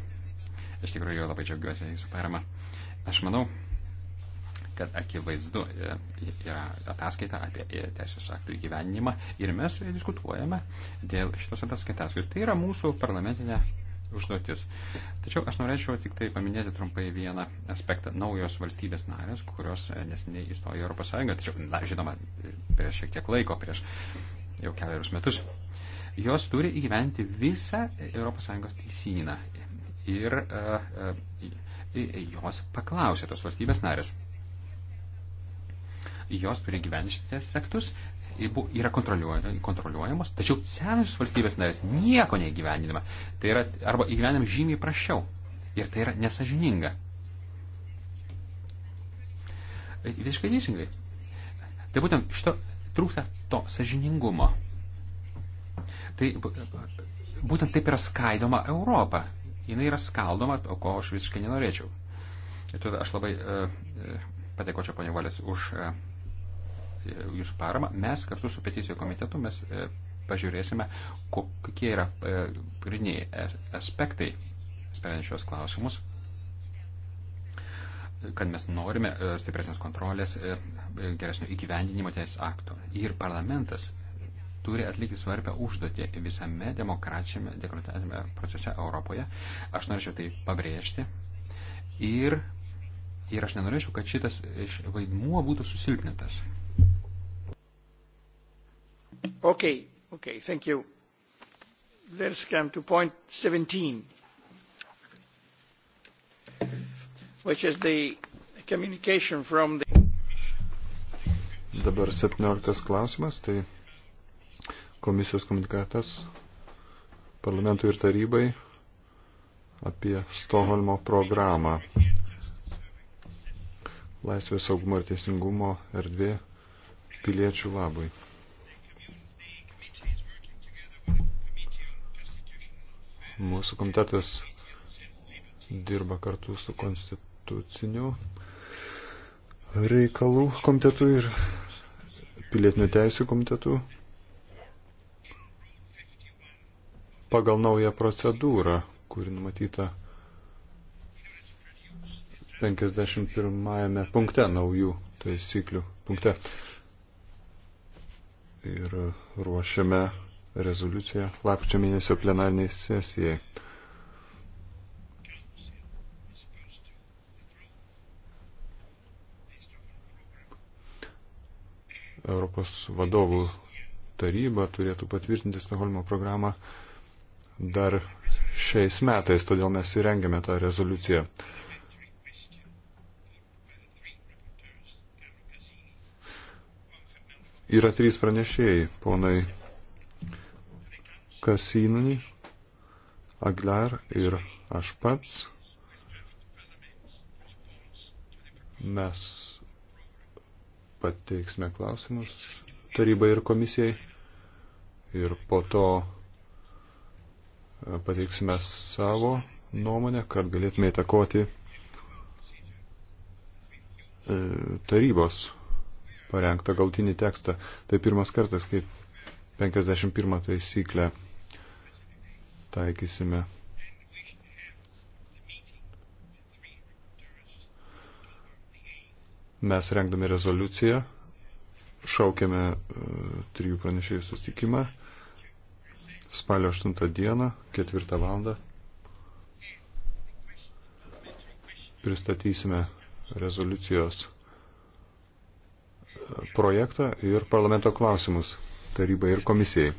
Iš tikrųjų labai džiaugiuosi jūsų paramą. Aš manau, kad akivaizdu e, yra ataskaita apie e, teisės aktų įgyvenimą ir mes diskutuojame dėl šitos ataskaitas. Tai yra mūsų parlamentinė užduotis. Tačiau aš norėčiau tik tai paminėti trumpai vieną aspektą. Naujos valstybės narės, kurios nesiniai įstojo Europos Sąjungą, tačiau, na, žinoma, prieš šiek tiek laiko, prieš jau keliarius metus, jos turi įgyventi visą Europos Sąjungos teisyną. Ir uh, uh, jos paklausė tos valstybės narės, jos turi gyventi šitie sektus yra kontroliuojamos, tačiau senusios valstybės narės nieko neįgyvendinama. Tai yra arba įgyvendinama žymiai prašiau. Ir tai yra nesažininga. Visiškai teisingai. Tai būtent šito trūksta to sažiningumo. Tai būtent taip yra skaidoma Europa. Jis yra skaldoma, o ko aš visiškai nenorėčiau. Ir todėl aš labai uh, e, e, patekočiau ponia Valės už uh, jūsų paramą. Mes kartu su peticijų komitetu mes e, pažiūrėsime, kokie yra e, pagrindiniai aspektai sprendžiant šios klausimus, kad mes norime e, stipresnės kontrolės, geresnio įgyvendinimo teisės akto. Ir parlamentas turi atlikti svarbią užduotį visame demokratinėme, demokratinėme procese Europoje. Aš norėčiau tai pabrėžti. Ir, ir aš nenorėčiau, kad šitas vaidmuo būtų susilpnintas. Okay, okay, thank you. Let's come to point 17, which is the communication from the Dabar 17 klausimas, tai komisijos komunikatas parlamentui ir tarybai apie Stoholmo programą. Laisvės saugumo ir teisingumo erdvė piliečių labui. Mūsų komitetas dirba kartu su konstituciniu reikalų komitetu ir pilietinių teisų komitetu pagal naują procedūrą, kuri numatyta 51 punkte naujų taisyklių punkte. Ir ruošiame rezoliuciją lapkričio mėnesio plenarniai sesijai. Europos vadovų taryba turėtų patvirtinti Stokholmo programą dar šiais metais, todėl mes įrengėme tą rezoliuciją. Yra trys pranešėjai, ponai Kasinui, Aglar ir aš pats. Mes pateiksime klausimus tarybai ir komisijai ir po to e, pateiksime savo nuomonę, kad galėtume įtakoti e, tarybos parengtą galtinį tekstą. Tai pirmas kartas, kaip 51 taisyklė taikysime. Mes rengdami rezoliuciją šaukėme e, trijų pranešėjų sustikimą spalio 8 dieną, 4 val. Pristatysime rezoliucijos e, projektą ir parlamento klausimus tarybai ir komisijai.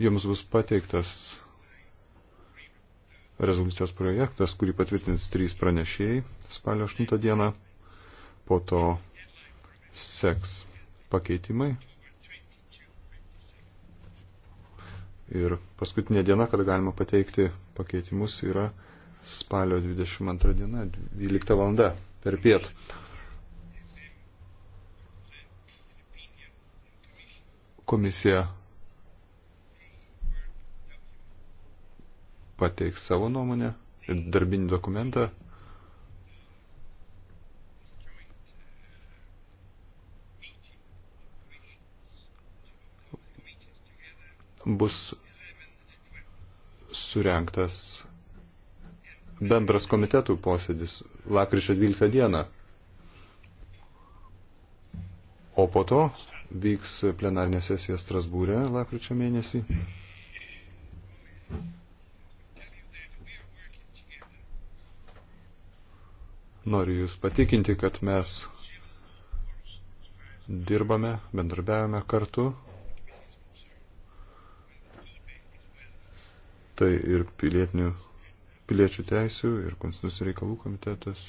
jums bus pateiktas rezoliucijos projektas, kurį patvirtins trys pranešėjai spalio 8 dieną, po to seks pakeitimai. Ir paskutinė diena, kada galima pateikti pakeitimus, yra spalio 22 diena, 12 valanda per pietą. Komisija pateiks savo nuomonę, darbinį dokumentą. Bus surenktas bendras komitetų posėdis lakryčio 12 dieną. O po to vyks plenarinė sesija Strasbūrė lakryčio mėnesį. Noriu Jūs patikinti, kad mes dirbame, bendrabiavame kartu. Tai ir pilietinių, piliečių teisių, ir konstitucijų reikalų komitetas,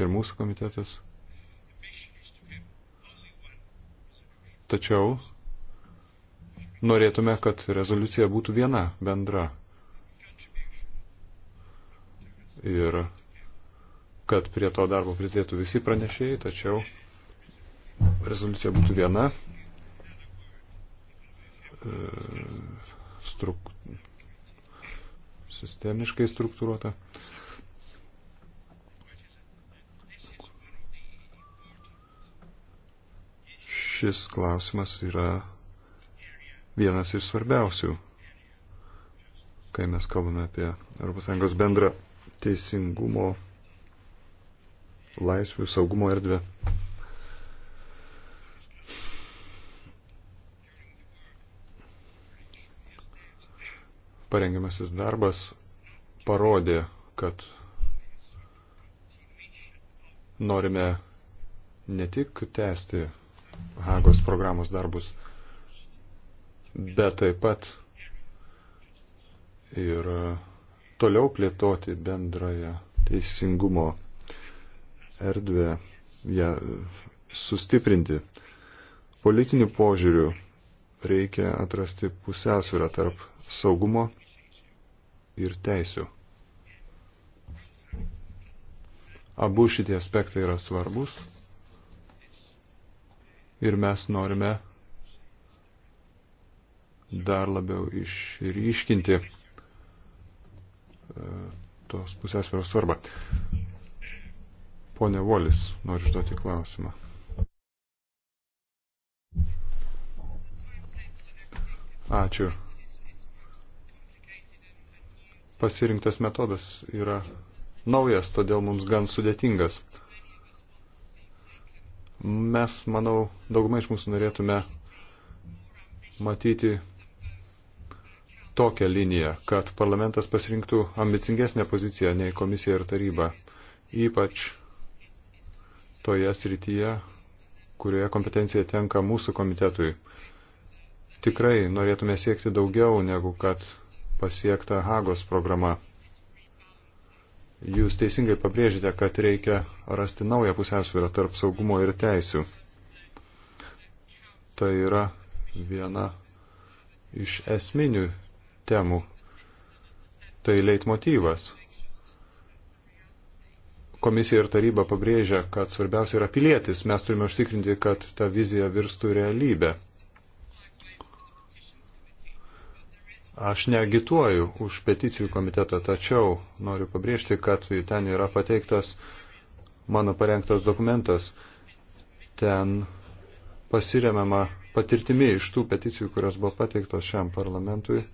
ir mūsų komitetas. Tačiau norėtume, kad rezoliucija būtų viena, bendra. Ir kad prie to darbo prisidėtų visi pranešėjai, tačiau rezoliucija būtų viena. E, struk... Sistemiškai struktūruota. Šis klausimas yra vienas iš svarbiausių, kai mes kalbame apie ES bendrą teisingumo laisvių saugumo erdvę. Parengiamasis darbas parodė, kad norime ne tik tęsti Hagos programos darbus, bet taip pat ir toliau plėtoti bendrąją teisingumo erdvę, ją sustiprinti. Politinių požiūrių reikia atrasti pusiausvyrą tarp saugumo ir teisių. Abu šitie aspektai yra svarbus ir mes norime dar labiau išryškinti e, tos pusiausvėros svarbą. Pone Volis, noriu užduoti klausimą. Ačiū. Pasirinktas metodas yra naujas, todėl mums gan sudėtingas. Mes, manau, daugumai iš mūsų norėtume matyti tokią liniją, kad parlamentas pasirinktų ambicingesnę poziciją nei komisija ir taryba, ypač toje srityje, kurioje kompetencija tenka mūsų komitetui. Tikrai norėtume siekti daugiau, negu kad pasiekta Hagos programa. Jūs teisingai pabrėžite, kad reikia rasti naują pusiausvyrą tarp saugumo ir teisių. Tai yra viena iš esminių temų. Tai leitmotyvas komisija ir taryba pabrėžia, kad svarbiausia yra pilietis. Mes turime užtikrinti, kad ta vizija virstų realybę. Aš neagituoju už peticijų komitetą, tačiau noriu pabrėžti, kad ten yra pateiktas mano parengtas dokumentas. Ten pasiremiama patirtimi iš tų peticijų, kurios buvo pateiktos šiam parlamentui,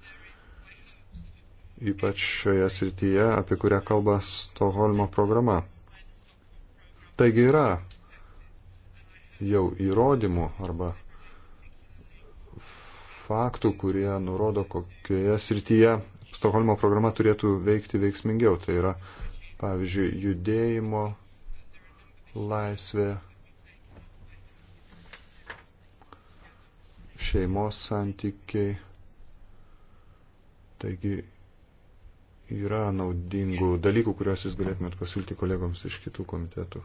ypač šioje srityje, apie kurią kalba Stoholmo programa. Taigi yra jau įrodymų arba faktų, kurie nurodo, kokioje srityje Stokholmo programa turėtų veikti veiksmingiau. Tai yra, pavyzdžiui, judėjimo laisvė, šeimos santykiai. Taigi yra naudingų dalykų, kuriuos jūs galėtumėt pasiūlyti kolegoms iš kitų komitetų.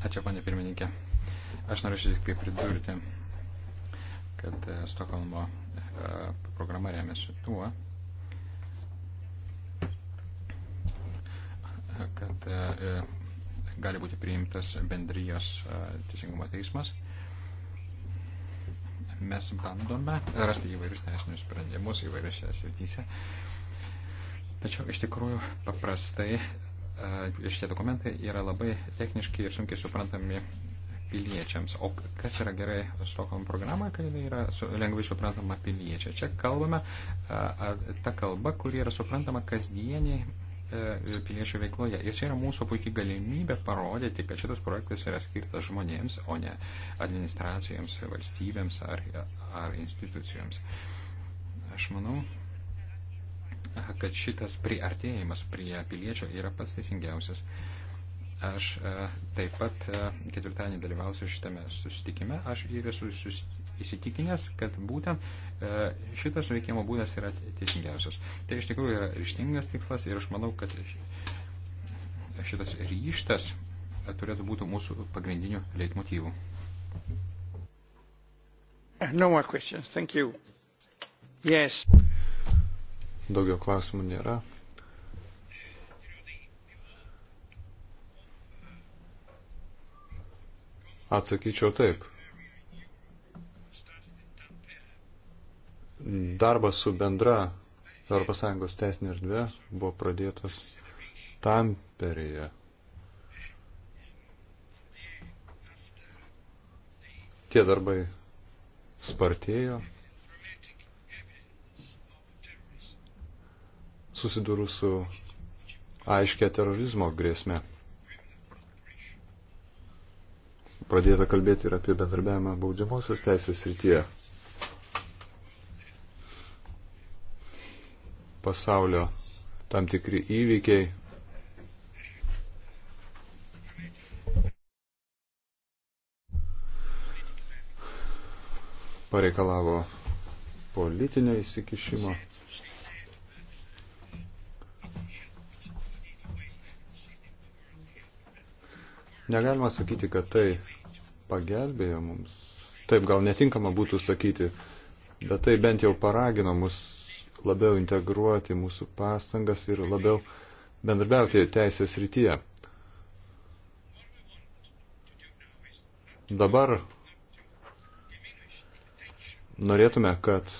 Ačiū, panė pirmininkė. Aš norėčiau tik tai pridurti, kad e, Stokholmo e, programa remiasi tuo, kad e, gali būti priimtas bendrijos teisingumo teismas. Mes bandome rasti įvairius teisinius sprendimus įvairiose srityse. Tačiau iš tikrųjų paprastai E, šitie dokumentai yra labai techniški ir sunkiai suprantami piliečiams. O kas yra gerai Stokholmo programoje, kai jinai yra su, lengvai suprantama piliečiai. Čia kalbame e, tą kalbą, kuri yra suprantama kasdieniai e, piliečių veikloje. Ir čia yra mūsų puikiai galimybė parodyti, kad šitas projektas yra skirtas žmonėms, o ne administracijoms, valstybėms ar, ar institucijoms. Aš manau, kad šitas priartėjimas prie piliečio yra pats teisingiausias. Aš e, taip pat e, ketvirtadienį dalyvausiu šitame susitikime. Aš ir esu įsitikinęs, kad būtent e, šitas veikimo būdas yra teisingiausias. Tai iš tikrųjų yra ryštingas tikslas ir aš manau, kad šitas ryštas turėtų būti mūsų pagrindinių leitmotyvų. No more questions. Thank you. Yes. Daugiau klausimų nėra. Atsakyčiau taip. Darbas su bendra ES teisinė erdvė buvo pradėtas Tamperėje. Tie darbai spartėjo, susidūrus su aiškia terorizmo grėsme. Pradėta kalbėti ir apie bendarbiavimą baudžiamosios teisės rytyje. Pasaulio tam tikri įvykiai pareikalavo politinio įsikišimo. Negalima sakyti, kad tai pagelbėjo mums. Taip gal netinkama būtų sakyti, bet tai bent jau paragino mus labiau integruoti mūsų pastangas ir labiau bendarbiauti teisės rytyje. Dabar norėtume, kad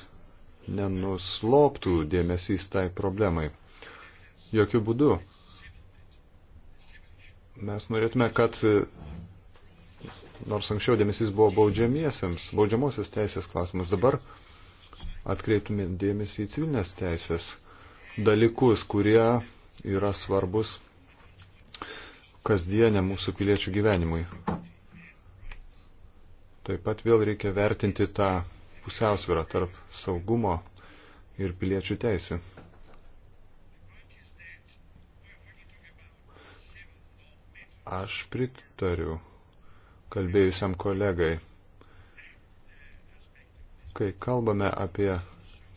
nenusloptų dėmesys tai problemai. Jokių būdų Mes norėtume, kad nors anksčiau dėmesys buvo baudžiamiesiams, baudžiamosios teisės klausimus, dabar atkreiptume dėmesį į civilinės teisės dalykus, kurie yra svarbus kasdienė mūsų piliečių gyvenimui. Taip pat vėl reikia vertinti tą pusiausvyrą tarp saugumo ir piliečių teisų. Aš pritariu kalbėjusiam kolegai. Kai kalbame apie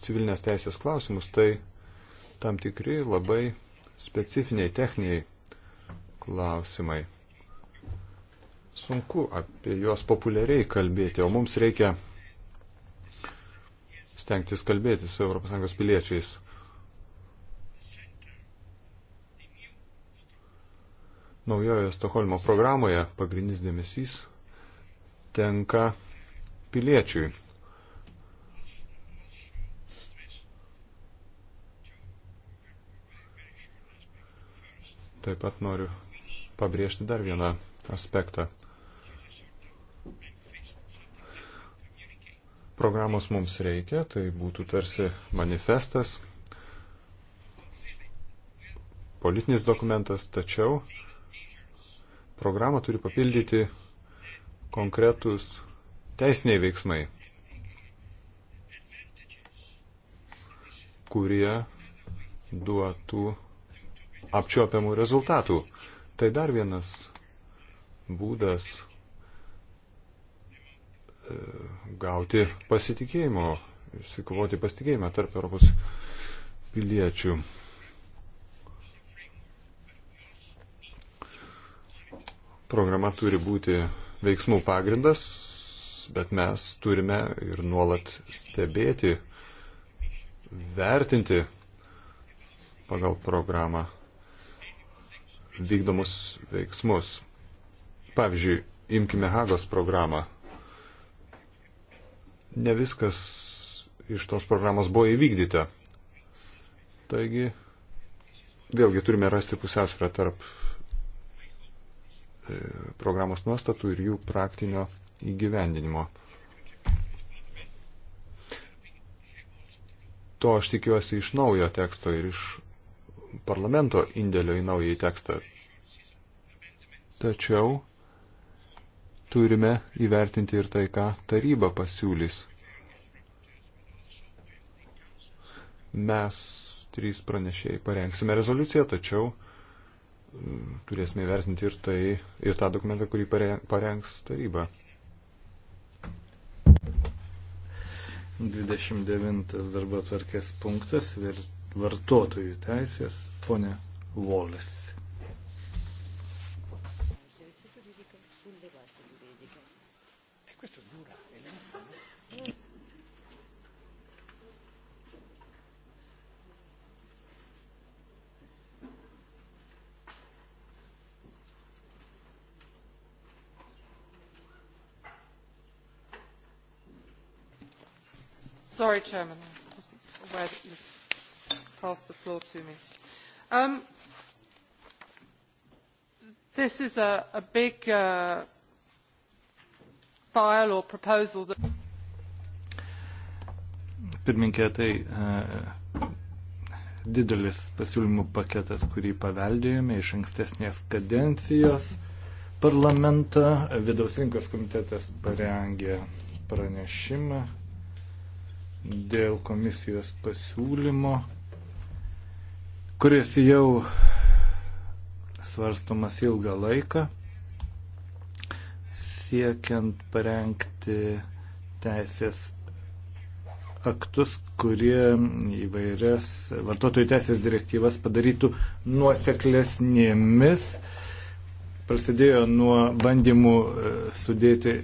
civilinės teisės klausimus, tai tam tikri labai specifiniai techniniai klausimai. Sunku apie juos populiariai kalbėti, o mums reikia stengtis kalbėti su ES piliečiais. Naujojo Stokholmo programoje pagrindinis dėmesys tenka piliečiui. Taip pat noriu pabrėžti dar vieną aspektą. Programos mums reikia, tai būtų tarsi manifestas, politinis dokumentas, tačiau programą turi papildyti konkretus teisiniai veiksmai, kurie duotų apčiopiamų rezultatų. Tai dar vienas būdas e, gauti pasitikėjimo, išsikovoti pasitikėjimą tarp Europos piliečių. programa turi būti veiksmų pagrindas, bet mes turime ir nuolat stebėti, vertinti pagal programą vykdomus veiksmus. Pavyzdžiui, imkime Hagos programą. Ne viskas iš tos programos buvo įvykdyta. Taigi, vėlgi turime rasti pusiausvyrą tarp E, programos nuostatų ir jų praktinio įgyvendinimo. To aš tikiuosi iš naujo teksto ir iš parlamento indėlio į naująjį tekstą. Tačiau turime įvertinti ir tai, ką taryba pasiūlys. Mes trys pranešėjai parengsime rezoliuciją, tačiau turėsime vertinti ir, tai, ir tą dokumentą, kurį parengs taryba. 29 darbo tvarkės punktas vartotojų teisės, ponė Volis. Sorry, Chairman. I wasn't aware that you passed the floor to me. Um, this is a, a big uh, file or proposal that... Pirminkė, tai uh, didelis pasiūlymų paketas, kurį paveldėjome iš ankstesnės kadencijos parlamentą. Vidaus rinkos komitetas parengė pranešimą dėl komisijos pasiūlymo, kuris jau svarstomas ilgą laiką, siekiant parengti teisės aktus, kurie įvairias vartotojų teisės direktyvas padarytų nuoseklesnėmis. Prasidėjo nuo bandymų e, sudėti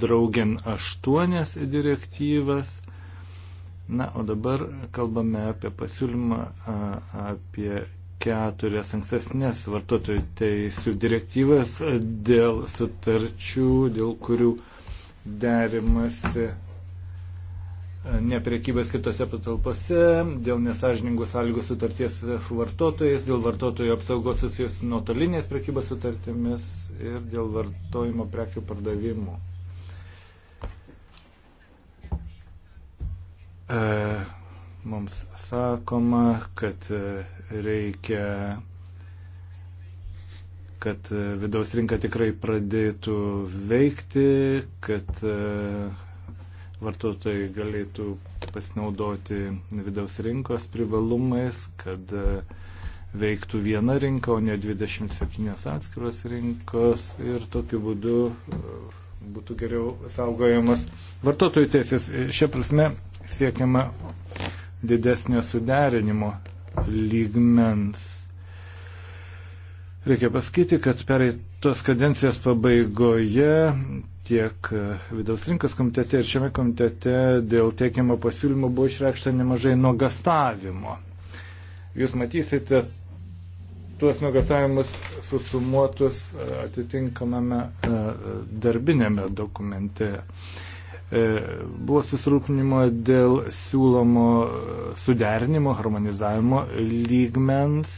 draugin aštuonias direktyvas, Na, o dabar kalbame apie pasiūlymą apie keturias ankstesnės vartotojų teisų direktyvas dėl sutarčių, dėl kurių derimasi neprekybės kitose patalpose, dėl nesažiningų sąlygų sutarties su vartotojais, dėl vartotojų apsaugos susijęs nuotolinės prekybos sutartimis ir dėl vartojimo prekių pardavimų. E, mums sakoma, kad e, reikia, kad e, vidaus rinka tikrai pradėtų veikti, kad vartotojai galėtų pasinaudoti vidaus rinkos privalumais, kad veiktų viena rinka, o ne 27 atskiros rinkos ir tokiu būdu būtų geriau saugojamas vartotojų teisės. Šia prasme siekiama didesnio suderinimo lygmens. Reikia pasakyti, kad pereitos kadencijos pabaigoje tiek vidaus rinkos komitete ir šiame komitete dėl teikiamo pasiūlymo buvo išreikšta nemažai nuogastavimo. Jūs matysite tuos nuogastavimus susumuotus atitinkamame e, darbinėme dokumente. E, buvo susirūpinimo dėl siūlomo suderinimo, harmonizavimo lygmens,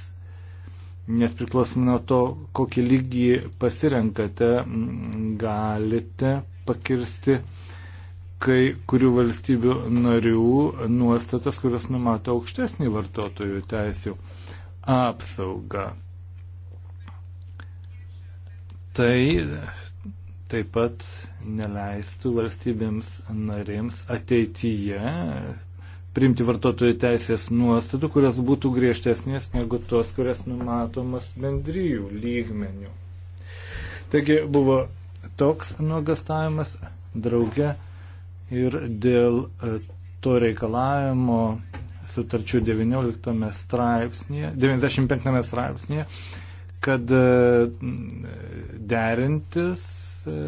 nes priklausomai nuo to, kokį lygį pasirenkate, galite pakirsti kai kurių valstybių narių nuostatas, kurios numato aukštesnį vartotojų teisų apsaugą. Tai taip pat neleistų valstybėms narėms ateityje priimti vartotojų teisės nuostatų, kurios būtų griežtesnės negu tos, kurias numatomas bendryjų lygmenių. Taigi buvo toks nuogastavimas drauge ir dėl e, to reikalavimo sutarčių 19 straipsnėje, 95 straipsnėje, kad e, derintis e,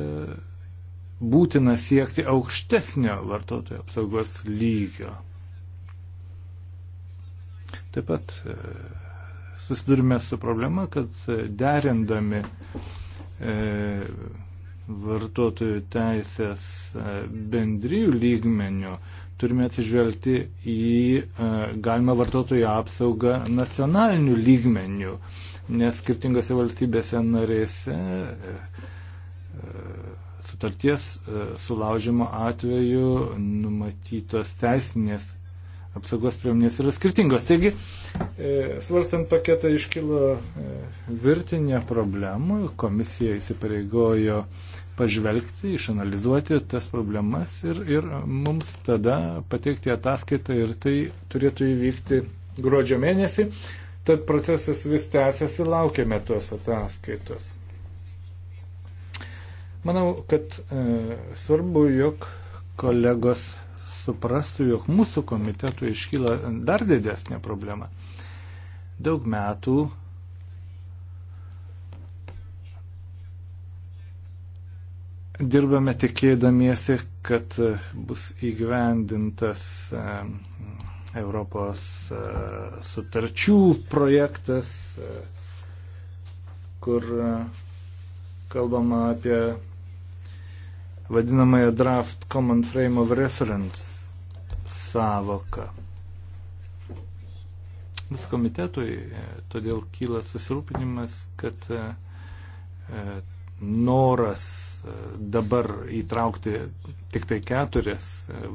būtina siekti aukštesnio vartotojų apsaugos lygio. Taip pat e, susidurime su problema, kad e, derindami e, vartotojų teisės bendrijų lygmenių turime atsižvelgti į galimą vartotojų apsaugą nacionalinių lygmenių, nes skirtingose valstybėse narėse sutarties e, sulaužimo atveju numatytos teisinės apsaugos priemonės yra skirtingos. Taigi, e, svarstant paketą iškilo e, virtinė problemų, komisija įsipareigojo pažvelgti, išanalizuoti tas problemas ir, ir mums tada pateikti ataskaitą ir tai turėtų įvykti gruodžio mėnesį. Tad procesas vis tęsiasi, laukiame tos ataskaitos. Manau, kad e, svarbu, jog kolegos suprastų, jog mūsų komitetų iškyla dar didesnė problema. Daug metų dirbame tikėdamiesi, kad bus įgyvendintas e, Europos e, sutarčių projektas, e, kur kalbama apie vadinamąją draft common frame of reference savoką. Vis komitetui e, todėl kyla susirūpinimas, kad e, e, noras dabar įtraukti tik tai keturias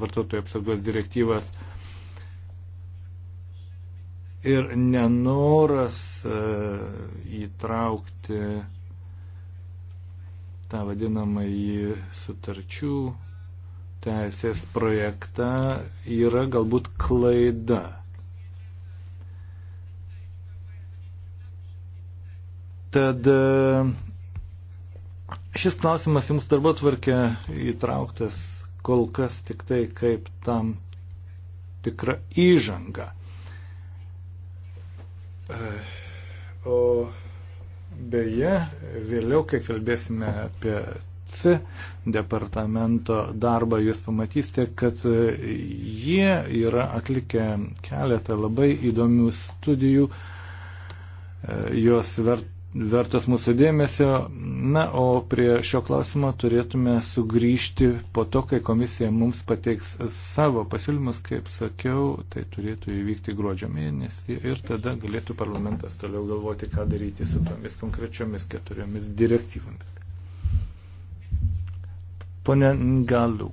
vartotojų apsaugos direktyvas ir nenoras įtraukti tą vadinamąjį sutarčių teisės projektą yra galbūt klaida. Tad e, šis klausimas jums darbo tvarkė įtrauktas kol kas tik tai kaip tam tikra įžanga. E, o Beje, vėliau, kai kalbėsime apie C departamento darbą, jūs pamatysite, kad jie yra atlikę keletą labai įdomių studijų. Jos verta vertas mūsų dėmesio. Na, o prie šio klausimo turėtume sugrįžti po to, kai komisija mums pateiks savo pasiūlymus, kaip sakiau, tai turėtų įvykti gruodžio mėnesį ir tada galėtų parlamentas toliau galvoti, ką daryti su tomis konkrečiomis keturiomis direktyvomis. Pone Ngalų.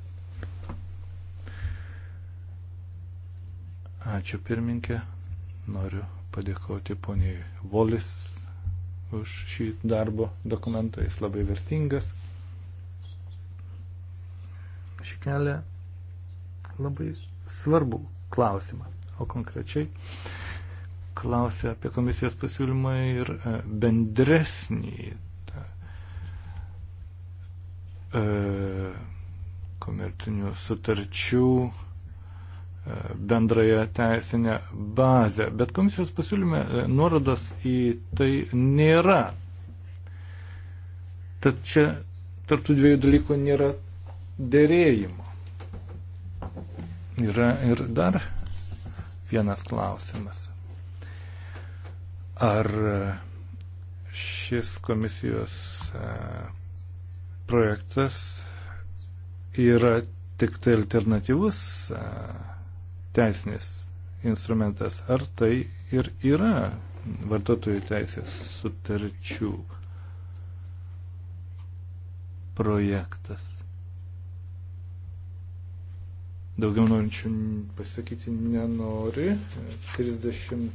Ačiū pirminkė, noriu padėkoti poniai Volis už šį darbo dokumentą, jis labai vertingas. Šį kelią labai svarbų klausimą, o konkrečiai klausia apie komisijos pasiūlymą ir e, bendresnį tą, e, komercinių sutarčių bendrąją teisinę bazę. Bet komisijos pasiūlyme e, nuorodos į tai nėra. Tad čia tarptų dviejų dalykų nėra dėrėjimo. Yra ir dar vienas klausimas. Ar e, šis komisijos e, projektas yra tik tai alternatyvus teisinis instrumentas. Ar tai ir yra vartotojų teisės sutarčių projektas? Daugiau norinčių pasakyti nenori. 30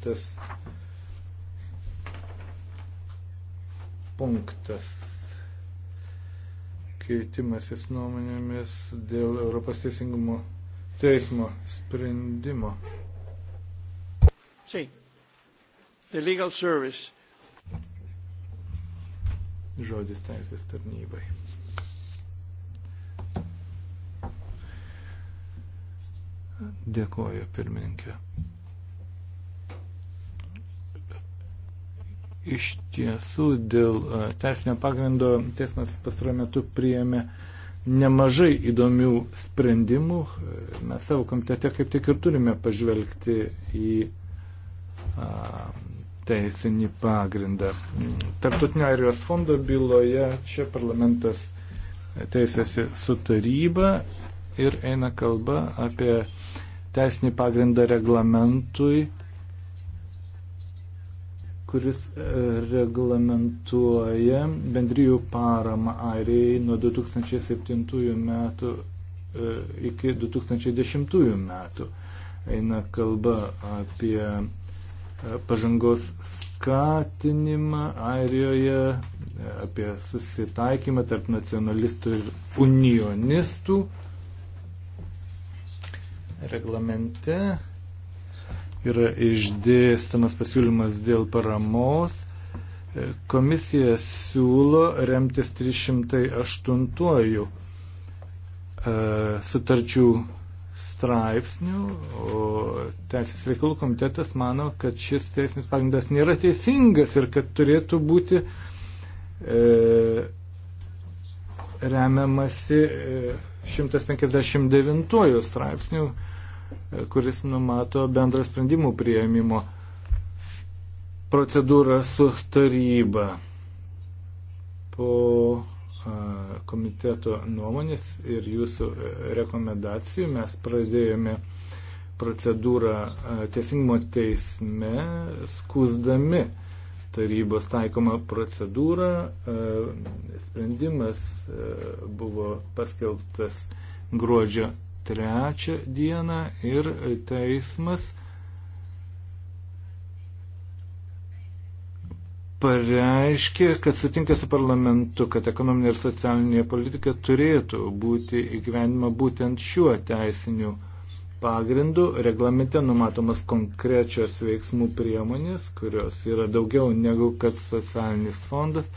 punktas keitimasis nuomonėmis dėl Europos teisingumo teismo sprendimo. Sí. The legal service. Žodis teisės tarnybai. Dėkoju, pirmininkė. Iš tiesų, dėl e, teisinio pagrindo teismas pastaruoju metu priėmė uh, nemažai įdomių sprendimų. Mes savo komitete kaip tik ir turime pažvelgti į a, teisinį pagrindą. Tartutinio airijos fondo byloje čia parlamentas teisėsi su taryba ir eina kalba apie teisinį pagrindą reglamentui kuris e, reglamentuoja bendrijų paramą Airijai nuo 2007 metų e, iki 2010 metų. Eina kalba apie e, pažangos skatinimą Airijoje, apie susitaikymą tarp nacionalistų ir unionistų. Reglamente yra išdėstamas pasiūlymas dėl paramos. E, komisija siūlo remtis 308 e, sutarčių straipsnių, o Teisės reikalų komitetas mano, kad šis teisinis pagrindas nėra teisingas ir kad turėtų būti e, remiamasi e, 159 straipsnių, kuris numato bendrą sprendimų prieimimo procedūrą su taryba. Po komiteto nuomonės ir jūsų rekomendacijų mes pradėjome procedūrą tiesingumo teisme, skusdami tarybos taikomą procedūrą. Sprendimas buvo paskelbtas gruodžio trečią dieną ir teismas pareiškė, kad sutinka su parlamentu, kad ekonominė ir socialinė politika turėtų būti įgyvenima būtent šiuo teisiniu pagrindu. Reglamente numatomas konkrečios veiksmų priemonės, kurios yra daugiau negu kad socialinis fondas.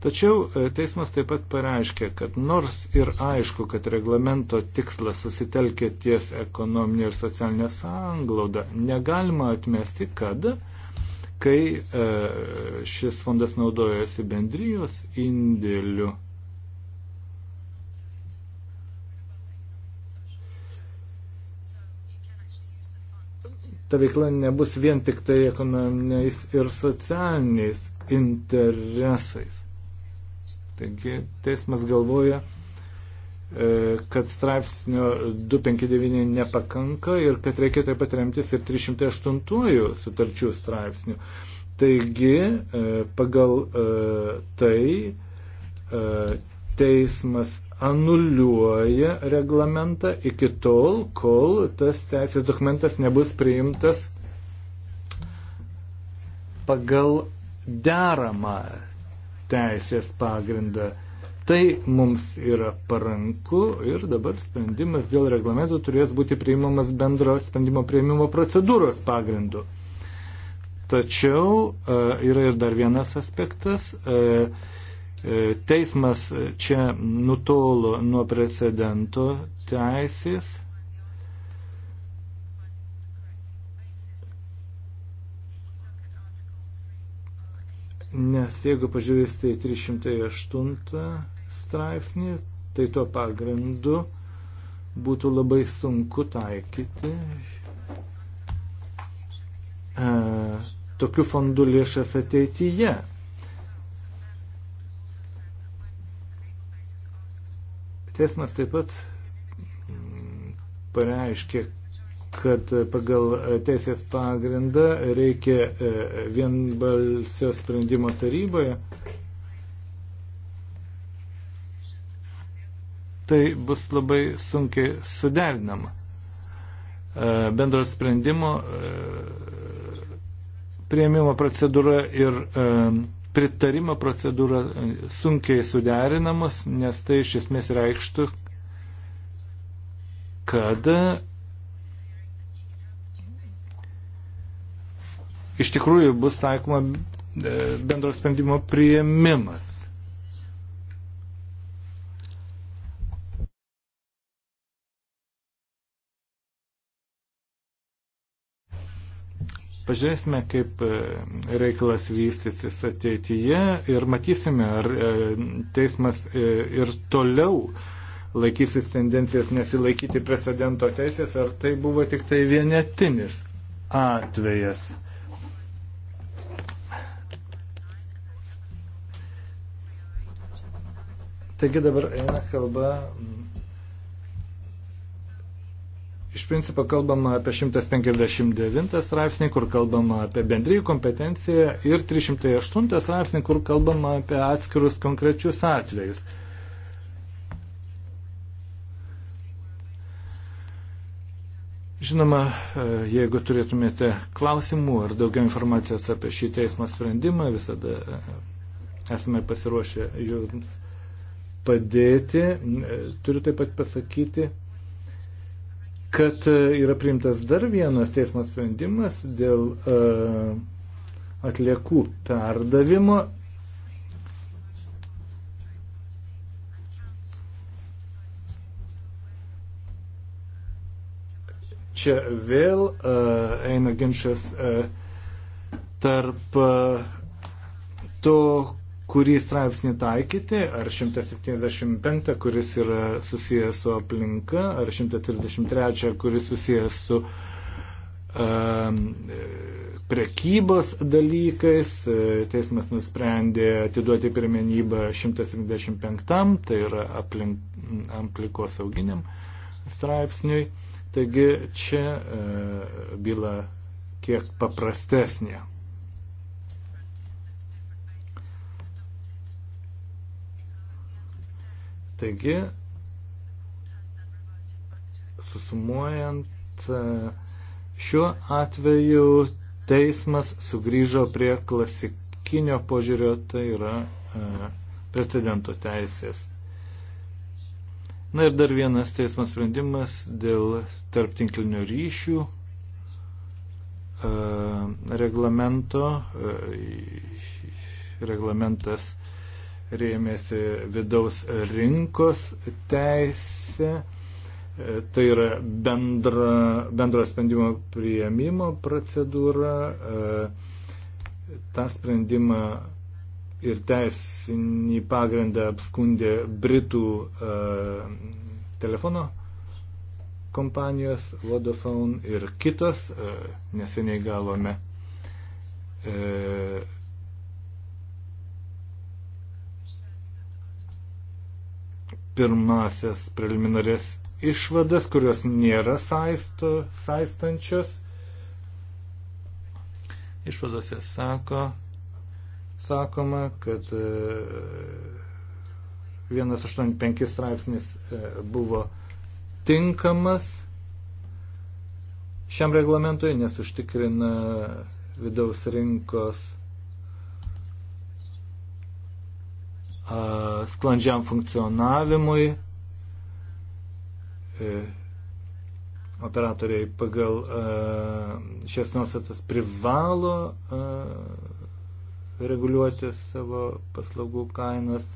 Tačiau e, teismas taip pat pareiškė, kad nors ir aišku, kad reglamento tikslas susitelkė ties ekonominė ir socialinė sąnglauda, negalima atmesti, kad kai e, šis fondas naudojasi bendrijos indėliu ta veikla nebus vien tik tai ekonominiais ir socialiniais interesais. Taigi teismas galvoja, e, kad straipsnio 259 nepakanka ir kad reikia taip pat remtis ir 308 sutarčių straipsnių. Taigi e, pagal e, tai teismas anuliuoja reglamentą iki tol, kol tas teisės dokumentas nebus priimtas pagal deramą teisės pagrindą. Tai mums yra paranku ir dabar sprendimas dėl reglamento turės būti priimamas bendro sprendimo prieimimo procedūros pagrindu. Tačiau e, yra ir dar vienas aspektas. E, e, teismas čia nutolo nuo precedento teisės Nes jeigu pažiūrėsite į 308 straipsnį, tai tuo pagrindu būtų labai sunku taikyti e, tokių fondų lėšas ateityje. Teismas taip pat mm, pareiškė, kad pagal teisės pagrindą reikia e, vienbalsio sprendimo taryboje. Tai bus labai sunkiai suderinama. E, bendro sprendimo e, prieimimo procedūra ir pritarimo procedūra sunkiai suderinamos, nes tai iš esmės reikštų, kad iš tikrųjų bus taikoma e, bendro sprendimo prieimimas. Pažiūrėsime, kaip e, reikalas vystysis ateityje ir matysime, ar e, teismas ir toliau laikysis tendencijos nesilaikyti precedento teisės, ar tai buvo tik tai vienetinis atvejas. Taigi dabar eina kalba, iš principo kalbama apie 159 straipsnį, kur kalbama apie bendrijų kompetenciją ir 308 straipsnį, kur kalbama apie atskirus konkrečius atvejus. Žinoma, jeigu turėtumėte klausimų ar daugiau informacijos apie šį teismo sprendimą, visada esame pasiruošę jums padėti. Turiu taip pat pasakyti, kad yra priimtas dar vienas teismo sprendimas dėl e, atliekų perdavimo. Čia vėl uh, eina ginčas uh, tarp uh, to, kurį straipsnį taikyti, ar 175, kuris yra susijęs su aplinka, ar 133, kuris susijęs su um, prekybos dalykais. E, teismas nusprendė atiduoti pirmenybę 175, tai yra aplink, aplinkos auginiam straipsniui. Taigi čia e, byla kiek paprastesnė. Taigi, susumuojant, e, šiuo atveju teismas sugrįžo prie klasikinio požiūrio, tai yra e, precedento teisės. Na ir dar vienas teismo sprendimas dėl tarptinklinio ryšių e, reglamento. Reglamentas rėmėsi vidaus rinkos teisė, tai yra bendra, bendro sprendimo prieimimo procedūra. E, Ta sprendimą ir teisinį pagrindą apskundė Britų e, telefono kompanijos Vodafone ir kitos. E, neseniai gavome pirmasias preliminarės išvadas, kurios nėra saisto, saistančios. Išvadose sako, sakoma, kad 185 e, straipsnis e, buvo tinkamas šiam reglamentui, nes užtikrina vidaus rinkos sklandžiam funkcionavimui. E, operatoriai pagal e, šias nuostatas privalo e, reguliuoti savo paslaugų kainas.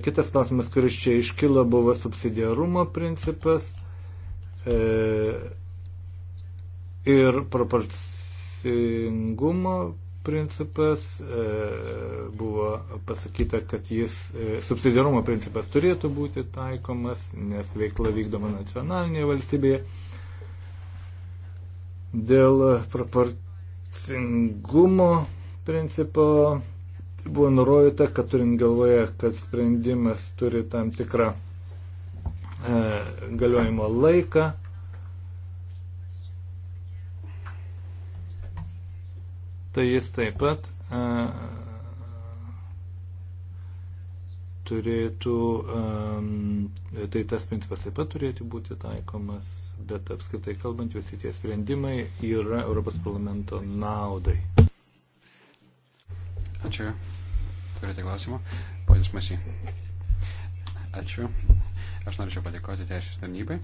Kitas klausimas, kuris čia iškilo, buvo subsidiarumo principas ir proporcingumo principas, e, buvo pasakyta, kad jis, e, subsidiarumo principas turėtų būti taikomas, nes veikla vykdoma nacionalinėje valstybėje. Dėl proporcingumo principo buvo nurodyta, kad turint galvoje, kad sprendimas turi tam tikrą e, galiojimo laiką, tai jis taip pat a, e, turėtų, a, e, tai tas principas taip pat turėtų būti taikomas, bet apskritai kalbant, visi tie sprendimai yra Europos parlamento naudai. Ačiū. Turite klausimų? Ponas Masy. Ačiū. Aš norėčiau padėkoti Teisės tarnybai.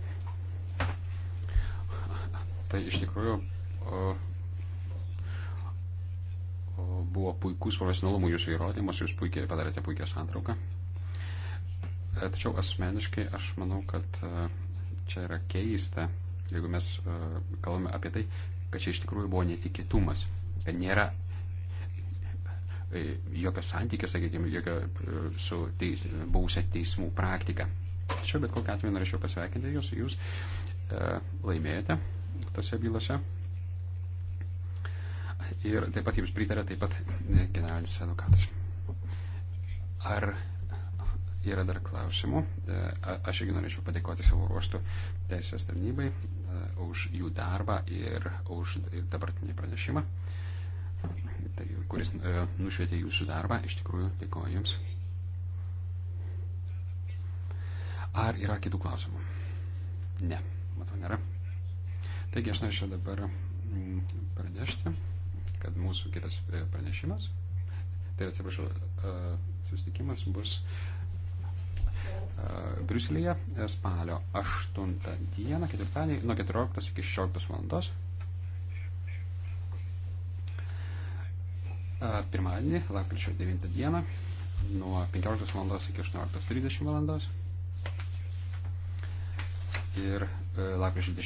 Tai iš tikrųjų o, buvo puikus profesionalumo jūsų įrodymas, jūs puikiai padarėte puikią santrauką. E, tačiau asmeniškai aš manau, kad e, čia yra keista, jeigu mes e, kalbame apie tai, kad čia iš tikrųjų buvo netikėtumas, kad nėra jokio santykio, sakykime, jokio su teis, buvusia teismų praktika. Tačiau bet kokiu atveju norėčiau pasveikinti jūs, jūs e, laimėjote tose bylose, ir taip pat jums pritarė taip pat e, generalinis advokatas. Ar yra dar klausimų? E, aš irgi norėčiau padėkoti savo ruoštų teisės tarnybai e, už jų darbą ir už dabartinį pranešimą, tai, kuris nušvietė jūsų darbą. Iš tikrųjų, dėkoju jums. Ar yra kitų klausimų? Ne, matau, nėra. Taigi aš norėčiau dabar mm, pranešti kad mūsų kitas e, pranešimas, tai atsiprašau, e, susitikimas bus e, Briuselėje spalio 8 dieną, ketvirtadienį, nuo 14 iki 16 valandos. Pirmadienį, lapkričio 9 dieną, nuo 15 valandos iki 18.30 valandos. Ir lapkričio 10.